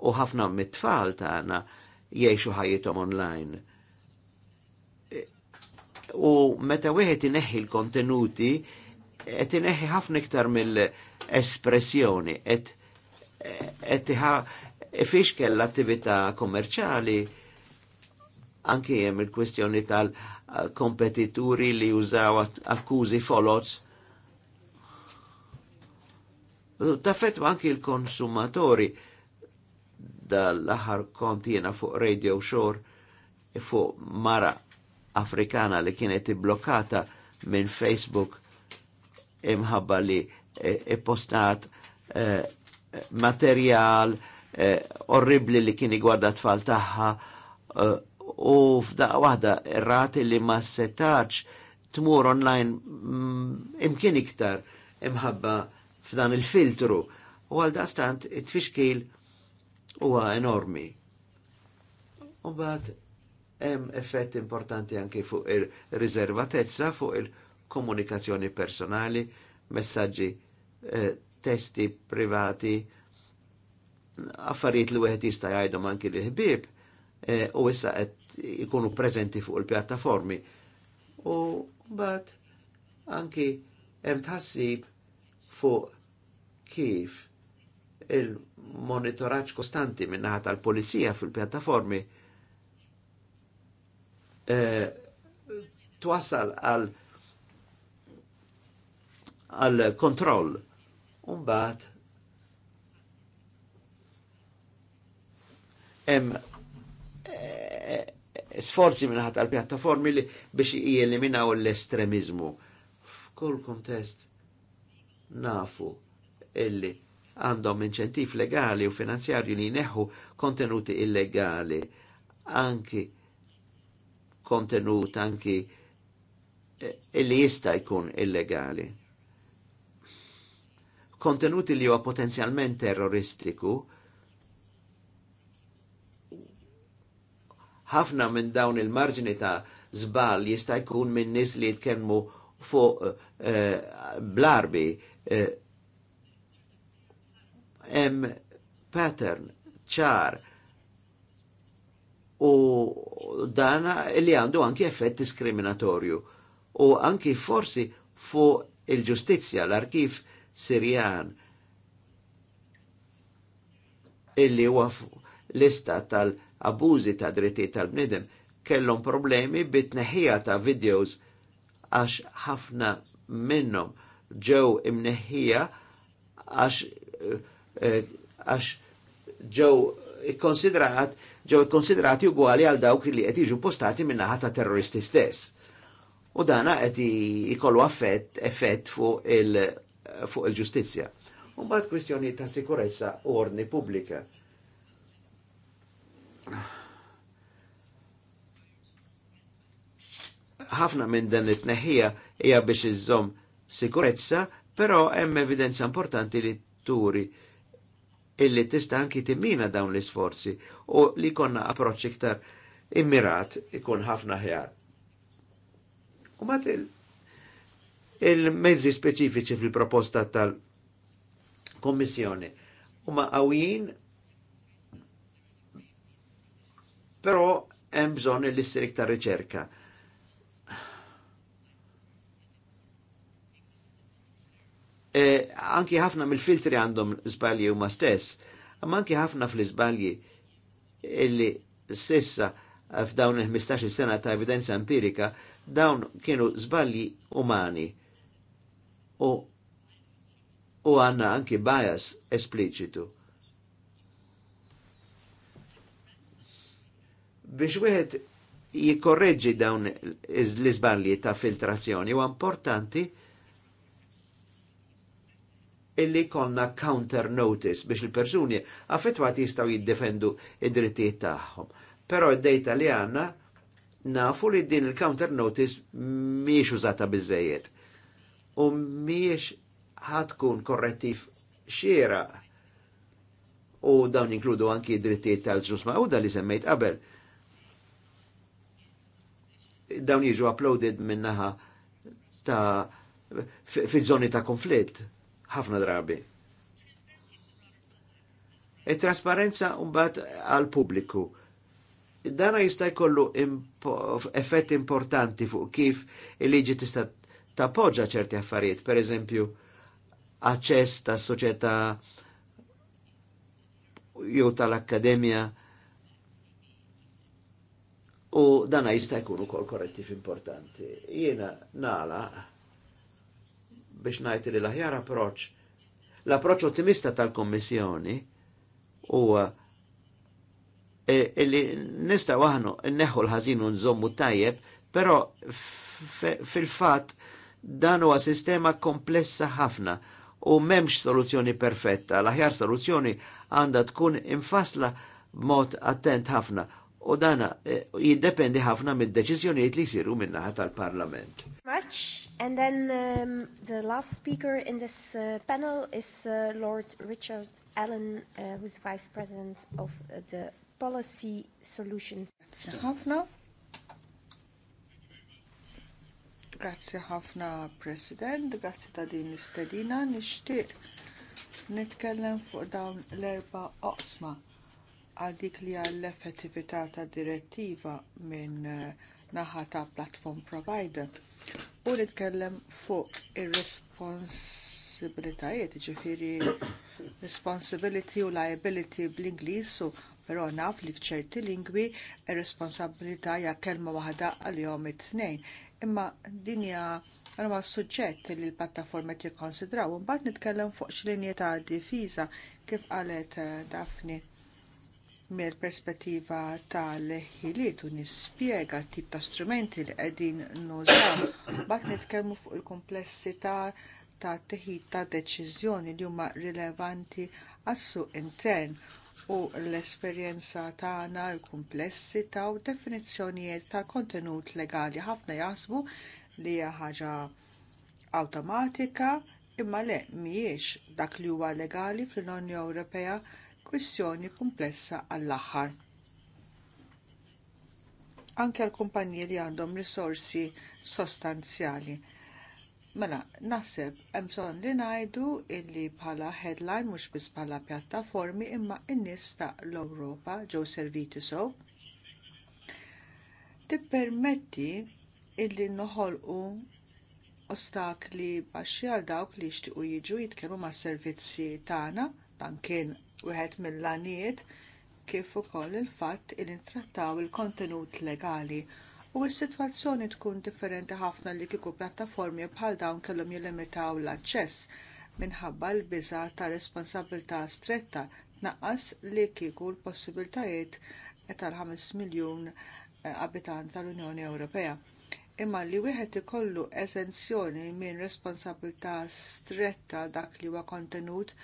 u ħafna mit-tfal tagħna jiexu ħajjitom online. U meta wieħed ineħħi l-kontenuti, qed ineħħi ħafna iktar mill-espressjoni, qed qed fiex kell attività kommerċjali anke hemm il-kwestjoni tal-kompetituri li jużaw akkużi folots taffetwa anki il-konsumatori l aħar kontina fuq Radio Shore fuq mara Afrikana li kienet blokkata minn Facebook imħabba li eh, postat eh, materjal eh, orribli li kien igwarda tfal taħħa u f'daqqa waħda rati li ma setax tmur online mm, imkien iktar imħabba f'dan il-filtru. U għal dastant it-tfixkil huwa enormi. U bat hemm effett importanti anke fuq il-riservatezza, fuq il-komunikazzjoni personali, messaġġi eh, testi privati, affarijiet li wieħed jista' jgħidhom anki li ħbieb eh, u issa qed ikunu preżenti fuq il-pjattaformi. U mbagħad anki hemm tħassib fuq kif il-monitoraġġ kostanti minnaħa tal-polizija fil-pjattaformi e, twassal għal għal kontroll unbat em e, sforzi minnaħat għal pjattaformi li biex jieliminaw l-estremizmu. F'kull kontest nafu illi għandhom inċentif legali u finanzjarju li jneħħu kontenuti illegali, anki kontenut anki illi eh, jista' jkun illegali. Kontenuti li huwa potenzjalment terroristiku, ħafna minn dawn il marġni ta' zbal jista' jkun minn nies li jitkellmu fuq eh, blarbi eh, hemm pattern ċar u dana li għandu anki effett diskriminatorju u anki forsi fu il-ġustizja l-arkif Sirjan illi huwa lista tal-abużi ta' dritti tal-bnidem kellhom problemi bit-neħija ta' videos għax ħafna minnhom ġew imneħija għax eh, Eh, għax ġew ikkonsidrat ġew ikkonsidrati ugwali għal dawk li qed jiġu postati minnaħa ta' terroristi stess. U dana qed ikollu affett effett fuq il fuq il-ġustizzja. U mbagħad kwistjoni ta' sikurezza u ordni pubblika. ħafna minn dan it-tneħħija hija biex iżżomm sikurezza, però hemm evidenza importanti li turi illi tista anki timmina dawn l-isforzi u li konna approċċ iktar immirat ikun ħafna ħjar. U mat il-mezzi il speċifiċi fil-proposta tal-Kommissjoni huma għawin però hemm bżonn li s-sir iktar riċerka eh, anki ħafna mill-filtri għandhom zbalji huma stess, ma anki ħafna fl-izbalji illi sissa f'dawn il-15 sena ta' evidenza empirika, dawn kienu zbalji umani. U u għanna anki bias espliċitu. Biex wieħed jikorreġġi dawn l-izbalji ta' filtrazzjoni u importanti illi konna counter notice biex il-persuni affettwati jistaw jiddefendu id-drittijiet tagħhom. Però id-dejta li għanna nafu li din il-counter notice miex użata biżejjed u miex ħatkun korrettiv xiera u dawn inkludu anki id-drittijiet tal-ġus ma'uda li semmejt qabel. Dawn jiġu uploaded minnaħa ta' fi zoni ta' konflitt ħafna drabi. E-trasparenza umbat għal pubbliku. Dana jista' jkollu impo effetti importanti fuq kif il-liġi tista' tappoġġa ċerti affarijiet, per eżempju, aċċess ta' soċjetà jew tal-akkademja u dana jista' jkun ukoll korrettiv importanti. Jiena nala biex najt li l-aħjar approċċ. L-approċċ ottimista tal-Kommissjoni huwa illi e, nista waħnu neħu l-ħażin u nżommu tajjeb, però fil-fatt dan huwa sistema komplessa ħafna u memx soluzzjoni perfetta. L-aħjar soluzzjoni għandha tkun infasla b'mod attent ħafna u dana e, jiddependi ħafna mid-deċiżjonijiet li jisiru jsiru minnaħa tal-Parlament. Much and then um, the last speaker in this uh, panel is uh, Lord Richard Allen uh, who's Vice President of uh, the Policy Solutions. Grazie ħafna. Grazie ħafna President, grazie ta' din l-istedina, nixtieq nitkellem fuq dawn l-erba' oqsma għal dik li għall effettività ta' direttiva minn eh, naħa ta' platform provider u nitkellem fuq ir-responsibilitajiet, ġifiri responsibility u liability bl-Ingliż u però naf li f'ċerti lingwi ir-responsabilità hija kelma waħda għalihom it-tnejn. Imma din hija għalma suġġett li l qed jikkonsidraw, mbagħad nitkellem fuq x'linji ta' difiża kif qalet eh, Dafni mill perspettiva tal-ħiliet u nispjega t tip ta' strumenti li qegħdin nużaw bat nitkellmu fuq il-komplessità ta' teħid ta' deċiżjoni li huma rilevanti għas-suq intern u l-esperjenza tagħna l-kumplessità u definizzjonijiet ta' kontenut legali ħafna jaħsbu li hija ħaġa awtomatika imma le mhijiex dak li huwa legali fl-Unjoni Ewropea kwistjoni komplessa għall-aħħar. Anke l kumpanji li għandhom risorsi sostanzjali. Mela, naħseb hemm bżonn li ngħidu illi bħala headline mhux biss bħala pjattaformi imma n-nies ta' l-Ewropa ġew serviti sew tippermetti illi noħolqu ostakli baxxi għal dawk li jixtiequ jiġu jitkellmu mas servizzi tagħna dan kien wieħed mill-għanijiet kif ukoll il-fatt il intrattaw il-kontenut legali u s-sitwazzjoni tkun differenti ħafna li kieku pjattaformi bħal dawn kellhom jilimitaw l-aċċess minħabba l-biża ta' responsabilità stretta tnaqqas li kieku l-possibiltajiet tal-5 miljun eh, abitant tal-Unjoni Ewropea. Imma li wieħed ikollu eżenzjoni minn responsabilità stretta dak li huwa kontenut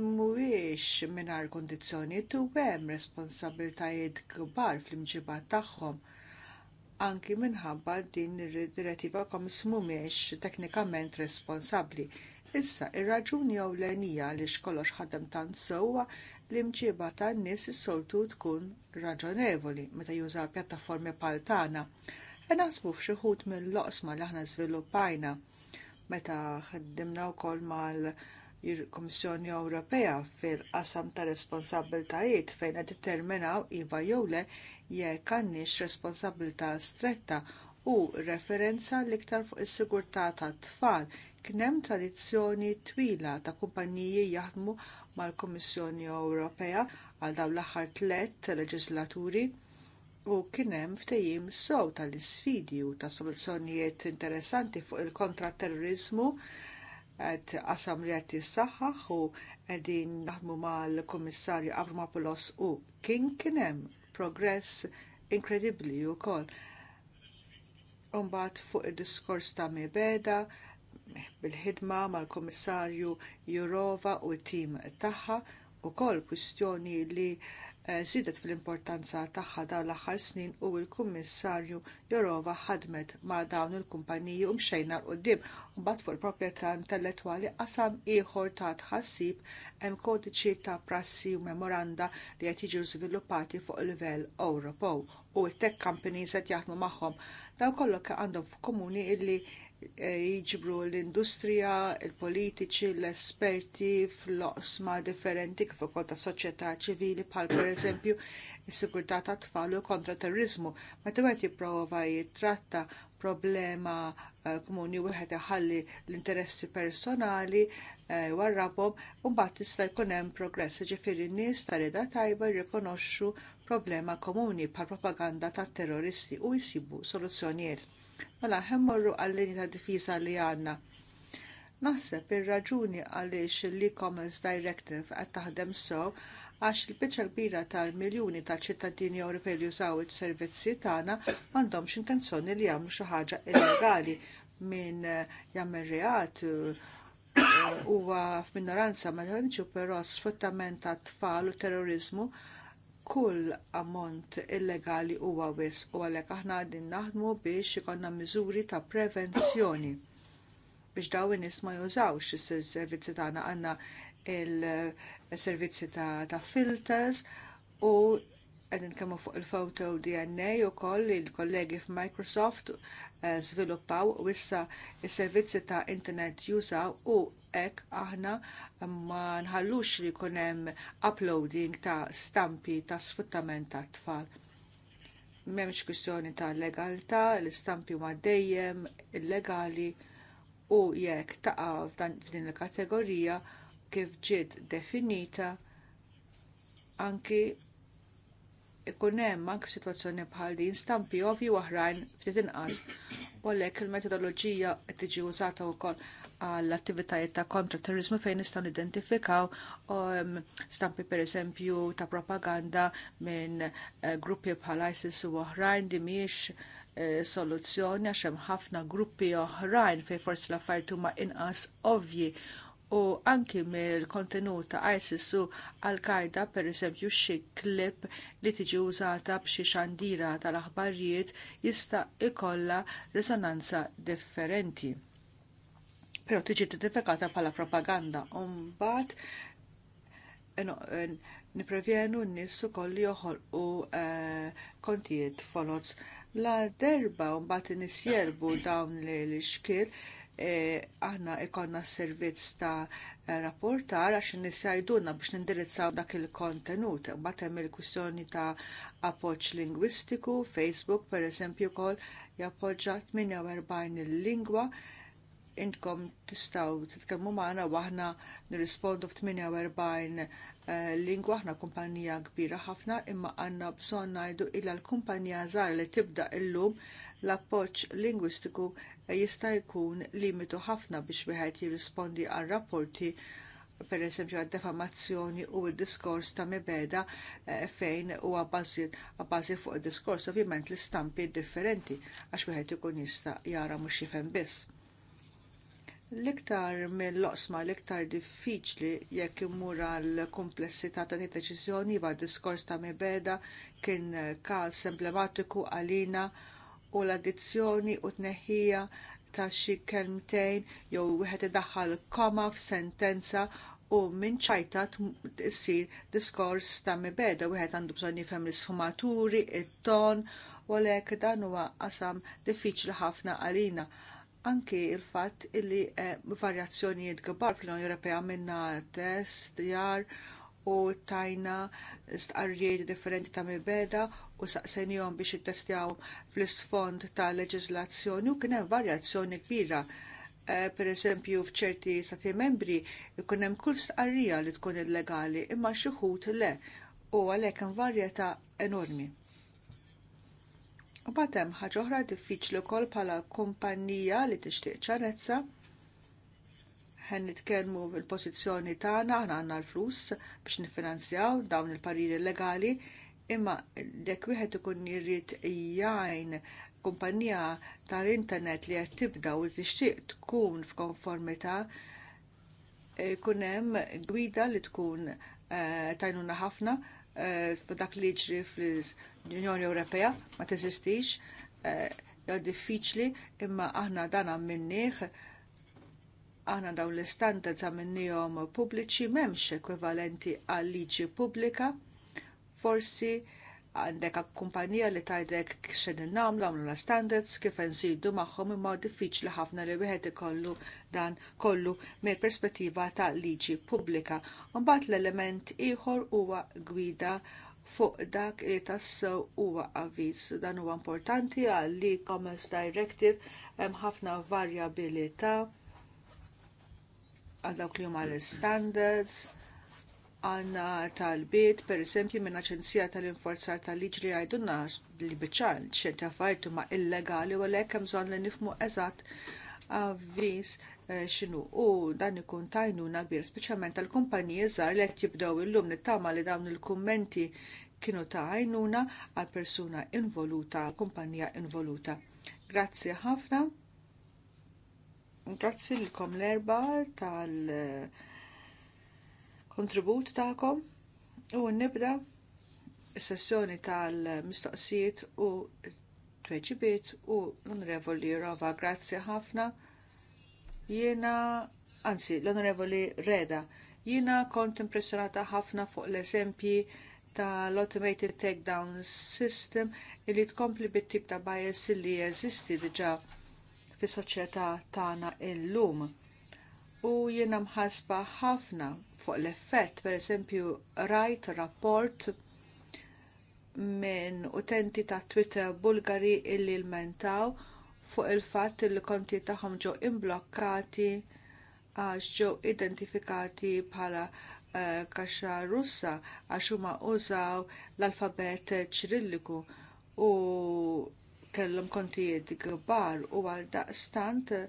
mhuwiex mingħajr kundizzjonijiet u hemm responsabbiltajiet kbar fl-imġiba tagħhom anki minħabba din id-direttiva kom mhumiex teknikament responsabbli. Issa, ir-raġuni ewlenija li xkollox ħadem tant sewwa li mġiba tan nies is-soltu tkun raġonevoli meta juża pjattaformi bħal tagħna. E naħsbu f'xi mill-loqsma li aħna żviluppajna meta ħeddimna wkoll mal il-Komissjoni Ewropea fil-qasam ta' responsabiltajiet fejn qed determinaw iva jew le jekk għandniex responsabilità stretta u referenza l-iktar fuq is-sigurtà tat-tfal kien hemm tradizzjoni twila ta' kumpaniji jaħdmu mal-Komissjoni Ewropea għal dawn l-aħħar tliet leġislaturi u kien hemm ftehim sew tal isfidi u ta' soluzzjonijiet interessanti fuq il-kontra terrorizmu għed qasam li qed jissaħħaħ u għedin naħdmu mal-Kummissarju Avramopoulos u kien kien hemm progress inkredibbli wkoll. Umbagħad fuq id-diskors ta' mibeda bil-ħidma mal-Kummissarju Jurova u t-tim tagħha ukoll kwistjoni li zidet eh, fil-importanza tagħha dawn l-aħħar snin u l-Kummissarju Jorova ħadmet ma' dawn il-kumpaniji u mxejna l-qoddim u mbagħad fuq il-proprjetà intellettwali qasam ieħor ta' tħassib hemm kodiċi ta' prassi u memoranda li qed jiġu żviluppati fuq livell Ewropew u t-tech companies qed jaħdmu magħhom. Dawn kollok għandhom f'komuni illi Eh, jiġbru l-industrija, il-politiċi, l-esperti fl-oqsma differenti kif ukoll ta' soċjetà ċivili bħal pereżempju is-sigurtà tat tfal u kontra terrorizmu. Meta wieħed jipprova jitratta problema eh, komuni wieħed iħalli l-interessi personali eh, warrabhom u mbagħad tista' jkun hemm progress. Ġifieri n-nies ta' rieda tajba jirrikonoxxu problema komuni bħal propaganda tat terroristi u jsibu soluzzjonijiet. Mela, hemmorru għall-linja ta' difiża li għandna. Naħseb ir-raġuni għaliex l-e-commerce directive qed taħdem sew għax il-biċċa kbira tal-miljuni ta' ċittadini Ewropej li jużaw is-servizzi tagħna m'għandhomx intenzjoni li jagħmlu xi ħaġa illegali minn eh, jagħmel reat eh, huwa f'minoranza ma tħanġu però sfruttament tat tfal u terrorizmu kull ammont illegali huwa wisq u għalhekk aħna qegħdin naħdmu biex ikonna miżuri ta' prevenzjoni biex dawn in-nies ma jużawx is-servizzi tagħna għandna il-servizzi ta', ta filters u qegħdin kemmu fuq il-photo DNA wkoll il-kollegi f'Microsoft żviluppaw eh, uh, issa s servizzi ta' internet jużaw u ek aħna ma nħallux li jkun hemm uploading ta' stampi ta' sfruttament ta' tfal. M'hemmx kwistjoni ta' legalità, l-istampi huma dejjem illegali u jekk taqa' f'din il-kategorija kif ġiet definita anki ikun hemm anke situazzjoni bħal din stampi u oħrajn ftit inqas. U għalhekk il-metodoloġija qed tiġi użata wkoll għall-attivitajiet ta' kontra fejn nistgħu nidentifikaw um, stampi pereżempju ta' propaganda minn uh, gruppi bħal ISIS u oħrajn li mhijiex eh, soluzzjoni għax hemm ħafna gruppi oħrajn fejn forsi l-affarijiet huma inqas ovvji u anki mill-kontenut ta' ISIS u Al-Qaeda pereżempju xi klip li tiġi użata b'xi xandira tal-aħbarijiet jista' ikolla resonanza differenti però tiġi identifikata bħala propaganda. Umbat eh, niprevjenu n kolli ukoll joħolqu eh, kontijiet folots. La derba mbagħad nisjerbu dawn l-xkil eh, aħna ikonna servizz ta' rapportar għax nisjajduna biex nindirizzaw dak il-kontenut. Mbagħad hemm il-kwistjoni ta' appoġġ lingwistiku, Facebook per eżempju kol jappoġġa 48 il-lingwa intkom tistaw titkellmu maħna u aħna nirrispondu 48 eh, lingwa għahna kumpanija kbira ħafna imma għandna bżonn ngħidu illa l-kumpanija żgħar li tibda illum l-appoġġ lingwistiku eh, jista' jkun limitu ħafna biex wieħed jirrispondi għal rapporti pereżempju għad defamazzjoni u d-diskors ta' mibeda eh, fejn huwa bażi fuq id diskors ovvjament l-istampi differenti għax wieħed ikun jista' jara mhux jifhem biss L-iktar mill-loqsma l-iktar diffiċli jekk imur għal komplessità ta' di deċiżjoni va' diskors ta' mibeda kien każ emblematiku għalina u l-addizzjoni u tneħħija ta' xi kelmtejn jew wieħed idaħħal koma f'sentenza u minn ċajta tsir diskors ta' mibeda wieħed għandu bżonn jifhem l isfumaturi it-ton, u għalhekk dan huwa qasam diffiċli ħafna għalina anki il-fatt illi eh, varjazzjonijiet kbar fl-Unjoni Ewropea minna test jar u tajna stqarrijiet differenti ta' mibeda u saqsenjom biex jittestjaw fl isfond ta' leġiżlazzjoni u kien hemm varjazzjoni kbira eh, pereżempju f'ċerti stati membri jkun hemm kull stqarrija li tkun illegali imma xi wħud le u għalhekk hemm varjetà enormi. U batem ħaġa oħra diffiċli wkoll bħala kumpanija li tixtieq ċarezza ħen nitkellmu l-pożizzjoni tagħna aħna għandna l-flus biex niffinanzjaw dawn il-pariri legali imma dek wieħed ikun jirrid jgħin kumpanija tal-internet li qed tibda u li tixtieq tkun f'konformità eh, jkun hemm gwida li tkun eh, tajnuna ħafna eh, f'dak li ġri fl l-Unjoni Ewropea ma teżistix, eh, jew diffiċli, imma aħna dan minniħ aħna dawn l-istandards għaminnijom pubbliċi m'hemmx ekwivalenti għal liġi pubblika, forsi għandek kumpanija li tajdek xed nagħmlu għamlu la standards kif nżidu magħhom imma diffiċli ħafna li wieħed ikollu dan kollu mill perspettiva ta' liġi pubblika. Mbagħad l-element ieħor huwa gwida fuq dak li tassew huwa avviż. Dan huwa importanti e Commerce Directive hemm ħafna varjabilità għal dawk li huma l-standards għandna tal-bit, per esempio, minna ċenzija tal-inforzar tal-liġi li għajdunna li bieċar ċerti affarijiet huma illegali u għalhekk hemm bżonn li nifmu eżatt avviż Eh, xinu u dan ikun tajnuna kbir, speċjalment tal-kumpaniji żgħar li qed jibdew illum nittama li dawn il-kummenti kienu ta' għajnuna għal persuna involuta, għal kumpanija involuta. Grazzi ħafna. Grazzi l-kom l-erba tal-kontribut ta'kom u nibda s-sessjoni tal-mistoqsijiet u tweġibiet u l-onrevoli Rova. Grazzi ħafna. Jiena, anzi, l-Onorevoli Reda, jiena kont impressjonata ħafna fuq l-eżempji tal-Automated Takedown System illi tkompli bit-tip ta' bias li jeżisti diġà fis soċjetà tagħna illum. U jiena mħasba ħafna fuq l-effett, pereżempju rajt rapport minn utenti ta' Twitter Bulgari illi l-mentaw fuq il-fatt li konti tagħhom ġew imblokkati għax ġew identifikati bħala uh, eh, kaxxa Russa għax huma użaw l-alfabet ċirilliku u kellhom kontijiet kbar u għal daqstant eh,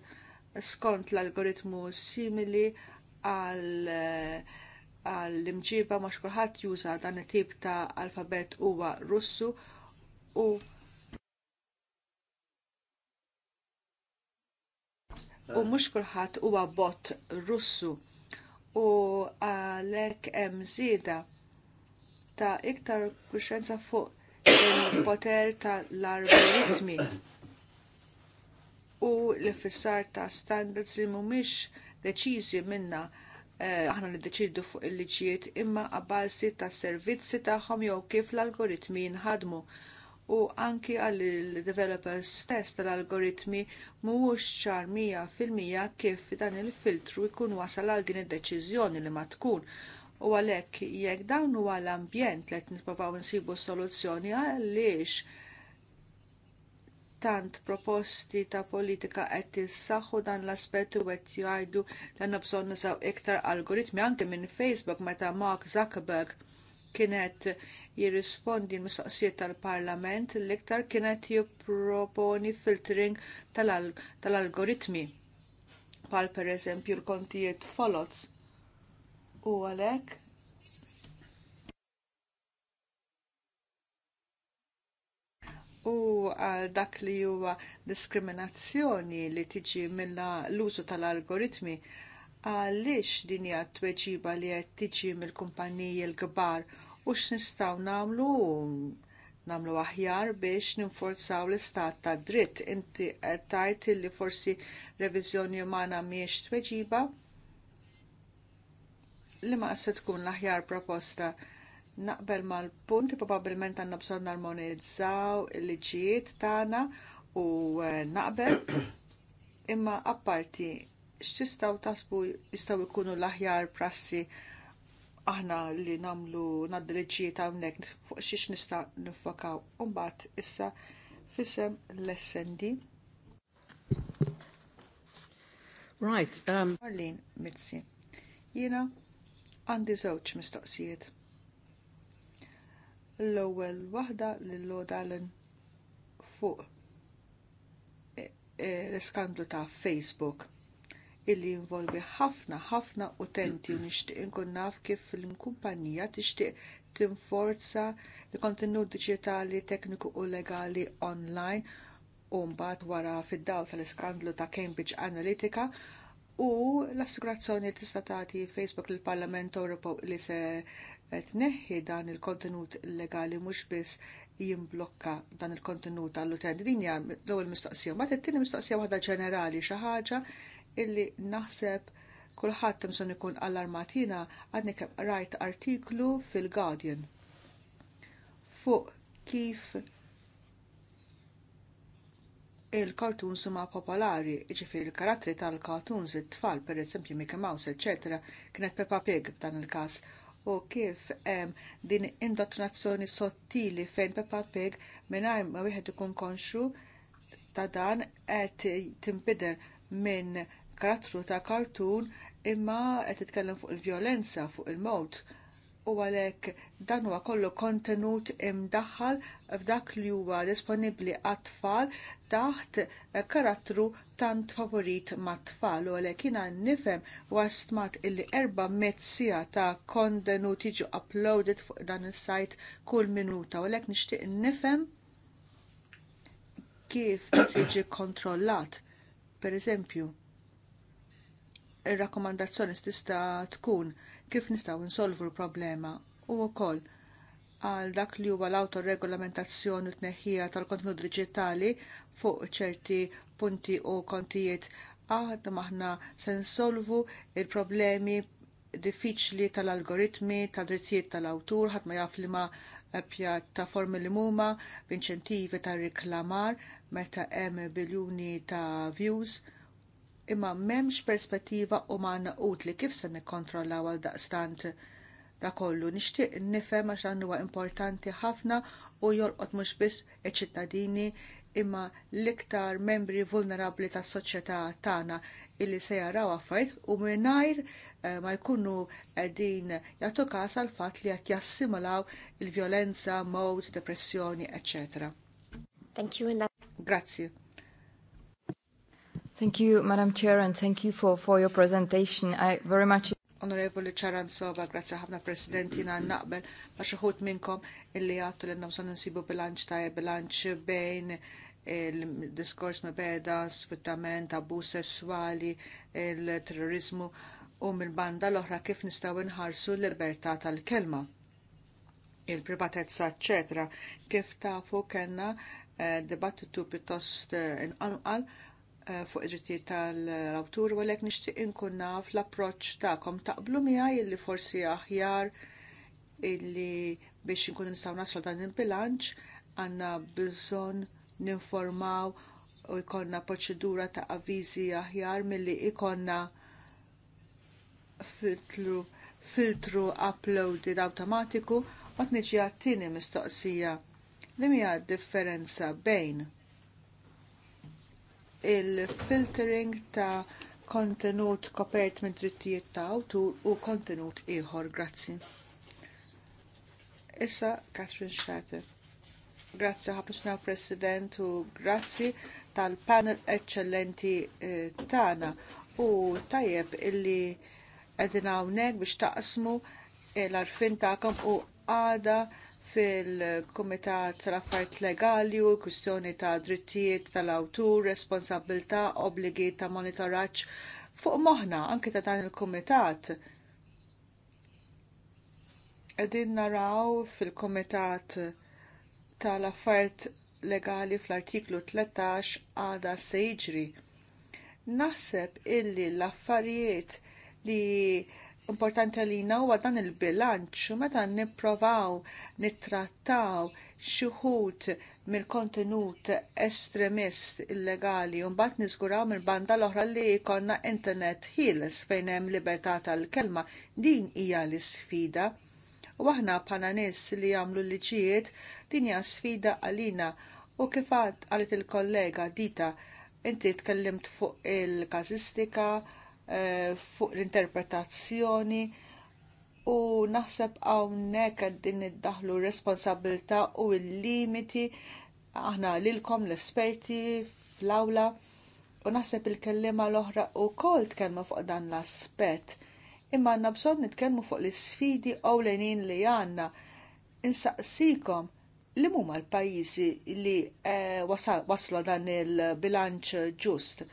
skont l-algoritmu simili għal eh, għall-imġiba ma kulħadd juża dan it-tip ta' alfabet huwa Russu u u mhux kulħadd huwa bot Russu u għalhekk hemm żieda ta' iktar kuxenza fuq il-poter tal-arboritmi u l-fissar ta' standards li mhumiex deċiżi minna eh, aħna niddeċidu fuq il-liġijiet imma għabbalsi ta' servizzi tagħhom jew kif l-algoritmi jinħadmu u anki għall developers stess tal-algoritmi mhuwux ċar mija fil-mija kif dan il-filtru jkun wasal għal din id-deċiżjoni li ma tkun u għalhekk jekk dawn huwa l-ambjent li qed nippruvaw insibu soluzzjoni għaliex tant proposti ta' politika qed tissaħħu dan l-aspett u qed jgħidu li għandna bżonn iktar algoritmi anke minn Facebook meta Mark Zuckerberg kienet jirrispondi l-mistoqsijiet tal-Parlament l-iktar kienet jipproponi filtering tal-algoritmi bħal pal per eżempju l-kontijiet folots u għalhekk u għal dak li huwa diskriminazzjoni li tiġi mill l-użu tal-algoritmi għaliex din hija tweġiba li qed tiġi mill-kumpaniji l-kbar u x'nistgħu nagħmlu nagħmlu aħjar biex ninforzaw l-istat ta' dritt. Inti qed tajt li forsi reviżjoni umana mhijiex tweġiba li ma se tkun l-aħjar proposta naqbel mal-punt probabbilment għandna bżonn narmonizzaw il-liġijiet tagħna u eh, naqbel imma apparti x'tistgħu tasbu jistgħu jkunu l-aħjar prassi aħna li nagħmlu naddu liġijiet hawnhekk fuq xiex nista' nifokaw. mbagħad issa fisem l-SND. Right. Um... Marlin Mitzi. Jiena għandi żewġ mistoqsijiet. L-ewwel waħda lil Lord Allen fuq e, e, l-iskandlu ta' Facebook illi involvi ħafna ħafna utenti u nixtieq inkun naf kif il-kumpanija tixtieq tinforza l-kontenut diġitali tekniku u legali online u mbagħad wara fid-dawl tal-iskandlu ta' Cambridge Analytica u l-assigurazzjoni tista' tagħti Facebook lill parlament Ewropew li se tneħħi dan il-kontenut legali mhux biss jimblokka dan il-kontenut għall utenti Din hija l-ewwel mistoqsija. Ma t-tieni mistoqsija waħda ġenerali xi ħaġa illi naħseb kulħadd imson ikun allarmatina għadni kem rajt artiklu fil-Guardian fuq kif il kartoons huma popolari, jiġifieri il-karattri tal-cartoons it-tfal, pereżempju Mickey Mouse, etc., kienet Peppa Pig f'dan il-każ, u kif hemm din indottrinazzjoni sottili fejn Peppa Pig mingħajr ma wieħed ikun konxu ta' dan qed tinbidel minn Karattru ta' kartun imma qed titkellem fuq il-vjolenza fuq il-mod u għalhekk dan huwa kollu kontenut imdaħħal f'dak li huwa disponibbli għat-tfal taħt karattru tant favorit mat-tfal u għalhekk jiena nifhem wasmat illi erba mezzija ta' kontenut jiġu uploaded fuq dan is-sajt kull minuta u għalhekk nixtieq nifhem kif jiġi kontrollat. Per eżempju, ir-rakkomandazzjoni tista' tkun kif nistgħu nsolvu l-problema u wkoll għal dak li huwa l-autoregolamentazzjoni u tneħħija tal-kontenut diġitali fuq ċerti punti u kontijiet għadna maħna se nsolvu l problemi diffiċli tal-algoritmi, tal-drittijiet tal-awtur, ħadd ma jaf li ma eh, pjattaformi li huma b'inċentivi tar riklamar meta hemm biljuni ta' views imma m'hemmx perspettiva u umana utli kif se nikkontrollaw għal daqstant da kollu nixtieq nifhem għax dan huwa importanti ħafna u jolqot mhux biss iċ-ċittadini imma l-iktar membri vulnerabbli tas-soċjetà tagħna illi se jaraw affarijiet u mingħajr eh, ma jkunu qegħdin jagħtu każ għal fatt li qed jassimulaw il-vjolenza, mod, depressjoni, eċċetera. Thank you. Grazzi. Thank you, Madam Chair, and thank you for, for your presentation. I very much... Onorevoli soba, grazie ħafna presidenti na naqbel ma xuħut minnkom illi għattu l-għannom son nsibu bilanċ ta' bilanċ bejn il-diskors ma beda, sfruttament, abu sessuali, il-terrorizmu u mil banda l-oħra kif nistaw nħarsu l-libertà tal-kelma il-privatezza, eccetera. Kif ta' fu kena eh, dibattitu pjuttost eh, inqalqal Eh, fuq id-drittijiet tal-awtur u għalhekk nixtieq inkun naf l-approċċ tagħkom taqblu miegħi illi forsi aħjar illi biex inkun nistgħu naslu dan il-bilanċ għandna bżonn ninformaw u jkollna proċedura ta' avviżi aħjar milli ikonna filtru, filtru uploaded awtomatiku għat niġi għattini mistoqsija li mija differenza bejn il-filtering ta' kontenut kopert minn drittijiet ta' awtur u kontenut ieħor. Grazzi. Issa Catherine Shatter. Grazzi ħafna President u grazzi tal-panel eccellenti eh, tagħna u tajjeb illi qegħdin hawnhekk biex taqsmu l-arfin tagħkom u għada fil-Kumitat tal-Affarijiet Legali u l-kwistjoni ta' drittijiet tal-awtur, responsabilità, obbligi ta' monitoraġġ fuq moħħna anke ta' dan il-Kumitat. Qegħdin naraw fil-Kumitat tal-Affarijiet Legali fl-artiklu 13 għada se jiġri. Naħseb illi l-affarijiet li importanti għalina huwa dan il-bilanċ meta nipprovaw nittrattaw xi wħud mill-kontenut estremist illegali u mbagħad niżguraw mill-banda l-oħra li jkollna internet ħieles fejn hemm libertà tal-kelma. Din hija l-isfida. U aħna bħala nies li jagħmlu liġijiet din hija sfida għalina u kif għalet il-kollega Dita inti tkellimt fuq il-kazistika, Eh, fuq l-interpretazzjoni u naħseb hawnhekk din iddaħlu r responsabilta u il limiti aħna lilkom l-esperti fl-awla u naħseb il-kellima l-oħra u kol tkellmu fuq dan l-aspett imma għanna bżon nitkellmu fuq l-sfidi l-enin li għanna. Insaqsikom li mumma l-pajjiżi li e, waslu dan il-bilanċ ġust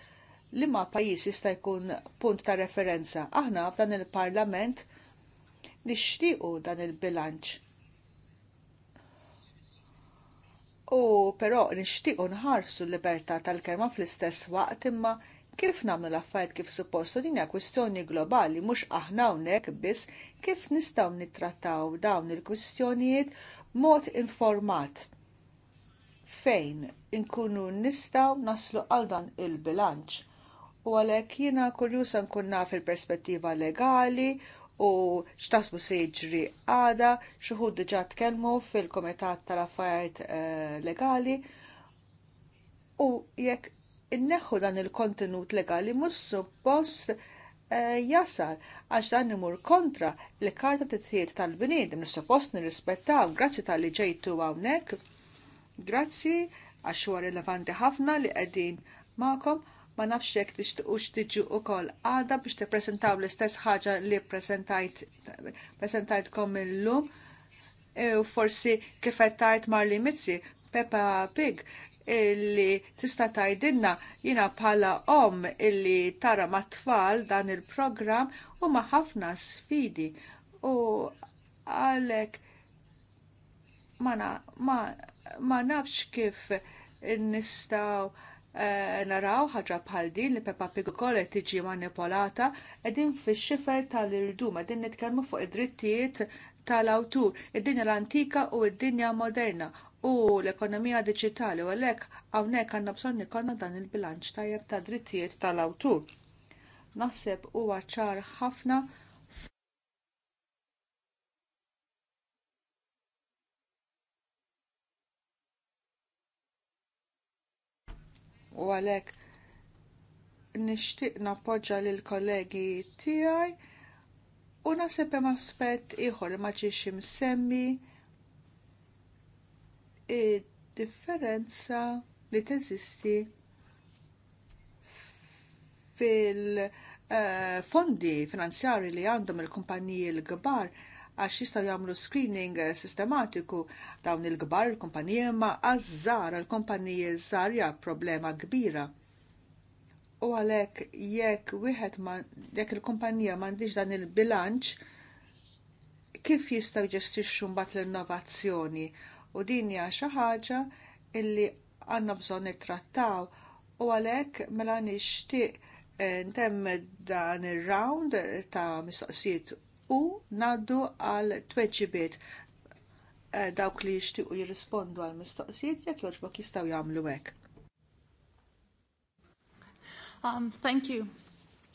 li ma pajis jista' jkun punt ta' referenza. Aħna f'dan il-Parlament nixtiequ dan il-bilanċ. U però nixtiequ nħarsu l-libertà tal-kelma fl-istess waqt imma kif nagħmlu l-affarijiet kif suppostu din hija kwistjoni globali mhux aħna hawnhekk biss kif nistgħu nittrattaw dawn il-kwistjonijiet b'mod informat fejn inkunu nistgħu naslu għal dan il-bilanċ u għalhekk jiena kurjusa nkun naf il-perspettiva legali u x'tasbu se jiġri għada xuhud ħud diġà tkellmu fil-Kumitat tal-Affarijiet eh, Legali u jekk inneħħu dan il-kontenut legali mhux suppost eh, jasal għax dan imur kontra l-karta tittijiet tal-bnidem li suppost nirrispettaw grazzi tal-li ġejtu hawnhekk. Grazzi għax huwa rilevanti ħafna li qegħdin magħkom ma nafx jekk tixtiqux tiġu wkoll għada biex tippreżentaw l-istess ħaġa li preżentajt preżentajtkom illum. E, u forsi kif qed tajt Marli Mizzi, Peppa Pig, illi tista' tajdinna jiena bħala om illi tara mat-tfal dan il-programm huma ħafna sfidi u għalek ma, ma, ma nafx kif nistgħu Eh, naraw ħaġa bħal din li Peppa Pig ukoll qed tiġi manipolata qegħdin fix-xifer tal-irdum qegħdin nitkellmu fuq id-drittijiet tal-awtur, id-dinja l-antika u id-dinja moderna u l-ekonomija diġitali u għalhekk hawnhekk għandna bżonn ikollna dan il-bilanċ tajjeb ta' drittijiet tal-awtur. Naħseb huwa ċar ħafna u għalhekk nixtieq nappoġġa lil kollegi tiegħi u naseb hemm aspett ieħor li ma ġiex imsemmi differenza li teżisti fil-fondi eh, finanzjari li għandhom il-kumpaniji l-kbar għax jistgħu jagħmlu screening eh, sistematiku dawn il-kbar il-kumpaniji ma għażar żgħar il-kumpaniji żgħar problema kbira. U għalhekk jekk wieħed ma jekk il-kumpanija m'għandix dan il-bilanċ kif jista' jġestixxu mbagħad l-innovazzjoni u din hija xi ħaġa illi għandna bżonn nittrattaw u għalhekk mela nixtieq eh, ntemm dan ir-round ta' mistoqsijiet u naddu għal tweġibiet eh, dawk li jixtiequ jirrispondu għal mistoqsijiet jekk jogħġbok jistgħu jagħmlu hekk. Um, thank you.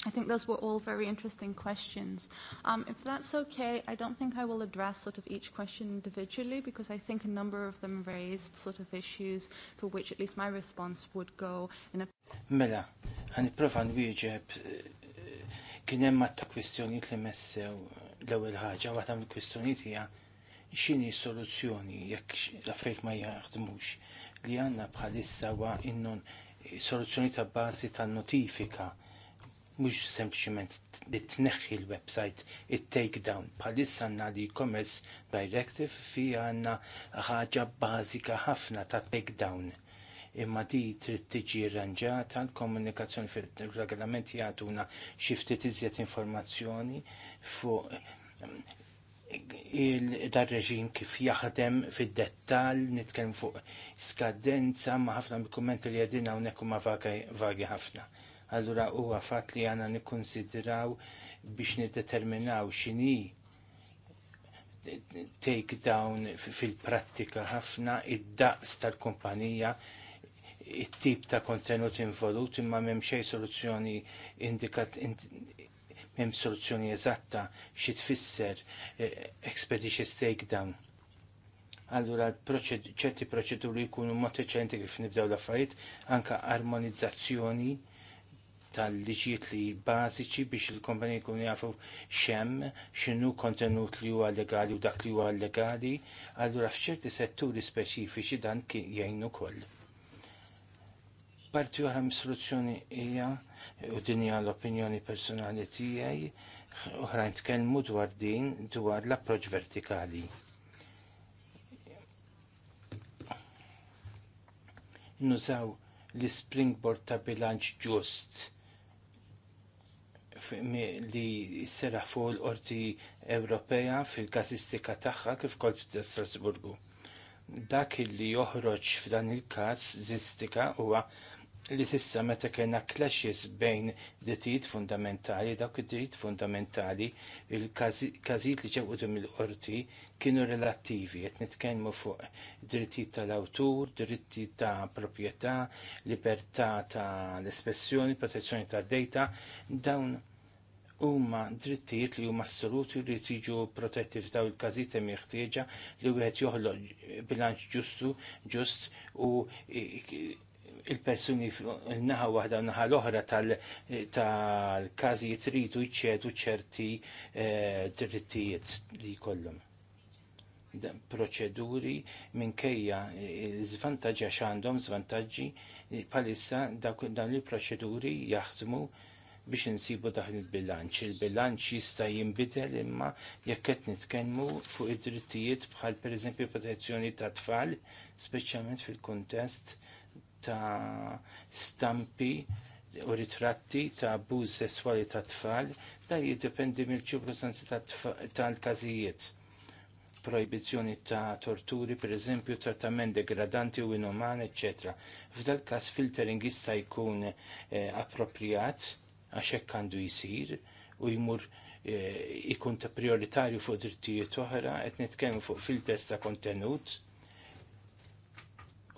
I think those were all very interesting questions. Um, if that's okay, I don't think I will address sort of each question individually because I think a number of them raised sort of issues for which at least my response would go in a... Mela, għani prova nwieġeb eh, kien hemm ta' kwestjoni li messew eh, l-ewwel ħaġa waħda mill kwistjoni hija x'inhi soluzzjoni jekk l-affarijiet ma jaħdmux li għandna bħalissa wa innon soluzzjoni ta' bażi ta' notifika mhux sempliċement li tneħħi l-website it-take down. Bħalissa għandna li Commerce Directive fi għandna ħaġa bażika ħafna ta' take down imma di trid tiġi rranġata l-komunikazzjoni fil-regolamenti jagħtuna xi ftit iżjed informazzjoni fuq dar reġim kif jaħdem fid-dettall, nitkellem fuq skadenza ma' ħafna dokumenti li għedina hawnhekk huma vagi ħafna. Allura huwa fatt li għana nikkonsidraw biex niddeterminaw x'inhi take down fil-prattika ħafna id-daqs tal-kumpanija it-tip ta' kontenut involut imma m'hemm xejn soluzzjoni indikat m'hemm soluzzjoni eżatta xi tfisser eh, stake takedown. Allura ċerti proċeduri jkunu mod eċenti kif nibdew l-affarijiet anke armonizzazzjoni tal-liġijiet li bażiċi biex il-kompani jkunu jafu xem, x'inhu kontenut li huwa legali u dak li huwa legali, allura f'ċerti setturi speċifiċi dan jgħin ukoll. Parti uħra mis-soluzzjoni hija u din hija l-opinjoni personali tiegħi uħra tkellmu dwar din dwar l-approċ vertikali. Nużaw l-springboard ta' bilanċ ġust li s-seraħ fuq l-qorti Ewropea fil-kazistika tagħha kif kolt ta' Strasburgu. Dak li joħroġ f'dan il-każ zistika huwa li sissa meta kena clashes bejn drittijiet fundamentali, dawk id dritt fundamentali, il-każijiet li ġewqu mill-qorti kienu relattivi, qed nitkellmu fuq drittijiet tal-awtur, drittijiet ta' proprjetà, libertà ta' l-espressjoni, protezzjoni tad data, dawn huma drittijiet li huma assoluti li tiġu protetti f'daw il-każijiet hemm jeħtieġa li wieħed joħloq bilanċ ġustu ġust u il-persuni naħa waħda u naħa l-oħra tal-każijiet ridu jċedu ċerti eh, drittijiet li jkollhom. Proċeduri minkejja żvantaġġi eh, għax għandhom zvantagġi eh, palissa dan il-proċeduri jaħdmu biex insibu daħ il-bilanċ. Il-bilanċ jista' jinbidel imma jekk qed nitkellmu fuq id-drittijiet bħal pereżempju protezzjoni ta' tfal, speċjalment fil-kuntest ta' stampi u ritratti ta' abbuż sesswali ta' tfal, da jiddependi mill-ċirkostanzi tal-każijiet. Projbizzjoni ta' torturi, per eżempju, trattament degradanti u inuman, ecc. F'dal każ filtering jista' jkun eh, appropriat għax hekk għandu jsir u jmur eh, ikun ta' prioritarju fuq drittijiet oħra, qed nitkellmu fuq filters ta' kontenut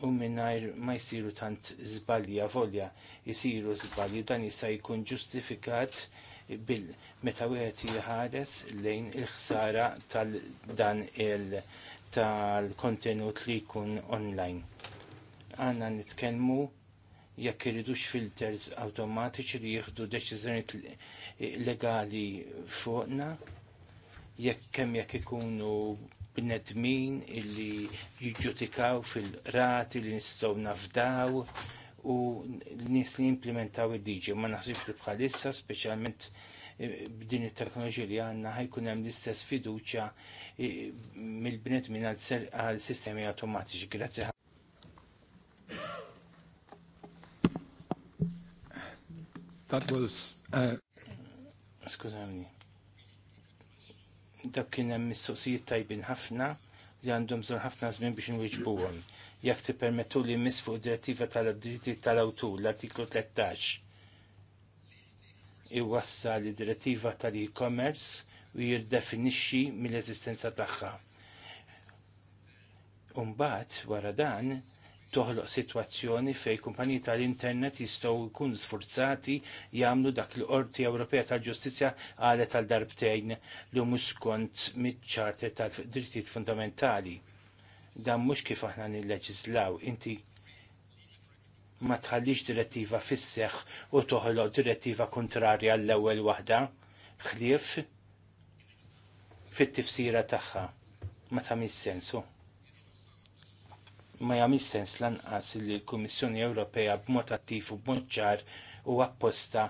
u minnajr ma jisiru tant zbalja volja, jisiru zbalju dan jista' jkun ġustifikat bil meta wieħed jħares lejn il-ħsara tal-dan il tal-kontenut li jkun online. Għanna nitkellmu jekk iridux filters awtomatiċi li jieħdu deċiżjoni legali fuqna, jekk kemm jekk ikunu bnedmin illi jiġġudikaw fil-rati li nistgħu nafdaw u l-nies li implementaw il-liġi. Ma naħsibx li bħalissa, speċjalment eh, b'din it-teknoloġija li għandna ħajkun hemm l-istess fiduċja eh, mill-bnedmin għal sistemi automatiċi. Grazzi That was uh dak kien hemm mistoqsijiet tajbin ħafna li għandhom bżonn ħafna żmien biex inwiġbuhom. Jekk tippermettu li miss fuq direttiva tal-diritti tal-awtur l-artiklu 13 iwassa li direttiva tal-e-commerce u jirdefinixxi mill-eżistenza tagħha. Umbagħad wara dan toħloq situazzjoni fej kumpaniji tal-internet jistgħu jkunu sforzati jagħmlu dak l qorti Ewropea tal-Ġustizzja għalet tal darbtejn li mhux skont miċ-ċarti tal-drittijiet fundamentali. Dan mhux kif aħna nilleġislaw, inti ma tħallix direttiva fisseħ u toħloq direttiva kontrarja l-ewwel waħda, ħlief fit-tifsira tagħha. Ma ta' sensu ma jagħmilx sens lanqas li l-Kummissjoni Ewropea b'mod attiv u b'mod ċar u apposta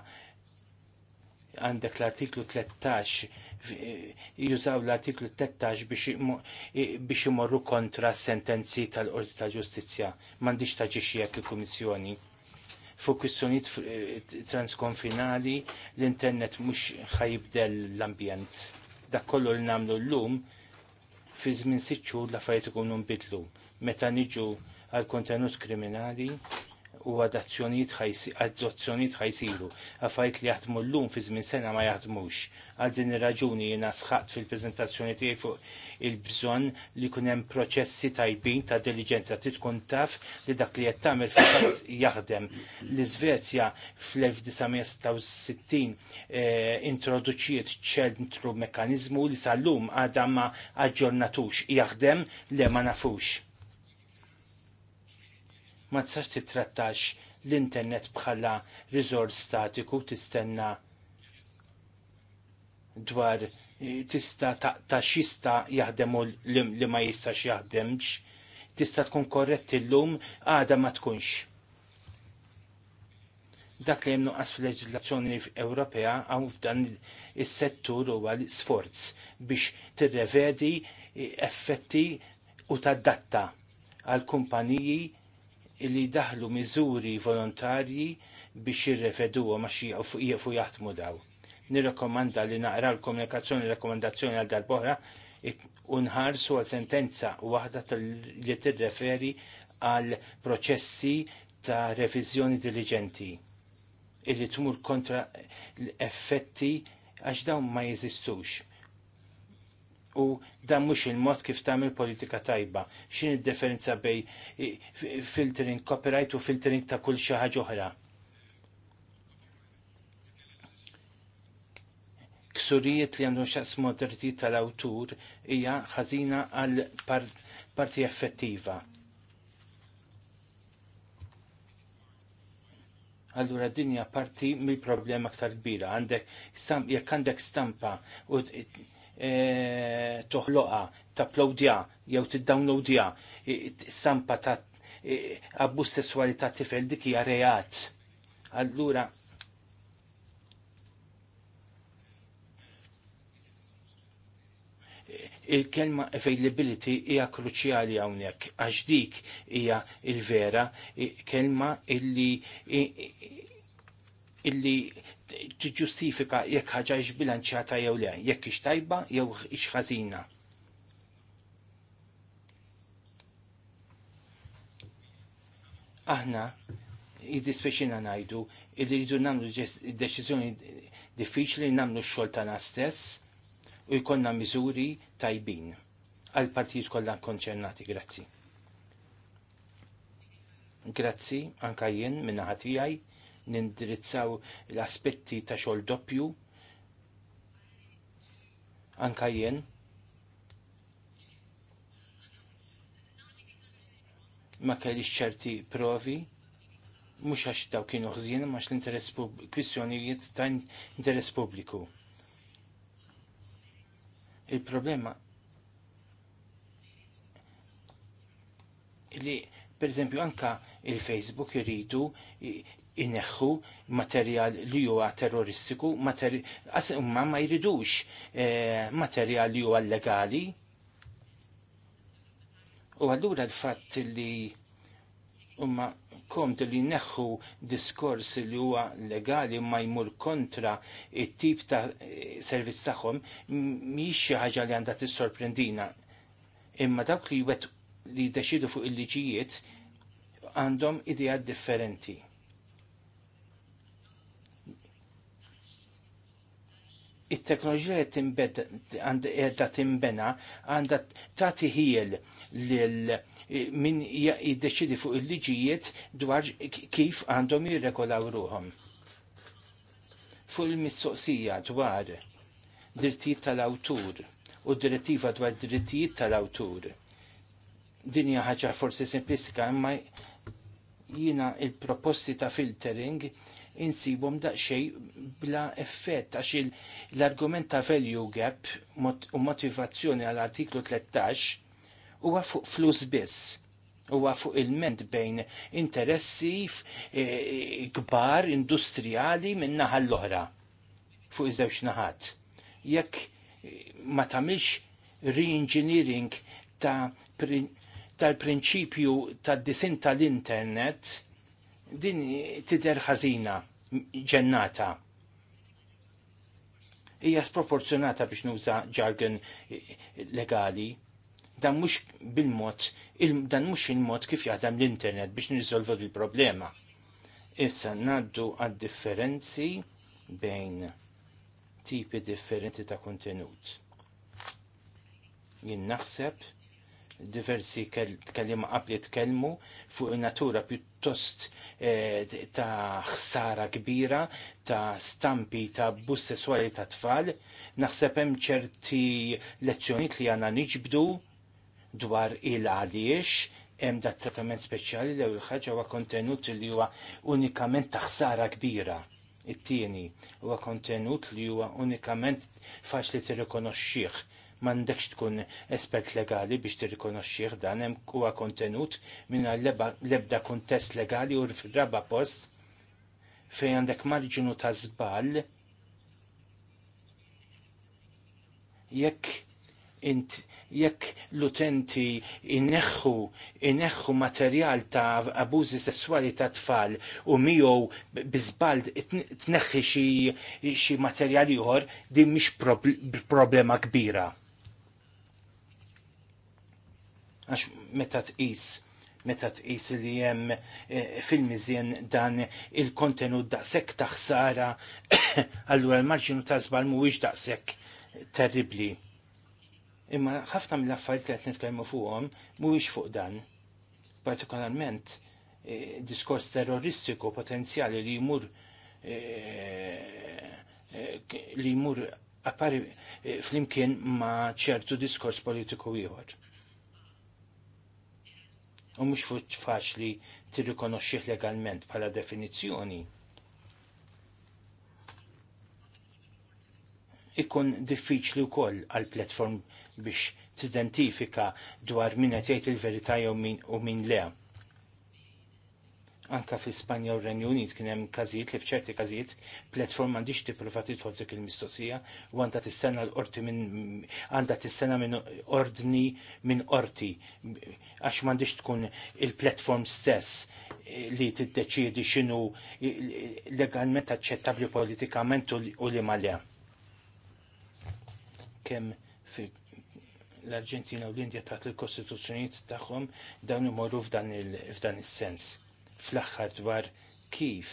għandek l-artiklu 13 eh, jużaw l-artiklu 13 eh, biex imorru kontra sentenzi tal-Qorti ta' Ġustizzja. M'għandix taġixxi jekk il-Kummissjoni. Fu kwistjonijiet eh, transkonfinali l-internet mhux ħajibdel l-ambjent. Dak kollu li nagħmlu llum fi żmien sitt xhur l-affarijiet ikunu nbidlu meta niġu għal kontenut kriminali u adozzjonijiet ħajsiru. Għafajt li jaħdmu llum fi żmien sena ma jaħdmux. Għal din ir-raġuni jena sħat fil-preżentazzjoni tiegħi fuq il-bżonn li jkun hemm proċessi tajbin ta' diligenza ti tkun taf li dak li qed tagħmel fatt jaħdem. L-Iżvezja fl-1966 eh, introduċiet ċentru mekkaniżmu li sal-lum għadha ma aġġornatux jaħdem le ma nafux ma tistax titrattax l-internet bħala riżors statiku tistenna dwar tista ta' xista jaħdem u li ma jistax jaħdemx, tista tkun korrett illum għada ma tkunx. Dak li jemnu għas fil-leġizlazzjoni Ewropea għaw f'dan is-settur u għal sforz biex tirrevedi effetti u tadatta għal kumpaniji li daħlu miżuri volontarji biex jirrefeduwa ma xie u jaħdmu daw. Nirrakkomanda li naqra l-komunikazzjoni rakkomandazzjoni għal darbohra unħarsu għal sentenza waħda li tirreferi għal proċessi ta' reviżjoni diligenti illi tmur kontra l-effetti għax dawn ma jeżistux U dan mhux il-mod kif tagħmel politika tajba. X'in d differenza bej filtering copyright u filtering ta' kull xi ħaġa oħra. Ksurijiet li għandhom xaqsmu drittijiet tal-awtur hija ħażina għal parti effettiva. allura dinja parti mill problema aktar kbira. Għandek jekk għandek stampa u E, toħloqa, tapplowdja, jew t-downloadja, e, stampa ta' e, abbuż sessuali tifel dik hija reat. Allura il-kelma availability hija kruċjali hawnhekk għax dik hija il-vera kelma illi illi tiġustifika jekk ħaġa bilanċjata jew le, jekk ix tajba jew ix ħażina. Aħna jiddispeċina najdu illi rridu namlu deċiżjoni diffiċli namlu x-xogħol tagħna stess u jkollna miżuri tajbin għal partijiet kollha konċernati. Grazzi. Grazzi anka jien minn tiegħi nindirizzaw l-aspetti ta' xogħol doppju anka jien. Ma kellix ċerti provi, mhux għax daw kienu ħżien, ma l-interess kwistjonijiet ta' interess pubbliku. Il-problema li per eżempju anka il-Facebook iridu ineħħu materjal li huwa terroristiku, ma ma jridux eh, materjal li huwa legali. U allura l-fatt li umma kont li neħħu diskors li huwa legali ma jmur kontra it-tip ta' servizz tagħhom mhix xi ħaġa li għandha tissorprendina. Imma dawk li wet li deċidu fuq il-liġijiet għandhom idea differenti. it-teknoloġija għedda eh, timbena għandha tagħti ħiel lil eh, min jiddeċidi fuq il-liġijiet dwar kif għandhom jirregolaw ruhom. Fuq il-mistoqsija dwar drittijiet tal-awtur u direttiva dwar drittijiet tal-awtur. Din hija ħaġa forsi simplistika imma jina il-proposti ta' filtering insibhom daqsxejn bla effett għax l-argument ta' value gap u motivazzjoni għal artiklu 13 huwa fuq flus biss huwa fuq il-ment bejn interessi e, kbar industrijali minn naħa l-oħra fuq iż-żewġ naħat. Jekk e, ma tagħmilx re-engineering ta' tal-prinċipju tad-disin tal-internet, din tidher ħażina ġennata hija sproporzjonata biex nuża jargon legali. Dan mhux bil-mod, dan mhux il-mod kif jaħdem l-internet biex nirriżolvu il problema Issa ngħaddu għad differenzi bejn tipi differenti ta' kontenut. Jien naħseb diversi tkellim qabli tkellmu fuq natura pjuttost eh, ta' ħsara kbira, ta' stampi ta' abbuż sesswali ta' tfal, naħseb hemm ċerti lezzjonijiet li għandna niġbdu dwar il-għaliex, hemm dat trattament speċjali li l-ħaġa huwa kontenut li huwa unikament ta' ħsara kbira. It-tieni huwa kontenut li huwa unikament faċli tirrikonoxxih m'għandekx tkun espert legali biex tirrikonoxxih dan hemm huwa kontenut minn l-ebda kuntest legali u fir-raba post fejn għandek marġinu ta' żball jekk int jekk l-utenti ineħħu ineħħu materjal ta' abużi sessuali ta' tfal u miegħu biżbal tneħħi xi materjal ieħor din mhix problema kbira. għax meta tqis meta tqis li hemm eh, fil-miżjen dan il-kontenut daqshekk taħsara, *coughs* allura l-marġinu ta' żball mhuwiex daqshekk terribli. Imma ħafna mill-affarijiet li qed nitkellmu fuqhom mhuwiex fuq dan. Partikolarment eh, diskors terroristiku potenzjali li jmur eh, li jmur appari flimkien ma ċertu diskors politiku ieħor u mhux faċli tirrikonoxxih legalment bħala definizzjoni. Ikun diffiċli wkoll għal platform biex tidentifika dwar min qed jgħid il-verità jew min le. Anka fi Spanja u Renju Unit kien hemm każijiet li f'ċerti każijiet platform m'għandix tipprova tidħol dik il-mistoqsija u għandha tistenna l-qorti minn għandha tistenna minn ordni minn qorti għax m'għandix tkun il-platform stess li tiddeċiedi x'inhu legalment aċċettabbli politikament u li ma le. Kemm l-Arġentina u l-Indja taħt il-Kostituzzjonijiet tagħhom dawn imorru f'dan is-sens fl-aħħar dwar kif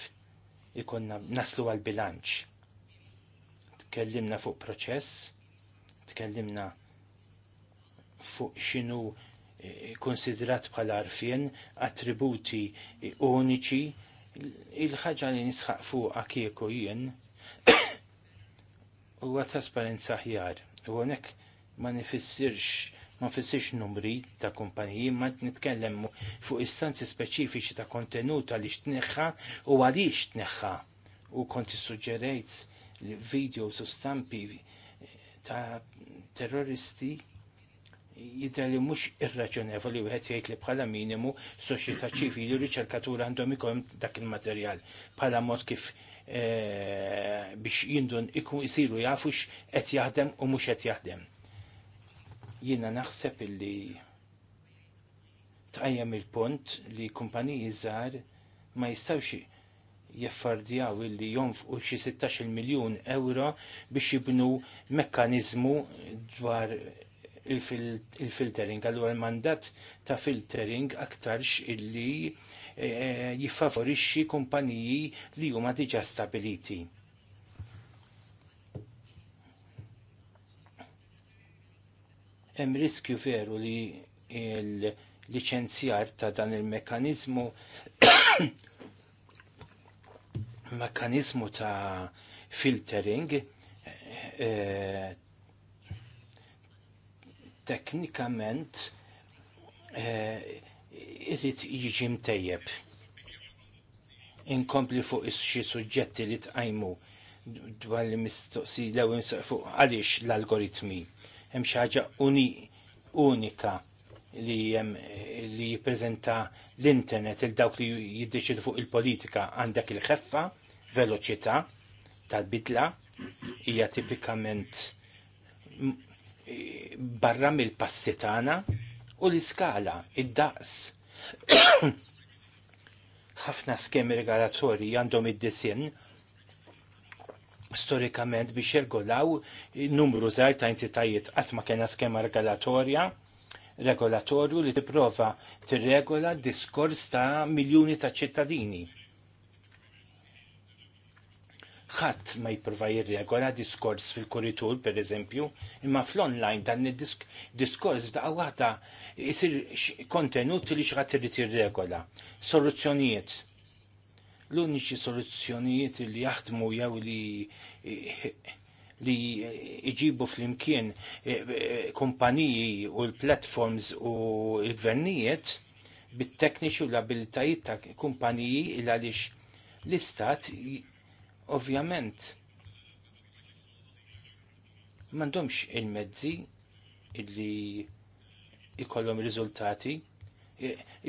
ikonna naslu għal bilanċ. Tkellimna fuq proċess, tkellimna fuq xinu eh, konsidrat bħala arfien, attributi uniċi, il-ħagġa li nisħaq fuq kieku jien *coughs* huwa trasparenza ħjar. U għonek ma nifissirx ma fissiex numri ta' kumpaniji ma nitkellem fuq istanzi speċifiċi ta' kontenut li xtneħħa u għaliex tneħħa u konti suġġerejt li videos u stampi eh, ta' terroristi jidher mhux irraġonevoli wieħed jgħid li bħala minimu soċjeta' ċivili u riċerkatura għandhom ikun dak il-materjal bħala mod kif eh, biex jindun ikun isiru jafux qed jaħdem u mhux qed jaħdem. Jiena naħseb illi tqajjem il-punt li kumpaniji żgħar ma jistawx jeffardjaw illi jonfqu xi 16 miljun euro biex jibnu mekkaniżmu dwar il-filtering. Allura l-mandat ta' filtering aktarx illi eh, jiffavorixxi kumpaniji li huma diġà stabiliti. Hemm riskju veru li il-liċenzjar ta' dan il-mekanizmu *coughs* mekanizmu ta' filtering eh, teknikament eh, irrit jiġi mtejjeb. Inkompli fuq xi suġġetti li tqajmu dwar li mistoqsi l-ewwel fuq għaliex l-algoritmi hemm xi ħaġa unika li jem, li jippreżenta l-internet il dawk li jiddeċidu fuq il-politika għandek il-ħeffa, veloċità tal-bidla hija tipikament barra mill-passi tagħna u l-iskala, id-daqs. *coughs* ħafna skemi regalatorji għandhom id-disin storikament biex jirgolaw numru żgħar ta' entitajiet qatt ma kena skema regolatorja regolatorju li tipprova tirregola diskors ta' miljuni ta' ċittadini. Ħadd ma jipprova jirregola diskors fil-kuritur, per eżempju, imma fl-online dan id-diskors ta' waħda isir kontenut li x'ħadd irid jirregola. Soluzzjonijiet L-uniċi soluzzjonijiet li jaħdmu jew li li iġibu fl-imkien e, e, kumpaniji u l-platforms u l-gvernijiet bit-tekniċi u l-abilitajiet ta' kumpaniji il għaliex l-istat ovvjament mandomx il-mezzi illi ikollhom riżultati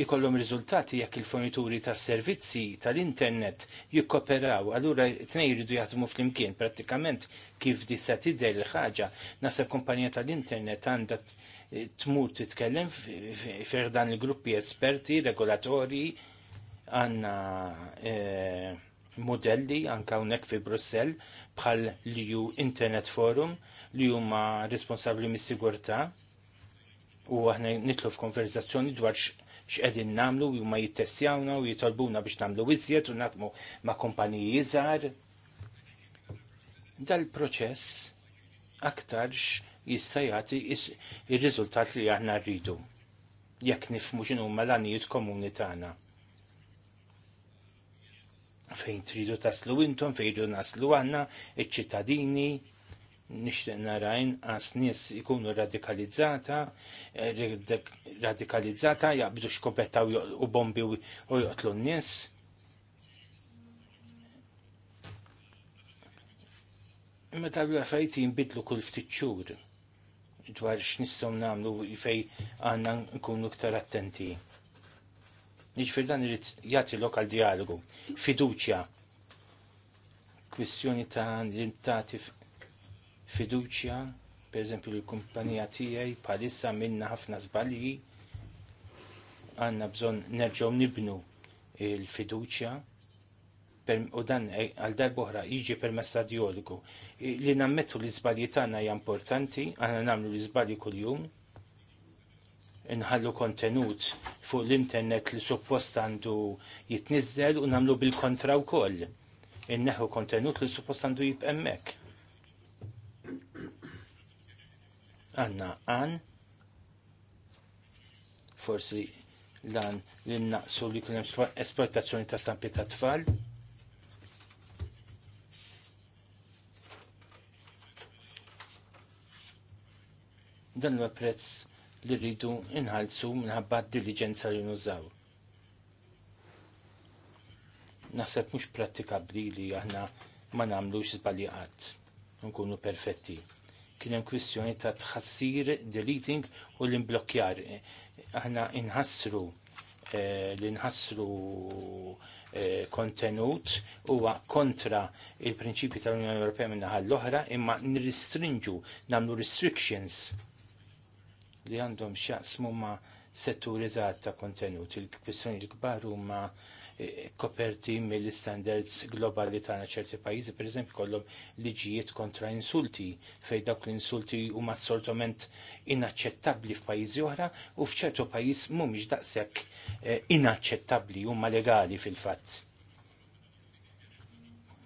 ikollhom riżultati jekk il-fornituri tas-servizzi tal-internet jikkoperaw, allura tnej jridu jaħdmu flimkien prattikament kif disa tidher il-ħaġa. Nasab kompanija tal-internet għandha tmur t fer dan il-gruppi esperti, regolatori, għanna e, modelli anka unek fi Brussell bħal liju Internet Forum li huma responsabbli mis sigurtà u aħna nitlu f'konverzazzjoni dwar x'qegħdin nagħmlu u ma jittestjawna u jitolbuna biex nagħmlu iżjed u natmu ma' kumpaniji iżgħar. Dal-proċess aktarx jista' jagħti ir-riżultat li aħna rridu jekk nifmu x'inhu huma għanijiet komuni tagħna. Fejn tridu taslu intom, fejn tridu naslu għanna, iċ-ċittadini, nixtieq narajn għas nies ikunu radikalizzata, eh, radikalizzata jaqbdu xkopetta u bombi u joqtlu n-nies. Meta l-affarijiet jinbidlu kull ftit xhur dwar x'nistgħu nagħmlu fej għandna nkunu iktar attenti. Jiġifier dan irid jagħti lokal dialogu, fiduċja, kwistjoni ta' l-intati fiduċja, per eżempju l-kumpanija tiegħi bħalissa minna ħafna żbalji għandna bżonn nerġgħu nibnu il-fiduċja u dan għal darbohra iġi per ta' dialogu. Li nammettu l iżbalji tagħna hija importanti, għandna nagħmlu l iżbalji kuljum, inħallu kontenut fuq l-internet li suppost għandu jitnizzel u namlu bil-kontra wkoll. Inneħu kontenut li suppost għandu jibqemmek. għanna għan forsi dan li naqsu li kunem esportazzjoni ta' stampi ta' tfal. Dan huwa prezz li rridu inħalsu minħabba diligenza li nużaw. Naħseb mhux prattikabbli li aħna ma nagħmlux żbaljaqat nkunu perfetti kien hemm kwistjoni ta' tħassir, deleting u l-imblokkjar. Aħna inħassru eh, li nħassru eh, kontenut huwa kontra il-prinċipji tal-Unjoni Ewropea minn naħa l-oħra imma nirristrinġu nagħmlu restrictions li għandhom x'jaqsmu ma' setturi żgħar ta' kontenut. Il-kwistjoni l-kbar huma koperti mill-standards globali tagħna ċerti pajjiżi, eżempju, kollhom liġijiet kontra insulti fejn dawk l-insulti huma assortiment inaċċettabbli f'pajjiżi oħra u f'ċertu pajjiż mhumiex daqshekk eh, inaċċettabbli huma legali fil-fatt.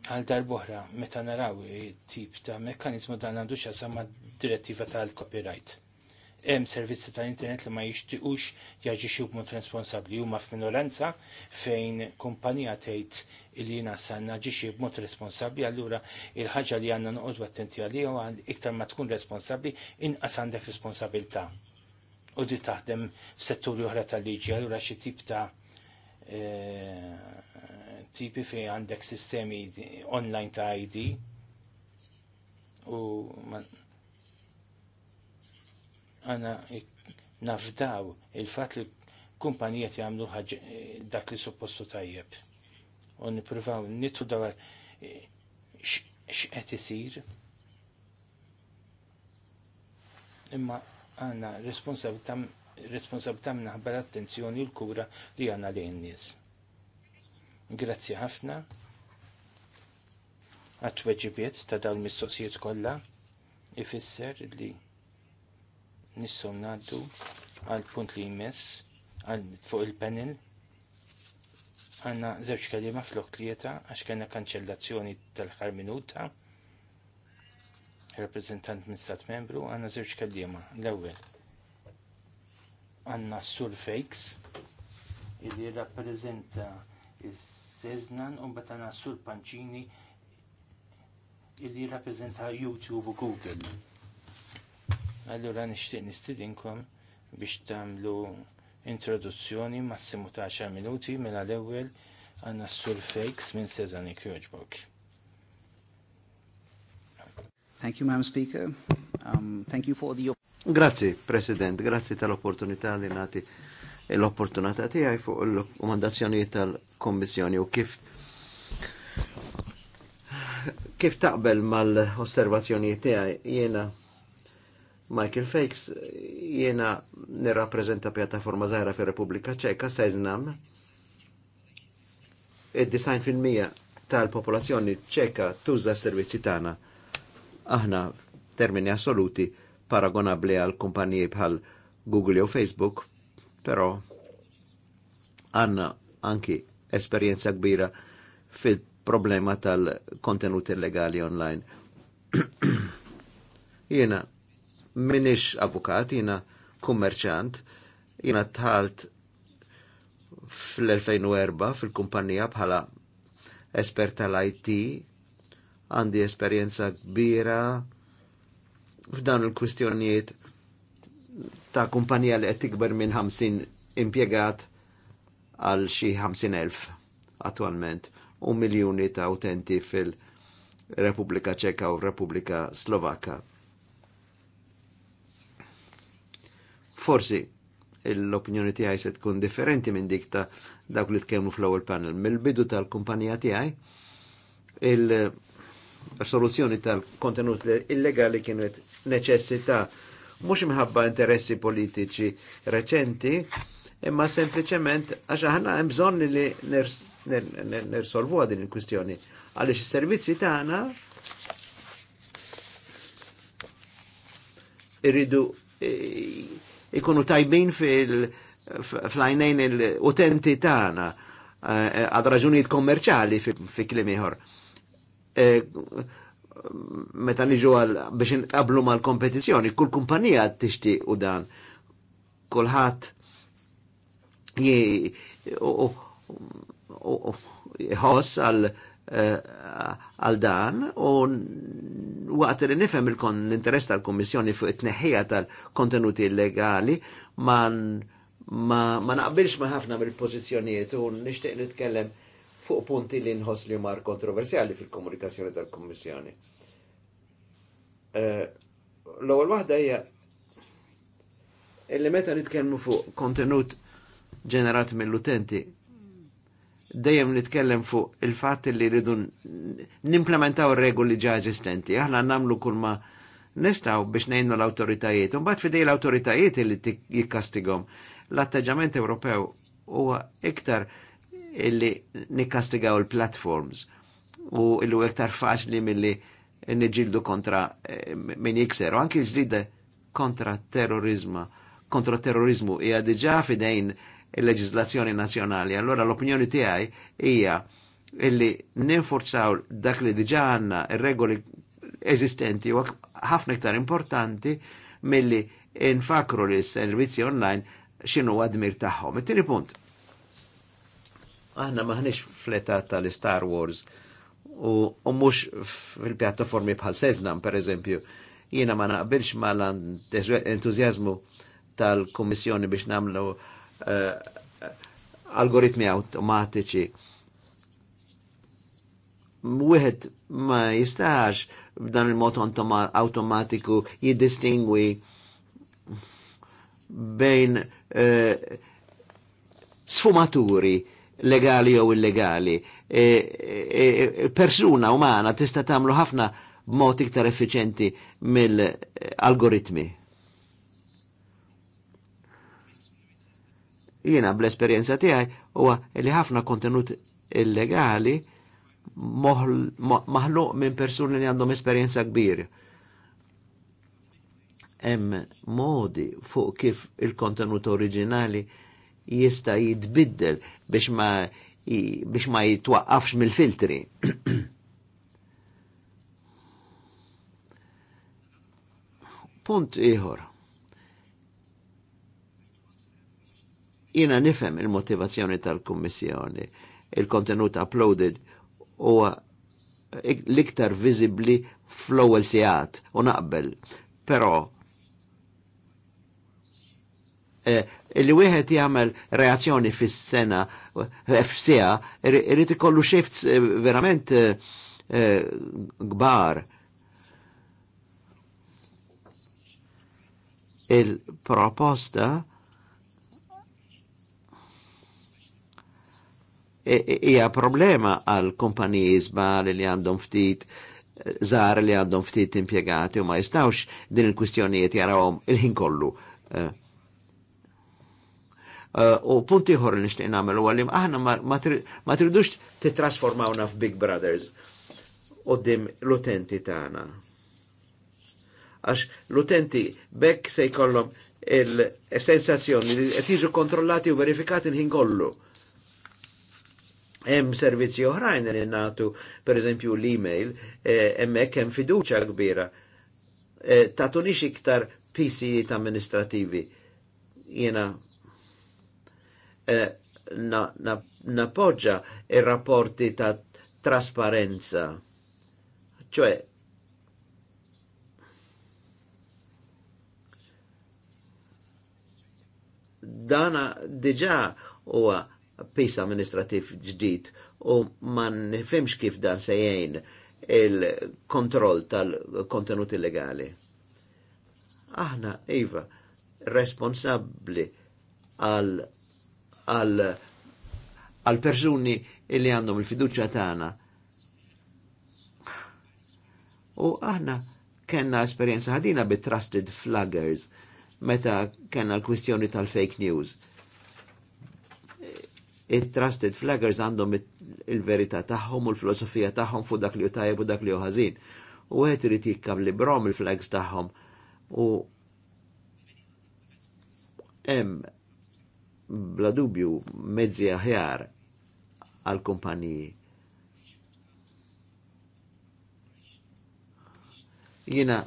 Għal darbohra, meta naraw eh, tip ta' mekkaniżmu dan għandu xasama direttiva tal-copyright hemm servizzi tal-internet li ma jixtiqux jaġixxu b'mod responsabbli huma f'minoranza fejn kumpanija tgħid li jiena sa naġixxi b'mod responsabbli allura il-ħaġa li għandna noqogħdu attenti għalija għal iktar ma tkun responsabbli inqas għandek responsabilità. U di taħdem f'setturi oħra tal-liġi allura xi tip ta' e, tipi fejn għandek sistemi online ta' ID u man, għana nafdaw il-fat li kumpanijiet jagħmlu dak li suppostu tajjeb. U nippruvaw nitu daw eh, x'qed isir. Imma għandna responsabilità mnaħba attenzjoni u l-kura li għandna li n-nies. Grazzi ħafna għat-tweġibiet ta' dawn mistoqsijiet kollha ifisser li nistgħu ngħaddu għal punt li jmiss għal fuq il-panel għanna żewġ kelliema flok tlieta għax kellna kanċellazzjoni tal-ħar minuta rappresentant minn stat membru għanna żewġ kelliema l-ewwel għanna Sur Fakes illi jirrappreżenta il-Seznan un batana Sur Pancini illi rappreżenta YouTube u Google Allura nixtieq nistidinkom biex tagħmlu introduzzjoni massimu ta' 10 minuti mela l-ewwel għandna s-sur fakes minn Sezani Kjoġbok. Thank you, Madam Speaker. Um, thank you for the... Grazie, President. Grazie tal-opportunità li nati l-opportunità tiegħi fuq l-komandazzjonijiet tal-Kommissjoni u kif kif taqbel mal-osservazzjonijiet tiegħi jiena Michael Fakes jiena nirrappreżenta pjattaforma żgħira fir-Repubblika Ċeka Seznam. Id-design fil-mija tal-popolazzjoni ċeka tuża s-servizzi tagħna. Aħna termini assoluti paragonabli għal kumpaniji bħal Google jew Facebook, però għanna anki esperjenza kbira fil-problema tal kontenuti illegali online. *clears throat* Jena minix avukat, jina kummerċant, jina tħalt fl-2004 fil-kumpanija bħala espert tal-IT, għandi esperienza kbira f'dan il-kwistjonijiet ta' kumpanija li qed tikber minn 50 impjegat għal xi 50.000 attualment u miljuni ta' utenti fil-Repubblika Ċeka u Repubblika Slovakka Forsi l-opinjoni tiegħi se tkun differenti minn dik ta' dawk li tkellmu fl-ewwel panel. Mill-bidu tal-kumpanija tiegħi il-soluzzjoni tal-kontenut illegali kienet neċessità mhux imħabba interessi politiċi reċenti, imma sempliċement għax aħna hemm bżonn li nirsolvuha din il-kwistjoni għaliex is-servizzi tagħna irridu eh, ikunu tajbin fil-flajnejn l-utenti tagħna eh, għad raġunijiet kommerċali fi klim ieħor. Eh, meta niġu għal biex inqablu mal-kompetizzjoni, kull kumpanija t-tixti u dan kulħadd jħoss għal Eh, għal dan u waqt li nifhem l-interess tal-Kommissjoni fuq it-tneħħija tal-kontenuti illegali ma ma naqbilx ma ħafna mill-pożizzjonijiet u nixtieq nitkellem fuq punti li nħoss li mar kontroversjali fil-komunikazzjoni tal kummissjoni eh, L-ewwel waħda hija illi meta nitkellmu fuq kontenut ġenerat mill-utenti dejjem nitkellem fuq il-fatt li rridu nimplementaw regoli ġa eżistenti. Aħna namlu kull ma nistaw biex nejnu l-autoritajiet. Mbagħad fidej l-autoritajiet li jikkastigom. L-atteġġament Ewropew huwa iktar illi nikkastigaw il-platforms u illu iktar faċli milli niġildu kontra eh, min jikser. U anki ġlida kontra terrorizma, kontra terrorizmu hija diġà fidejn il-leġizlazzjoni nazjonali. Allora l-opinjoni tiegħi hija illi ninforzaw dak li diġa għanna regoli eżistenti u ħafna iktar importanti milli infakru li s-servizzi online xinu għadmir taħħom. It-tini punt. Aħna maħnix fleta tal-Star Wars u mux fil-pjattaformi bħal Seznam, per eżempju, jiena ma naqbilx mal entuzjazmu tal-Kommissjoni biex namlu uh, algoritmi automatiċi. Wieħed ma jistax b'dan il-mod automatiku jiddistingwi bejn uh, sfumaturi legali jew illegali. E, e, e, persuna umana tista' tagħmlu ħafna b'mod iktar effiċenti mill-algoritmi. Jiena bl-esperjenza tiegħi huwa li ħafna kontenut illegali maħluq minn persuni li għandhom esperjenza kbir. Hemm modi fuq kif il-kontenut oriġinali jista' jitbiddel biex ma biex ma jitwaqqafx mill-filtri. *coughs* Punt ieħor. Jina nifem il-motivazzjoni tal kommissjoni Il-kontenut uploaded u l-iktar viżibbli fl-ewwel sigħat u naqbel. Pero, il eh, li wieħed jagħmel reazzjoni fis-sena eh, f'sija irid ikollu shifts eh, verament kbar. Eh, il-proposta E, e, e hija problema għal kumpaniji żbar li għandhom ftit żar li għandhom ftit impjegati u ma jistawx din il-kwistjonijiet jarawhom il-ħin kollu. U punti ħor li nixtieq nagħmel huwa li aħna ma tridux titrasformawna f'Big Brothers qudiem l-utenti tagħna. Għax l-utenti bekk se jkollhom il-sensazzjoni li qed jiġu kontrollati u verifikati l-ħin kollu Hemm servizzi oħrajn li nagħtu pereżempju l-email, eh, hemmhekk hemm fiduċja kbira. Eh, Tatunix iktar pisijiet amministrativi. Jiena eh, napoġġa ir-rapporti ta' trasparenza. Ċoe, dana diġa huwa pis amministrativ ġdid u ma nifhimx kif dan se jgħin il-kontroll tal-kontenut illegali. Aħna, Iva, responsabli għal għal għal persuni illi għandhom il-fiduċa tagħna. U aħna kenna esperjenza ħadina bit trusted flaggers meta kenna l-kwistjoni tal-fake news it-trusted flaggers għandhom il-verità tagħhom u l-filosofija tagħhom fuq dak li hu tajjeb u dak li hu ħażin. U qed irid brom il-flags tagħhom u hemm bla dubju mezzi aħjar għal kumpaniji. Jina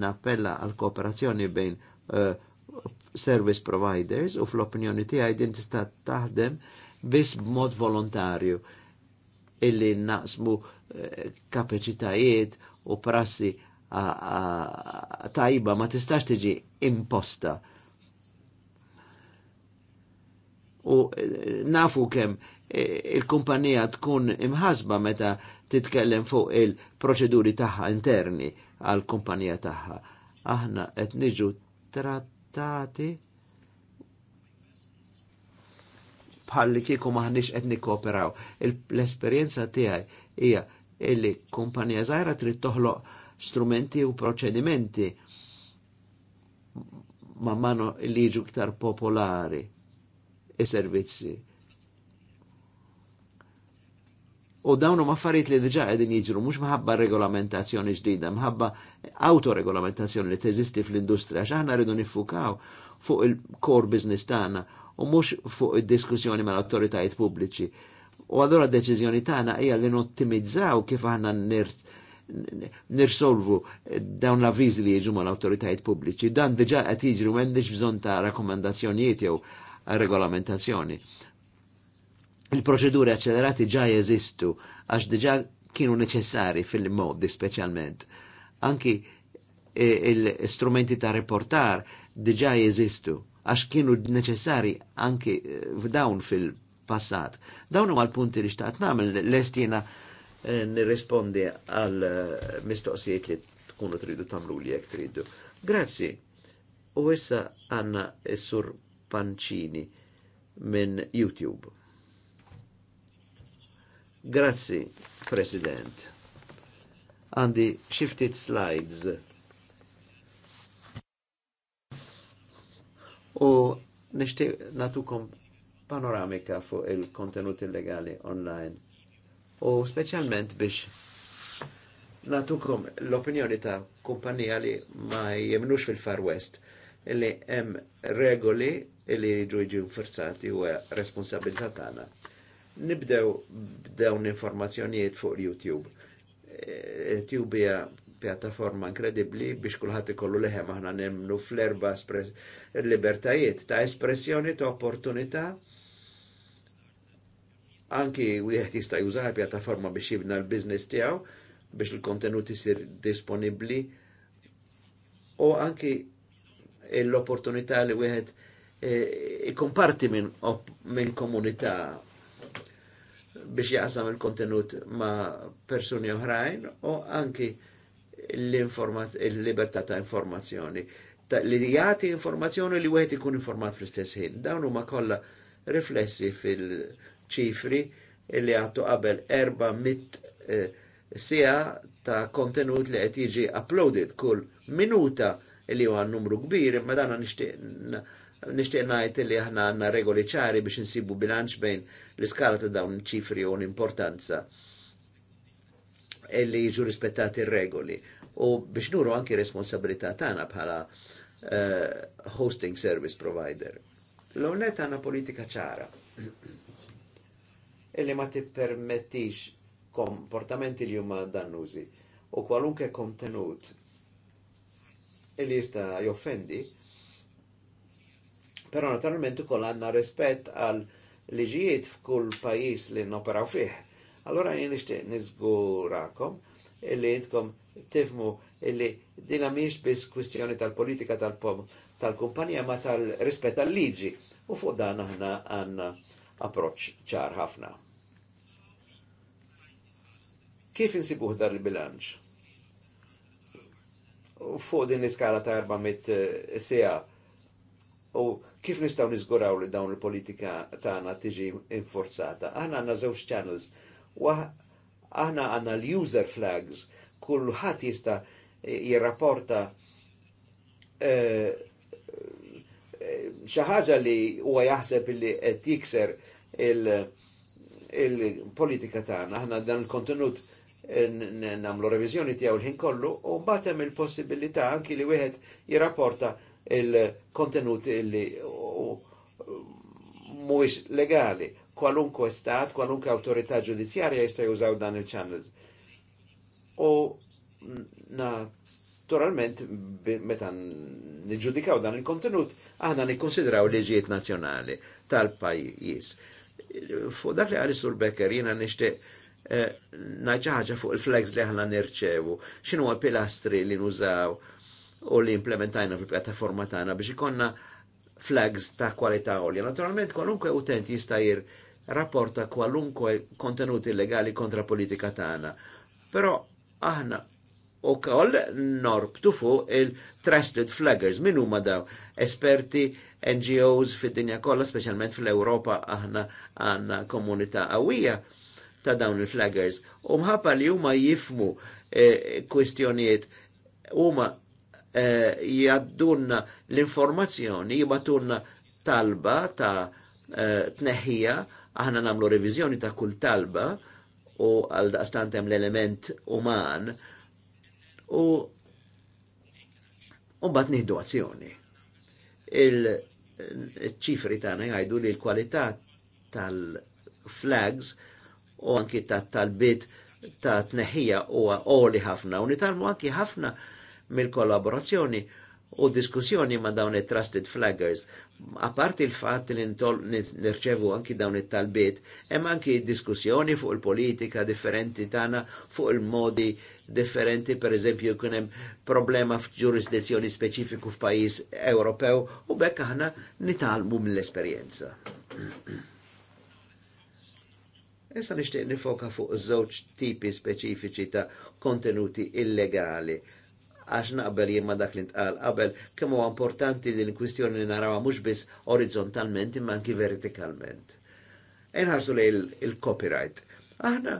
nappella għal kooperazzjoni bejn uh, service providers u fl-opinjoni tiegħi din tista' taħdem biss b'mod volontarju illi naqsmu eh, kapaċitajiet u prassi tajba ma tistax tiġi imposta. U eh, nafu kemm eh, il-kumpanija tkun imħasba meta titkellem fuq il-proċeduri tagħha interni għal kumpanija tagħha. Aħna qed niġu tratt stati bħalli kieku maħniex etni kooperaw. l esperienza tijaj ija illi kumpanija zaħra trid toħloq strumenti u proċedimenti man mano li jiġu ktar popolari i servizzi U dawn huma affarijiet li diġà qegħdin jiġru mhux maħabba regolamentazzjoni ġdida, maħabba autoregolamentazzjoni li teżisti fl-industrija għax aħna rridu nifukaw fuq il-core business tagħna u mhux fuq id-diskussjoni mal-awtoritajiet pubbliċi. U allura deċizjoni deċiżjoni tagħna hija li nottimizzaw kif aħna nirt nirsolvu dawn l-avviż li jiġu mal-awtoritajiet pubbliċi. Dan diġà qed jiġri m'għandix bżonn ta' rakkomandazzjonijiet jew regolamentazzjoni. Il-proċeduri accelerati ġa jeżistu għax diġa kienu neċessari fil-modi specialment. Anki e, il-strumenti ta' reportar diġa jeżistu għax kienu neċessari anki e, f'dawn fil-passat. Dawn huma l-punti li xtaqt nagħmel lest jiena e, nirrispondi għal mistoqsijiet li tkunu tridu tamlu li jek tridu. Grazzi. U issa għanna s-sur Pancini minn YouTube. Grazzi, President. Għandi shifted slides. U nishtiq natukom panoramika fuq il-kontenuti legali online. U specialment biex natukom l-opinjoni ta' kumpanija li ma jemnux fil-Far West illi hemm regoli illi ġuġi forzati u responsabilità tagħna Nibdew b'dawn informazzjonijiet fuq YouTube. Eh, YouTube hija pjattaforma inkredibbli biex kulħadd ikollu leħem aħna nemmnu fl-erba libertajiet ta' espressjoni ta' opportunità anki wieħed jista' jużaha pjattaforma biex jibna l-biznis tiegħu biex il-kontenut isir disponibbli u anki l-opportunità li wieħed eh, ikun e, e minn min komunità biex jaqsam il-kontenut ma' persuni oħrajn u anki l-libertà ta' informazzjoni. li jagħti informazzjoni li wieħed ikun informat fl-istess ħin. Dawn huma kollha riflessi fil-ċifri li għattu qabel 400 eh, sija ta' kontenut li qed jiġi uploaded kull minuta li huwa numru kbir, imma dan nixtieq Nishtiq najt li aħna għanna regoli ċari biex nsibu bilanċ bejn l-iskala ta' dawn ċifri u l-importanza illi jiġu rispettati regoli u biex nuru anki responsabilità tagħna bħala uh, hosting service provider. l onet għanna politika ċara *clears throat* illi ma tippermettix komportamenti li huma dannużi u kwalunkwe kontenut illi jista joffendi Però naturalment ukoll għandna rispett għal liġijiet f'kull pajjiż li noperaw fih. Allora jien nixtieq niżgurakom illi jintkom tifmu illi dina miex biss kwistjoni tal-politika tal-kumpanija tal ma tal-rispett tal-liġi u fuq dan aħna għanna approċ ċar ħafna. Kif insibuħ dar il-bilanċ? Fuq din l-iskala ta' 400 eh, sea u kif nistaw nizguraw li dawn il-politika tagħna tiġi inforzata. Aħna għandna żewġ channels u aħna għandna l-user flags, kulħadd jista' jirrapporta eh, eh, xaħġa li huwa jaħseb li qed jikser il-politika tagħna. Aħna dan il-kontenut eh, namlu revizjoni tijaw l-ħin kollu u batem il-possibilità anki li wieħed jirrapporta il-kontenut illi mhuwiex legali. Kwalunkwe stat, kwalunkwe autorità ġudizzjarja jista' jużaw dan il-channels. U naturalment meta niġġudikaw dan il-kontenut, aħna nikkonsidraw liġijiet nazjonali tal pajis Fu dak li għal sur Becker jina nishtiq eh, fuq il flex li aħna nirċevu, xinu għal pilastri li nużaw u li implementajna fil-pjattaforma tagħna biex ikonna flags ta' kwalità għolja. Naturalment, kwalunkwe utent jista' jir rapporta kwalunkwe kontenut illegali kontra politika tagħna. Però aħna u koll norbtu fuq il-trusted flaggers, minn huma daw, esperti, NGOs fid-dinja kollha, speċjalment fl-Ewropa aħna għandna komunità qawwija ta' dawn il-flaggers. U mħabba li huma jifmu eh, kwistjonijiet huma eh, jaddunna l-informazzjoni, jibatunna talba ta' eh, tneħħija, aħna namlu revizjoni ta' kull talba u għal daqstantem l-element uman u bat nieħdu azzjoni. Il-ċifri eh, tagħna jgħidu li l-kwalità tal-flags u anki tal-bit ta' tneħħija u għoli ħafna u nitalmu anki ħafna mill-kollaborazzjoni u diskussjoni ma' dawn it-trusted flaggers. A parti l-fat li nirċevu anki dawn it-talbiet, hemm anki diskussjoni fuq il-politika differenti tagħna fuq il-modi differenti, per eżempju, jkun hemm problema f'ġurisdizzjoni speċifiku f'pajjiż Ewropew u bekk aħna nitalmu mill-esperjenza. Issa nixtieq nifoka fuq żewġ tipi speċifiċi ta' kontenuti illegali għax naqbel jien dak li ntqal qabel kemm huwa importanti din il-kwistjoni li narawha mhux biss orizzontalment imma anki vertikalment. Inħarsu lejn il-copyright. Aħna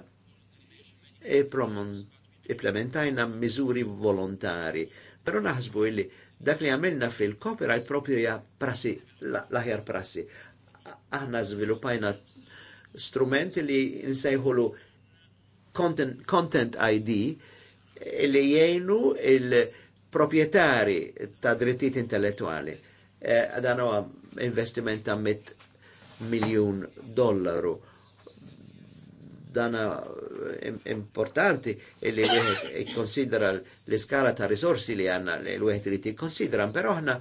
implementajna miżuri volontari, però naħsbu illi dak li għamilna fil-copyright propju ja prassi, l-aħjar prassi. Aħna żviluppajna strumenti li nsejħulu content, content ID li jgħinu il-propietari ta' drittijiet intellettuali. E, dan huwa investiment ta' mit miljun dollaru. Dana importanti li wieħed ikkonsidra l-iskala ta' risorsi li għanna li wieħed irid jikkonsidra, però aħna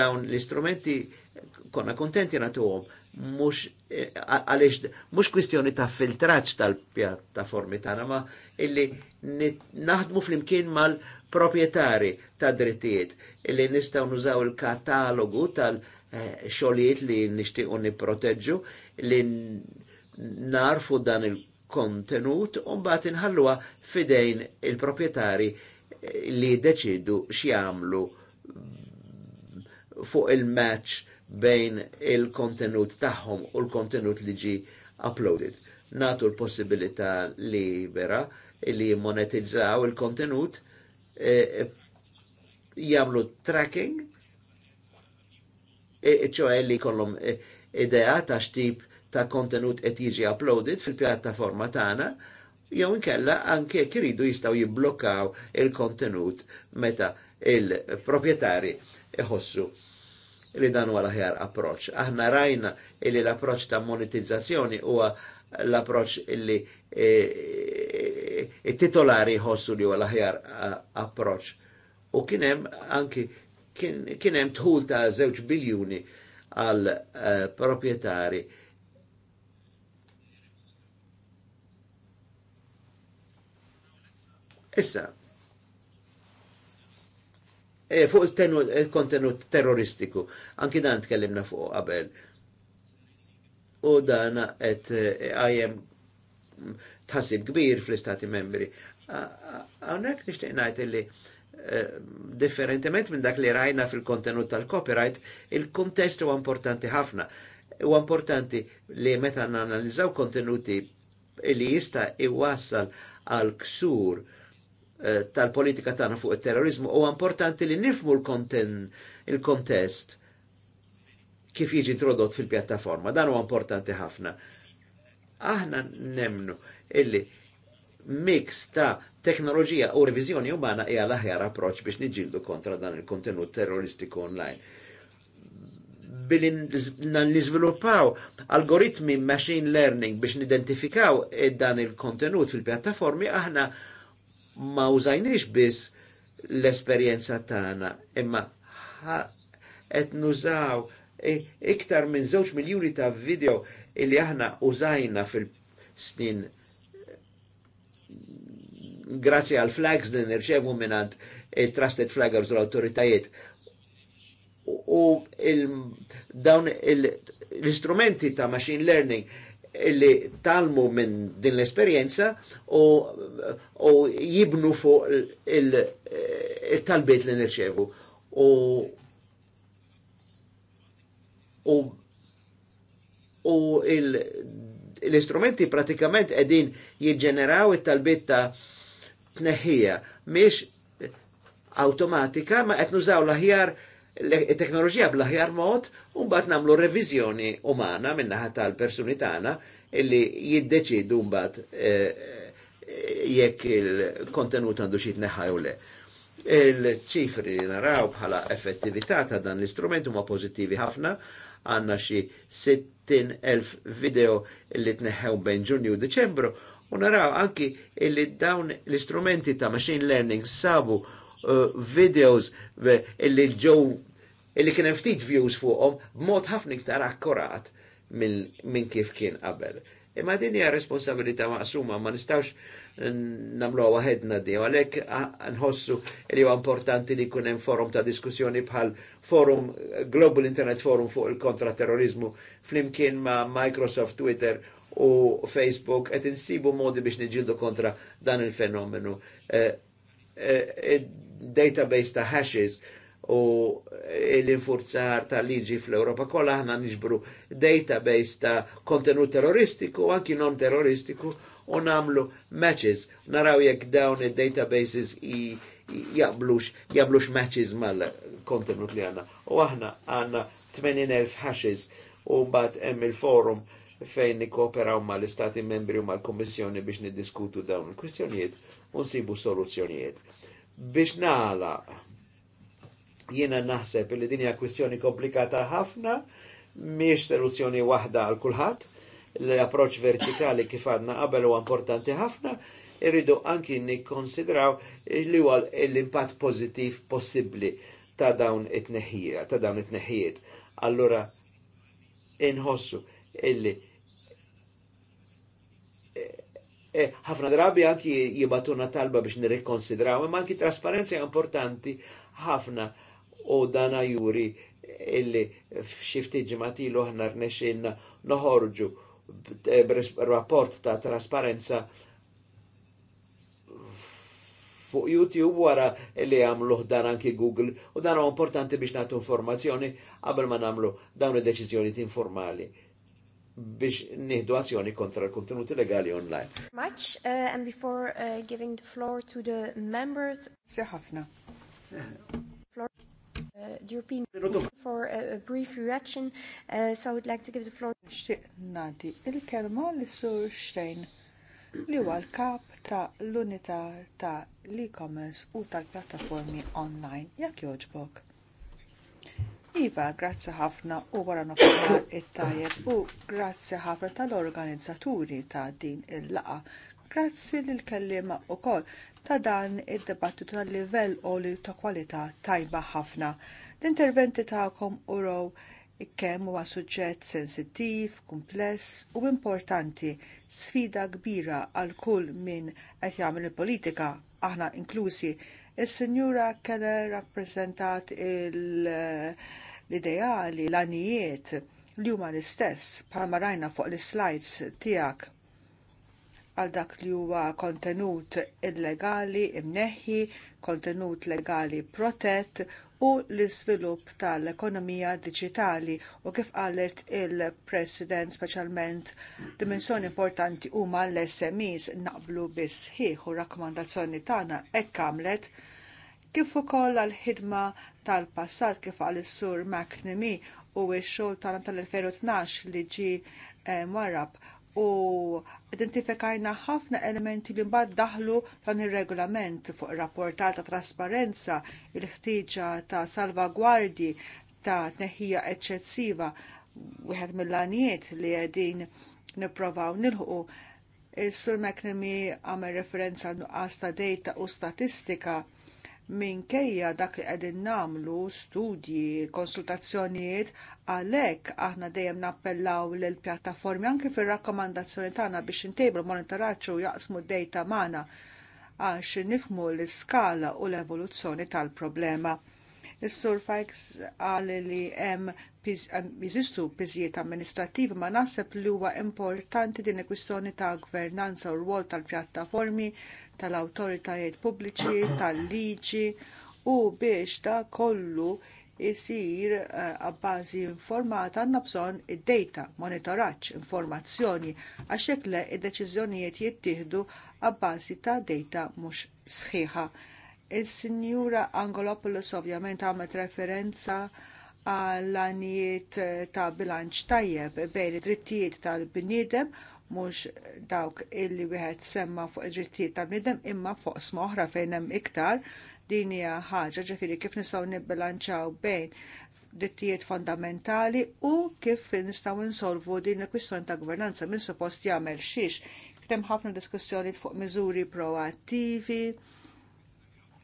dawn l-istrumenti konna kontenti nagħtuhom mhux għalix mux kwistjoni ta' filtraċ tal-pjattaformi tagħna ma illi naħdmu flimkien mal-propietari ta' drittijiet illi nistaw nużaw il-katalogu tal-xolijiet li nixtiequ niproteġġu li narfu dan il-kontenut u mbagħad inħalluha fidejn il-propietari li deċidu xiamlu fuq il-match bejn il-kontenut tagħhom u l-kontenut li ġi uploaded. Natu l-possibilità libera li monetizzaw il-kontenut e, e, jamlu tracking e, ċoħe li kollum idea ta' xtip ta' kontenut qed jiġi uploaded fil-pjattaforma tagħna jew inkella anke kiridu jistaw jibblokkaw il-kontenut meta il-propietari iħossu li dan huwa l-aħjar approċ. Aħna rajna li l-approċ ta' monetizzazzjoni huwa l-approċ illi it-titolari e, e, e jħossu li huwa l-aħjar approċ. U hemm anki hemm tħul ta' żewġ biljuni għal e, proprjetari Issa, E, fuq il-kontenut terroristiku, anki dan tkellimna fuq qabel. U dan qed għajem eh, tħassib kbir fl-istati membri. Għonek nishtiq ngħid li eh, differentiment minn dak li rajna fil-kontenut tal-copyright, il-kontest huwa importanti ħafna. U importanti li meta nanalizzaw kontenuti li jista' iwassal għal ksur Eh, tal-politika tagħna fuq it-terrorizmu huwa importanti li nifmu l-kontest kif jiġi introdott fil-pjattaforma. Dan huwa importanti ħafna. Aħna nemnu illi mix ta' teknoloġija u revizjoni umana hija l-aħjar approċċ biex niġildu kontra dan il-kontenut terroristiku online. Billi niżviluppaw algoritmi machine learning biex nidentifikaw dan il-kontenut fil-pjattaformi aħna ma użajniex biss l-esperjenza tagħna, imma qed nużaw iktar minn żewġ miljuni ta' video illi aħna użajna fil-snin grazzi għal flags li nirċevu minnant trusted flaggers u l-autoritajiet. U il, dawn l-istrumenti ta' machine learning illi talmu minn din l-esperienza u, u jibnu fuq eh, il-talbiet il, li nirċevu. U, u, u l-istrumenti pratikament edin jiġġeneraw il talbiet ta' tneħħija, miex automatika ma qed nużaw l-aħjar teknoloġija bl-aħjar mod u mbagħad nagħmlu reviżjoni umana minnaħa tal-persuni tagħna illi jiddeċidu mbagħad eh, jekk il-kontenut għandu xi tneħħa jew le. Il-ċifri naraw bħala effettività ta' dan l-istrument huma pożittivi ħafna għandna xi 60,000 video li tneħħew bejn Ġunju u Deċembru u naraw anki illi dawn l-istrumenti ta' machine learning sabu eh, videos eh, illi ġew illi kien ftit views fuqhom b'mod ħafna iktar akkurat minn kif kien qabel. Imma din hija responsabilità maqsuma ma nistgħux nagħmluha waħedna di għalhekk nħossu li huwa importanti li jkun hemm forum ta' diskussjoni bħal forum Global Internet Forum fuq il-kontraterrorizmu flimkien ma' Microsoft, Twitter u Facebook qed insibu modi biex niġildu kontra dan il-fenomenu. Eh, eh, database ta' hashes u l-infurzar ta' liġi fl-Europa kolla aħna niġbru database ta' kontenut terroristiku u anki non terroristiku u namlu matches naraw jekk dawn il databases jablux jablux matches mal-kontenut li għanna. U aħna għanna 80.000 hashes u bat hemm il-forum fejn nikoperaw mal-istati membri u mal-Kommissjoni biex niddiskutu dawn il-kwistjonijiet u nsibu soluzzjonijiet. Biex naħla Jiena naħseb li dinja kwistjoni komplikata ħafna, miex soluzzjoni waħda għal kulħadd, l-approċ vertikali kif għadna qabel u importanti ħafna, irridu anki nikkonsidraw li huwa l-impatt pożittiv possibbli ta' dawn it-neħija, ta' dawn it-neħijiet. Allura inħossu illi eh, eh, ħafna drabi anki jibatuna talba biex nirrikonsidraw, imma anki trasparenza importanti ħafna u dana juri illi f'xifti ġimatilu ħna rnexilna noħorġu eh, rapport ta' trasparenza fuq YouTube wara illi għamlu dan anki Google u dan huwa importanti biex nagħtu informazzjoni qabel ma nagħmlu dawn id-deċiżjoni informali biex nieħdu azzjoni kontra l-kontenuti legali online. Much uh, and before uh, giving the floor to the members. Se ħafna. Uh, the European for a, uh, a brief reaction, uh, so I would like to give the floor. Nixtieq nadi il-kelma li sur Stein li huwa l-kap ta' l-unità ta' l-e-commerce u tal-pjattaformi online jekk jogħġbok. Iva, grazzi ħafna u wara nofsinhar it-tajjeb u grazzi ħafna tal-organizzaturi ta' din il laqgħa Grazzi lill kellima wkoll ta' dan id debattu tal livell oli ta' kwalità tajba ħafna. L-interventi ta'kom uraw kemm huwa suġġett sensittiv, kumpless u importanti, sfida kbira għal kull min qed jagħmel il-politika, aħna inklusi. Is-Sinjura Keller rappreżentat l-ideali, l-anijiet li huma l-istess bħalma rajna fuq l-slides tiegħek għal dak li huwa kontenut illegali imneħħi, kontenut legali protett u l-iżvilupp tal-ekonomija diġitali u kif qalet il-President speċjalment dimensjoni importanti huma l-SMEs naqblu bisħiħ u rakkomandazzjoni tagħna hekk għamlet kif ukoll għall ħidma tal-passat kif għal is-sur McNamee u x-xogħol tagħna tal-2012 li ġie eh, marab u identifikajna ħafna elementi li mbagħad daħlu dan ir-regolament fuq ir-rapportar ta' trasparenza, il-ħtieġa ta' salvagwardji ta' tneħħija eċċessiva wieħed mill-għanijiet li qegħdin nipprovaw nilħu. Is-Sur McNamee għamel referenza nuqqas ta' data u statistika minkejja dak li qegħdin nagħmlu studji, konsultazzjonijiet, għalhekk aħna dejjem nappellaw lill pjattaformi anke fir-rakkomandazzjoni tagħna biex intejbu l-monitoraġġ u jaqsmu d-dejta magħna għax nifmu l-iskala u l-evoluzzjoni tal-problema. Is-Sur Fajks għal li hemm jeżistu piżijiet amministrativi ma naħseb li huwa importanti din il-kwistjoni ta' gvernanza u rwol tal-pjattaformi tal-awtoritajiet pubbliċi, tal-liġi u biex da kollu jisir għabbażi eh, informata għandna bżonn id-data, monitoraġġ, informazzjoni, għax hekk le id-deċiżjonijiet jittieħdu għabbażi ta' data mhux sħiħa. Is-Sinjura Angolopoulos ovvjament għamet referenza għall-għanijiet ta' bilanċ tajjeb bejn id-drittijiet tal-bniedem mhux dawk illi wieħed semma fuq id-drittijiet tal-bniedem imma fuq smoħra fejn hemm iktar din hija ħaġa ġifieri kif nistgħu nibbilanċaw bejn drittijiet fondamentali u kif nistgħu nsolvu din il-kwistjoni ta' gvernanza min suppost jagħmel xiex. Kemm ħafna diskussjoni fuq miżuri proattivi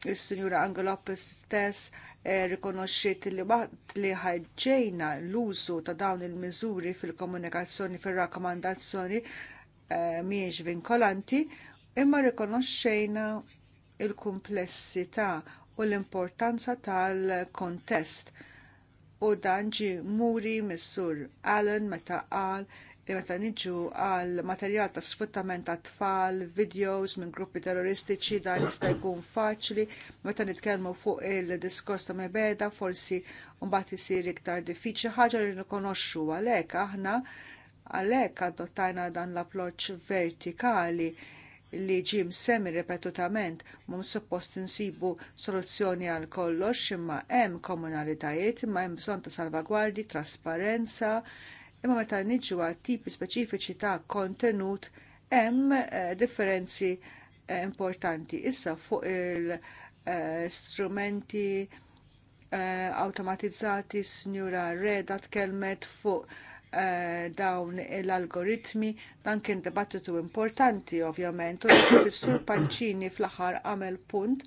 il-Sinjura Angelopis stess eh, rikonoxxiet li waqt li ħagġejna l-użu ta' dawn il-miżuri fil-komunikazzjoni fil-rakkomandazzjoni eh, miex vinkolanti, imma rikonoxxejna il-kumplessità u l-importanza tal-kontest. U dan ġie muri missur Allen meta qal li meta niġu għal materjal ta' sfruttament ta' tfal, videos minn gruppi terroristiċi dan jista' jkun faċli, meta nitkellmu fuq il-diskors ta' mebeda forsi mbagħad isir iktar diffiċli ħaġa li nikonoxxu għalhekk aħna għalhekk adottajna dan l-approċċ vertikali li ġie msemmi ripetutament mhum suppost insibu soluzzjoni għal kollox imma hemm komunalitajiet imma hemm bżonn ta' salvagwardi, trasparenza, imma meta niġu għal tipi speċifiċi ta' kontenut hemm eh, differenzi eh, importanti. Issa fuq il-strumenti eh, awtomatizzati snjura reda tkellmet fuq dawn l-algoritmi dan kien dibattitu importanti ovvjament u s-sur Panċini fl-aħħar għamel punt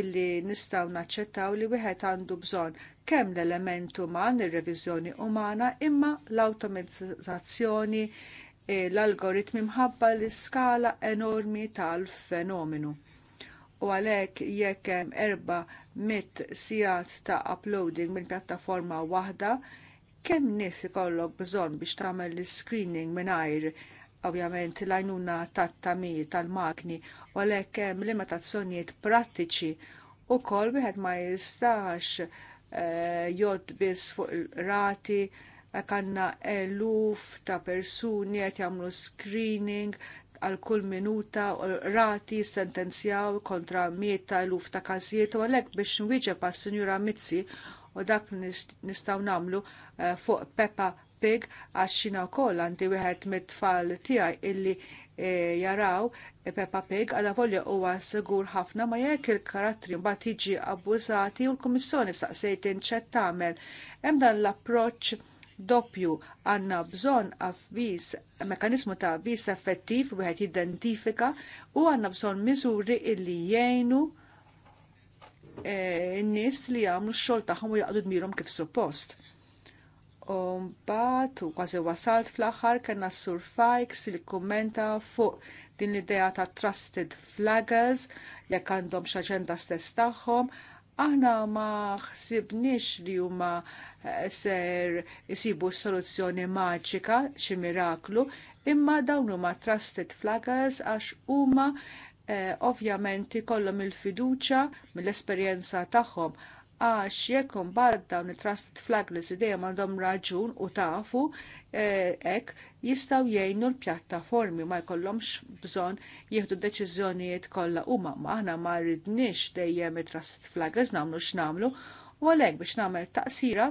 illi nistaw naċċettaw li wieħed għandu bżonn kemm l-element uman, ir-reviżjoni umana, imma l-automatizzazzjoni e, l-algoritmi mħabba l-iskala enormi tal-fenomenu. U għalhekk jekk hemm erba' mit sigħat ta' uploading minn pjattaforma waħda, kemm nies ikollok bżonn biex tagħmel l-screening mingħajr ovvjament l-għajnuna tat-tamir tal-makni u għalhekk hemm limitazzjonijiet prattiċi u kol wieħed ma jistax Eh, jod biss fuq il-rati, kanna eluf ta' persuni qed jagħmlu screening għal kull minuta u rati sentenzjaw kontra miet ta' eluf ta' każijiet u għalhekk biex nwieġeb għas-Sinjura Mizzi u dak nistgħu nagħmlu eh, fuq Peppa Pig għax xina wkoll għandi wieħed mit-tfal tiegħi illi E, jaraw e, Peppa Pig għala volja huwa sigur ħafna ma jek il-karattri mbagħad tiġi abbużati u l kommissjoni saqsejt inċet tagħmel. Hemm dan l-approċċ doppju għandna bżonn avvis, mekanizmu ta' avvis effettiv wieħed identifika u għandna bżonn miżuri illi jgħinu n e, nis li jagħmlu x-xogħol tagħhom u jaqdu dmirhom kif suppost. U mbagħad u kważi wasalt fl-aħħar kellna Sur Fikes li kummenta fuq din l-idea ta' trusted flaggers jekk għandhom x'aġenda stess tagħhom aħna ma ħsibniex li huma eh, ser isibu soluzzjoni maġika xi miraklu, imma dawn huma trusted flaggers għax huma eh, ovvjament ikollhom il-fiduċa mill-esperjenza tagħhom għax jekk mbagħad dawn it-trust flag li dejjem għandhom raġun u tafu eh, hekk jistgħu jgħinu l-pjattaformi ma jkollhomx bżonn jieħdu deċiżjonijiet kollha huma ma aħna ma rridniex dejjem it-trust flag iż nagħmlu x'nagħmlu u għalhekk biex nagħmel taqsira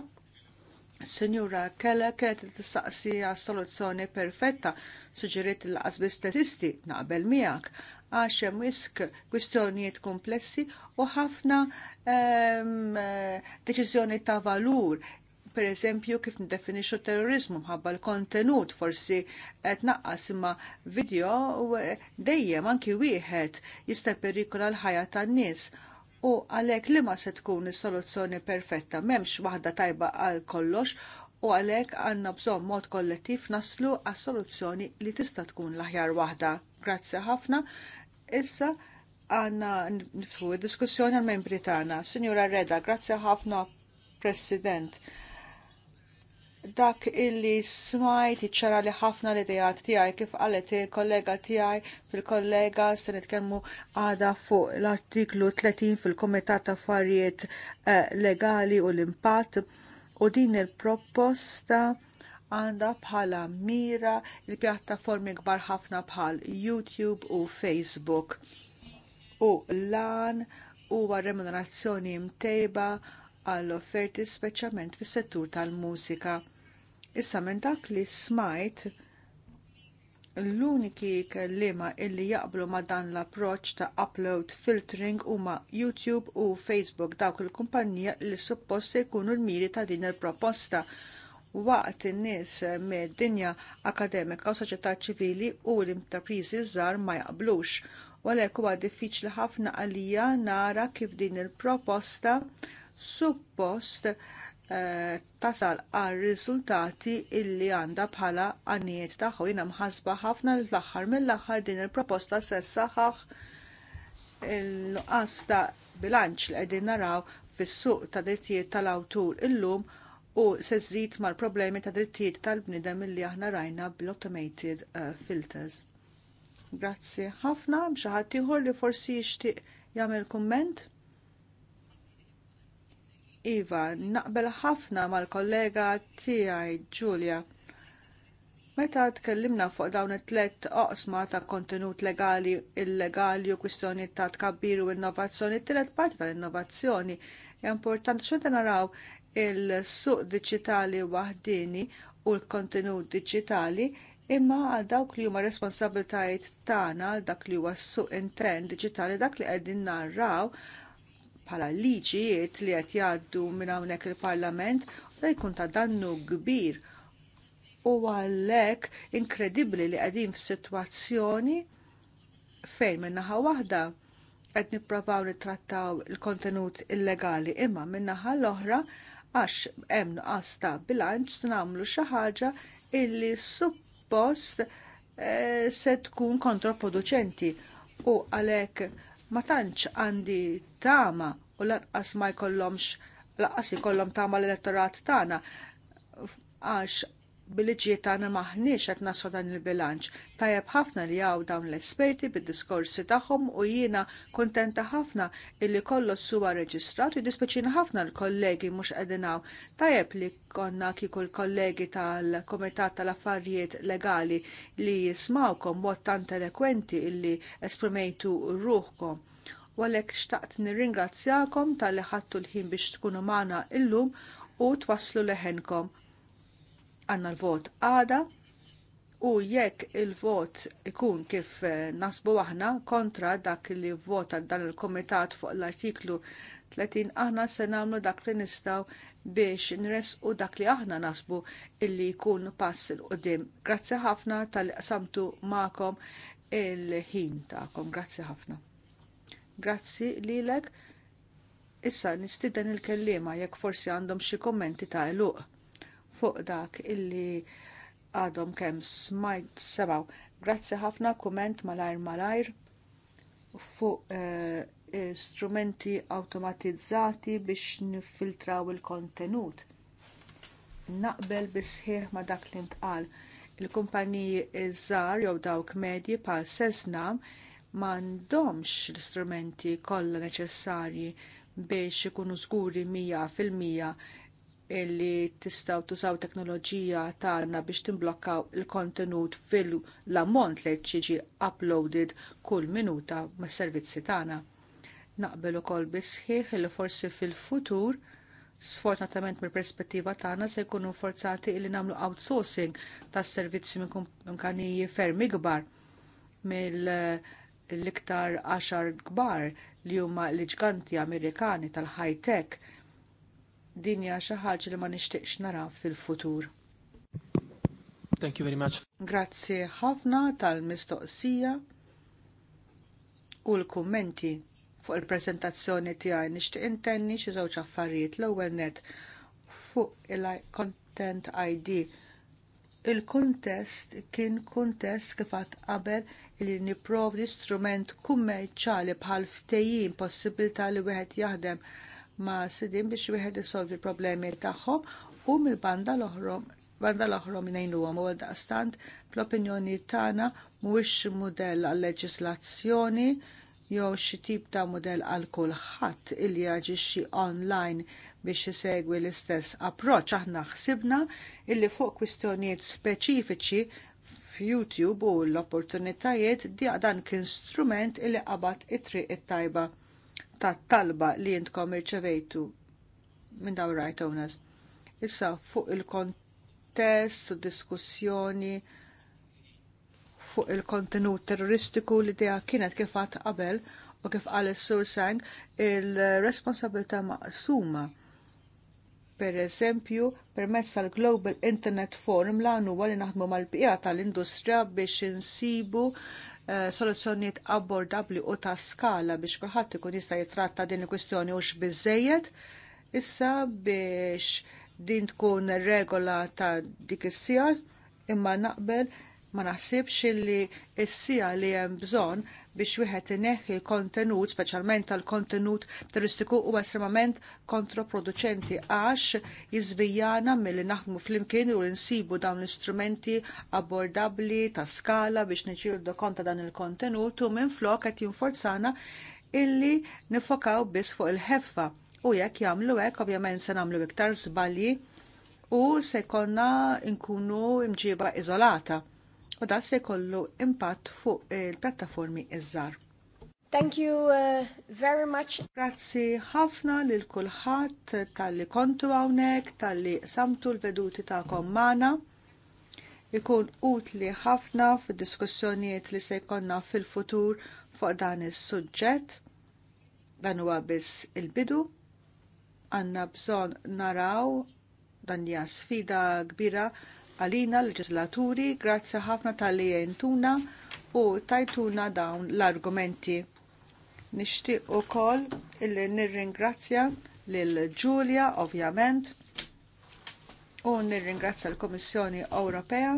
Senjura, kella kienet tistaqsi għas soluzzjoni perfetta, suġġeriet l-qasbis tesisti, naqbel miegħek, għax hemm wisq kwistjonijiet komplessi u ħafna ehm, eh, deċiżjoni ta' valur per eżempju kif nidefinixu terrorizmu mħabba l-kontenut forsi qed naqqas imma video eh, dejjem anki wieħed jista' perikola l-ħajja tan-nies u għalhekk li ma se tkun is-soluzzjoni perfetta m'hemmx waħda tajba għal kollox u għalhekk għandna bżonn mod kollettiv naslu għas soluzzjoni li tista' tkun l-aħjar waħda. Grazzi ħafna, Issa għanna id diskussjoni għal-membri tagħna. Sinjura Reda, grazzi ħafna President. Dak illi smajt iċċara li ħafna l-idejat tiegħi kif qalet il-kollega tiegħi fil-kollega se nitkellmu għada fuq l-artiklu 30 fil-Komitat Affarijiet eh, Legali u l-Impatt u din il-proposta għandha bħala mira il-pjattaformi kbar ħafna bħal YouTube u Facebook. U lan huwa remunerazzjoni mtejba għall-offerti speċjalment fis-settur tal-mużika. Issa minn dak li smajt l-uniki kelliema illi jaqblu ma dan l approċċ ta' upload filtering huma YouTube u Facebook dawk il-kumpanija li suppost jkunu l-miri ta' din il-proposta waqt in-nies mid-dinja akademika u soċjetà ċivili u l-intrapriżi żgħar ma jaqblux. U għalhekk huwa diffiċli ħafna għalija nara kif din il-proposta suppost eh, tasal għal riżultati illi għandha bħala għaniet tagħha jiena mħasba ħafna l aħħar mill-aħħar din il-proposta se saħaħ il-nuqqas ta' bilanċ li qegħdin naraw fis-suq ta' drittijiet tal-awtur illum u se żżid mal-problemi ta' drittijiet tal-bnidem illi aħna rajna bl-automated uh, filters. Grazzi ħafna b'xi li forsi jixtieq jagħmel kumment. Iva, naqbel ħafna mal-kollega tiegħi Giulia. Meta tkellimna fuq dawn it-tlet oqsma ta' kontenut legali, illegali u kwistjoni ta' tkabbir u innovazzjoni, t-tlet parti tal-innovazzjoni hija importanti xorta naraw il-suq diġitali waħdini u l-kontenut diġitali imma għal dawk li huma responsabiltajiet tagħna għal dak li huwa s-suq intern diġitali dak li qegħdin narraw bħala liġijiet li qed jgħaddu minn hawnhekk il-Parlament se jkun ta' dannu kbir u għalhekk inkredibbli li qegħdin f'sitwazzjoni fejn minn naħa waħda qed nippravaw nittrattaw il-kontenut illegali imma minn naħa l-oħra għax hemm nuqqas ta' bilanċ nagħmlu xi ħaġa illi suppost eh, se tkun kontraproduċenti u għalhekk ma tantx għandi tama u lanqas ma jkollhomx lanqas ikollhom tama l-elettorat tagħna għax bil ġiet tagħna maħniex qed naslu dan il-bilanċ. Tajjeb ħafna li hawn dawn l-esperti bid-diskorsi tagħhom u jiena kuntenta ħafna illi kollox suwa reġistrat u dispeċina ħafna l-kollegi mhux qegħdin hawn. Tajjeb li konna kieku l-kollegi tal-Komitat tal-Affarijiet Legali li jismawkom mod tant elekwenti illi esprimejtu ruħkom. Walek xtaqt nirringrazzjakom tal-li ħattu l-ħin biex tkunu magħna illum u twaslu leħenkom għanna l-vot għada u jekk il-vot ikun kif eh, nasbu aħna kontra dak li vota dan il-komitat fuq l-artiklu 30 aħna se nagħmlu dak li nistgħu biex nres u dak li aħna nasbu illi jkun pass il qoddim Grazzi ħafna tal-qsamtu ma'kom il-ħin ta'kom. Grazzi ħafna. Grazzi lilek. Issa nistidden il-kellima jekk forsi għandhom xi kommenti ta' eluq fuq dak illi għadhom kemm smajt sebaw. Grazzi ħafna kumment malajr malajr fuq eh, strumenti awtomatizzati biex nifiltraw il-kontenut. Naqbel bisħieħ ma dak li ntqal. Il-kumpaniji iż-żar jew dawk medji pal sesnam m'għandhomx l-istrumenti kollha neċessarji biex ikunu żguri mija fil-mija illi tistaw tużaw teknoloġija tagħna biex timblokkaw il-kontenut fil-ammont li ġiġi uploaded kull minuta mas servizzi tagħna. Naqbel ukoll bisħiħ li forsi fil-futur sfortunatament mill perspettiva tagħna se jkunu forzati li nagħmlu outsourcing tas servizzi minn kumpaniji fermi kbar mill eh, l-iktar għaxar kbar li huma l-ġganti Amerikani tal-high tech dinja xi ħaġa li ma nixtieqx nara fil-futur. Thank you very much. Grazzi ħafna tal-mistoqsija u l-kummenti fuq il-prezentazzjoni tiegħi nixtieq intenni xi żewġ affarijiet l-ewwel net fuq il-content ID. Il-kuntest kien kuntest kif għad qabel li nipprovdi strument kummerċjali bħal ftehim possibilità li wieħed jaħdem ma' sidin biex wieħed isolvi problemi tagħhom u mill-banda l-oħrom banda l-oħra minajnu u daqstant fl-opinjoni tagħna mhuwiex mudell għal-leġislazzjoni jew xi tip ta' mudell għal kulħadd illi jaġixxi online biex isegwi l-istess approċċ aħna ħsibna illi fuq kwistjonijiet speċifiċi f'YouTube u l-opportunitajiet dan kien strument illi qabad it-triq it-tajba ta' talba li jintkom irċevejtu minn dawn right owners. Issa fuq il-kontest u diskussjoni fuq il-kontenut terroristiku li dija kienet kif għat qabel u kif għal il-sursang il-responsabilta maqsuma per eżempju, permezz tal-Global Internet Forum la' għan li naħdmu mal-bqija tal-industrija biex insibu Eh, soluzzjonijiet abbordabli u ta' skala biex kulħadd ikun jista' jitratta din il-kwistjoni hux biżejjed issa biex din tkun regola ta' dik is-sijal imma naqbel ma naħsibx illi s-sija li hemm bżonn biex wieħed ineħħi l-kontenut, speċjalment tal-kontenut turistiku huwa estremament kontraproduċenti għax jiżvijana milli naħdmu flimkien u nsibu dawn l-istrumenti abbordabbli ta' skala biex niċirdu konta dan il-kontenut u minflok qed jinforzana illi nifokaw biss fuq il-ħeffa u jekk jagħmlu hekk ovvjament se nagħmlu iktar żbalji u se jkollna nkunu imġiba iżolata u da se jkollu impatt fuq il-pjattaformi iż-żar. Thank you uh, very much. Grazzi ħafna lil kulħadd tal-li kontu hawnhekk, tal-li samtu l-veduti ta' kommana. ikun utli ħafna fid-diskussjonijiet li se jkollna fil-futur fuq dan is-suġġett. Dan huwa biss il-bidu. Għandna bżonn naraw dan hija sfida kbira għalina l-ġislaturi, grazzi ħafna tal-li jentuna u tajtuna dawn l-argumenti. Nixtieq ukoll illi nirringrazzja lil Ġulja ovvjament u nirringrazzja l-Komissjoni Ewropea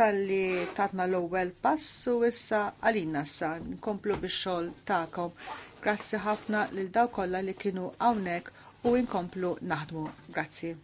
tal-li tatna l-ewwel pass u issa għalina sa nkomplu bix-xogħol tagħkom. Grazzi ħafna lil daw kollha li kienu hawnhekk u nkomplu naħdmu. Grazzi.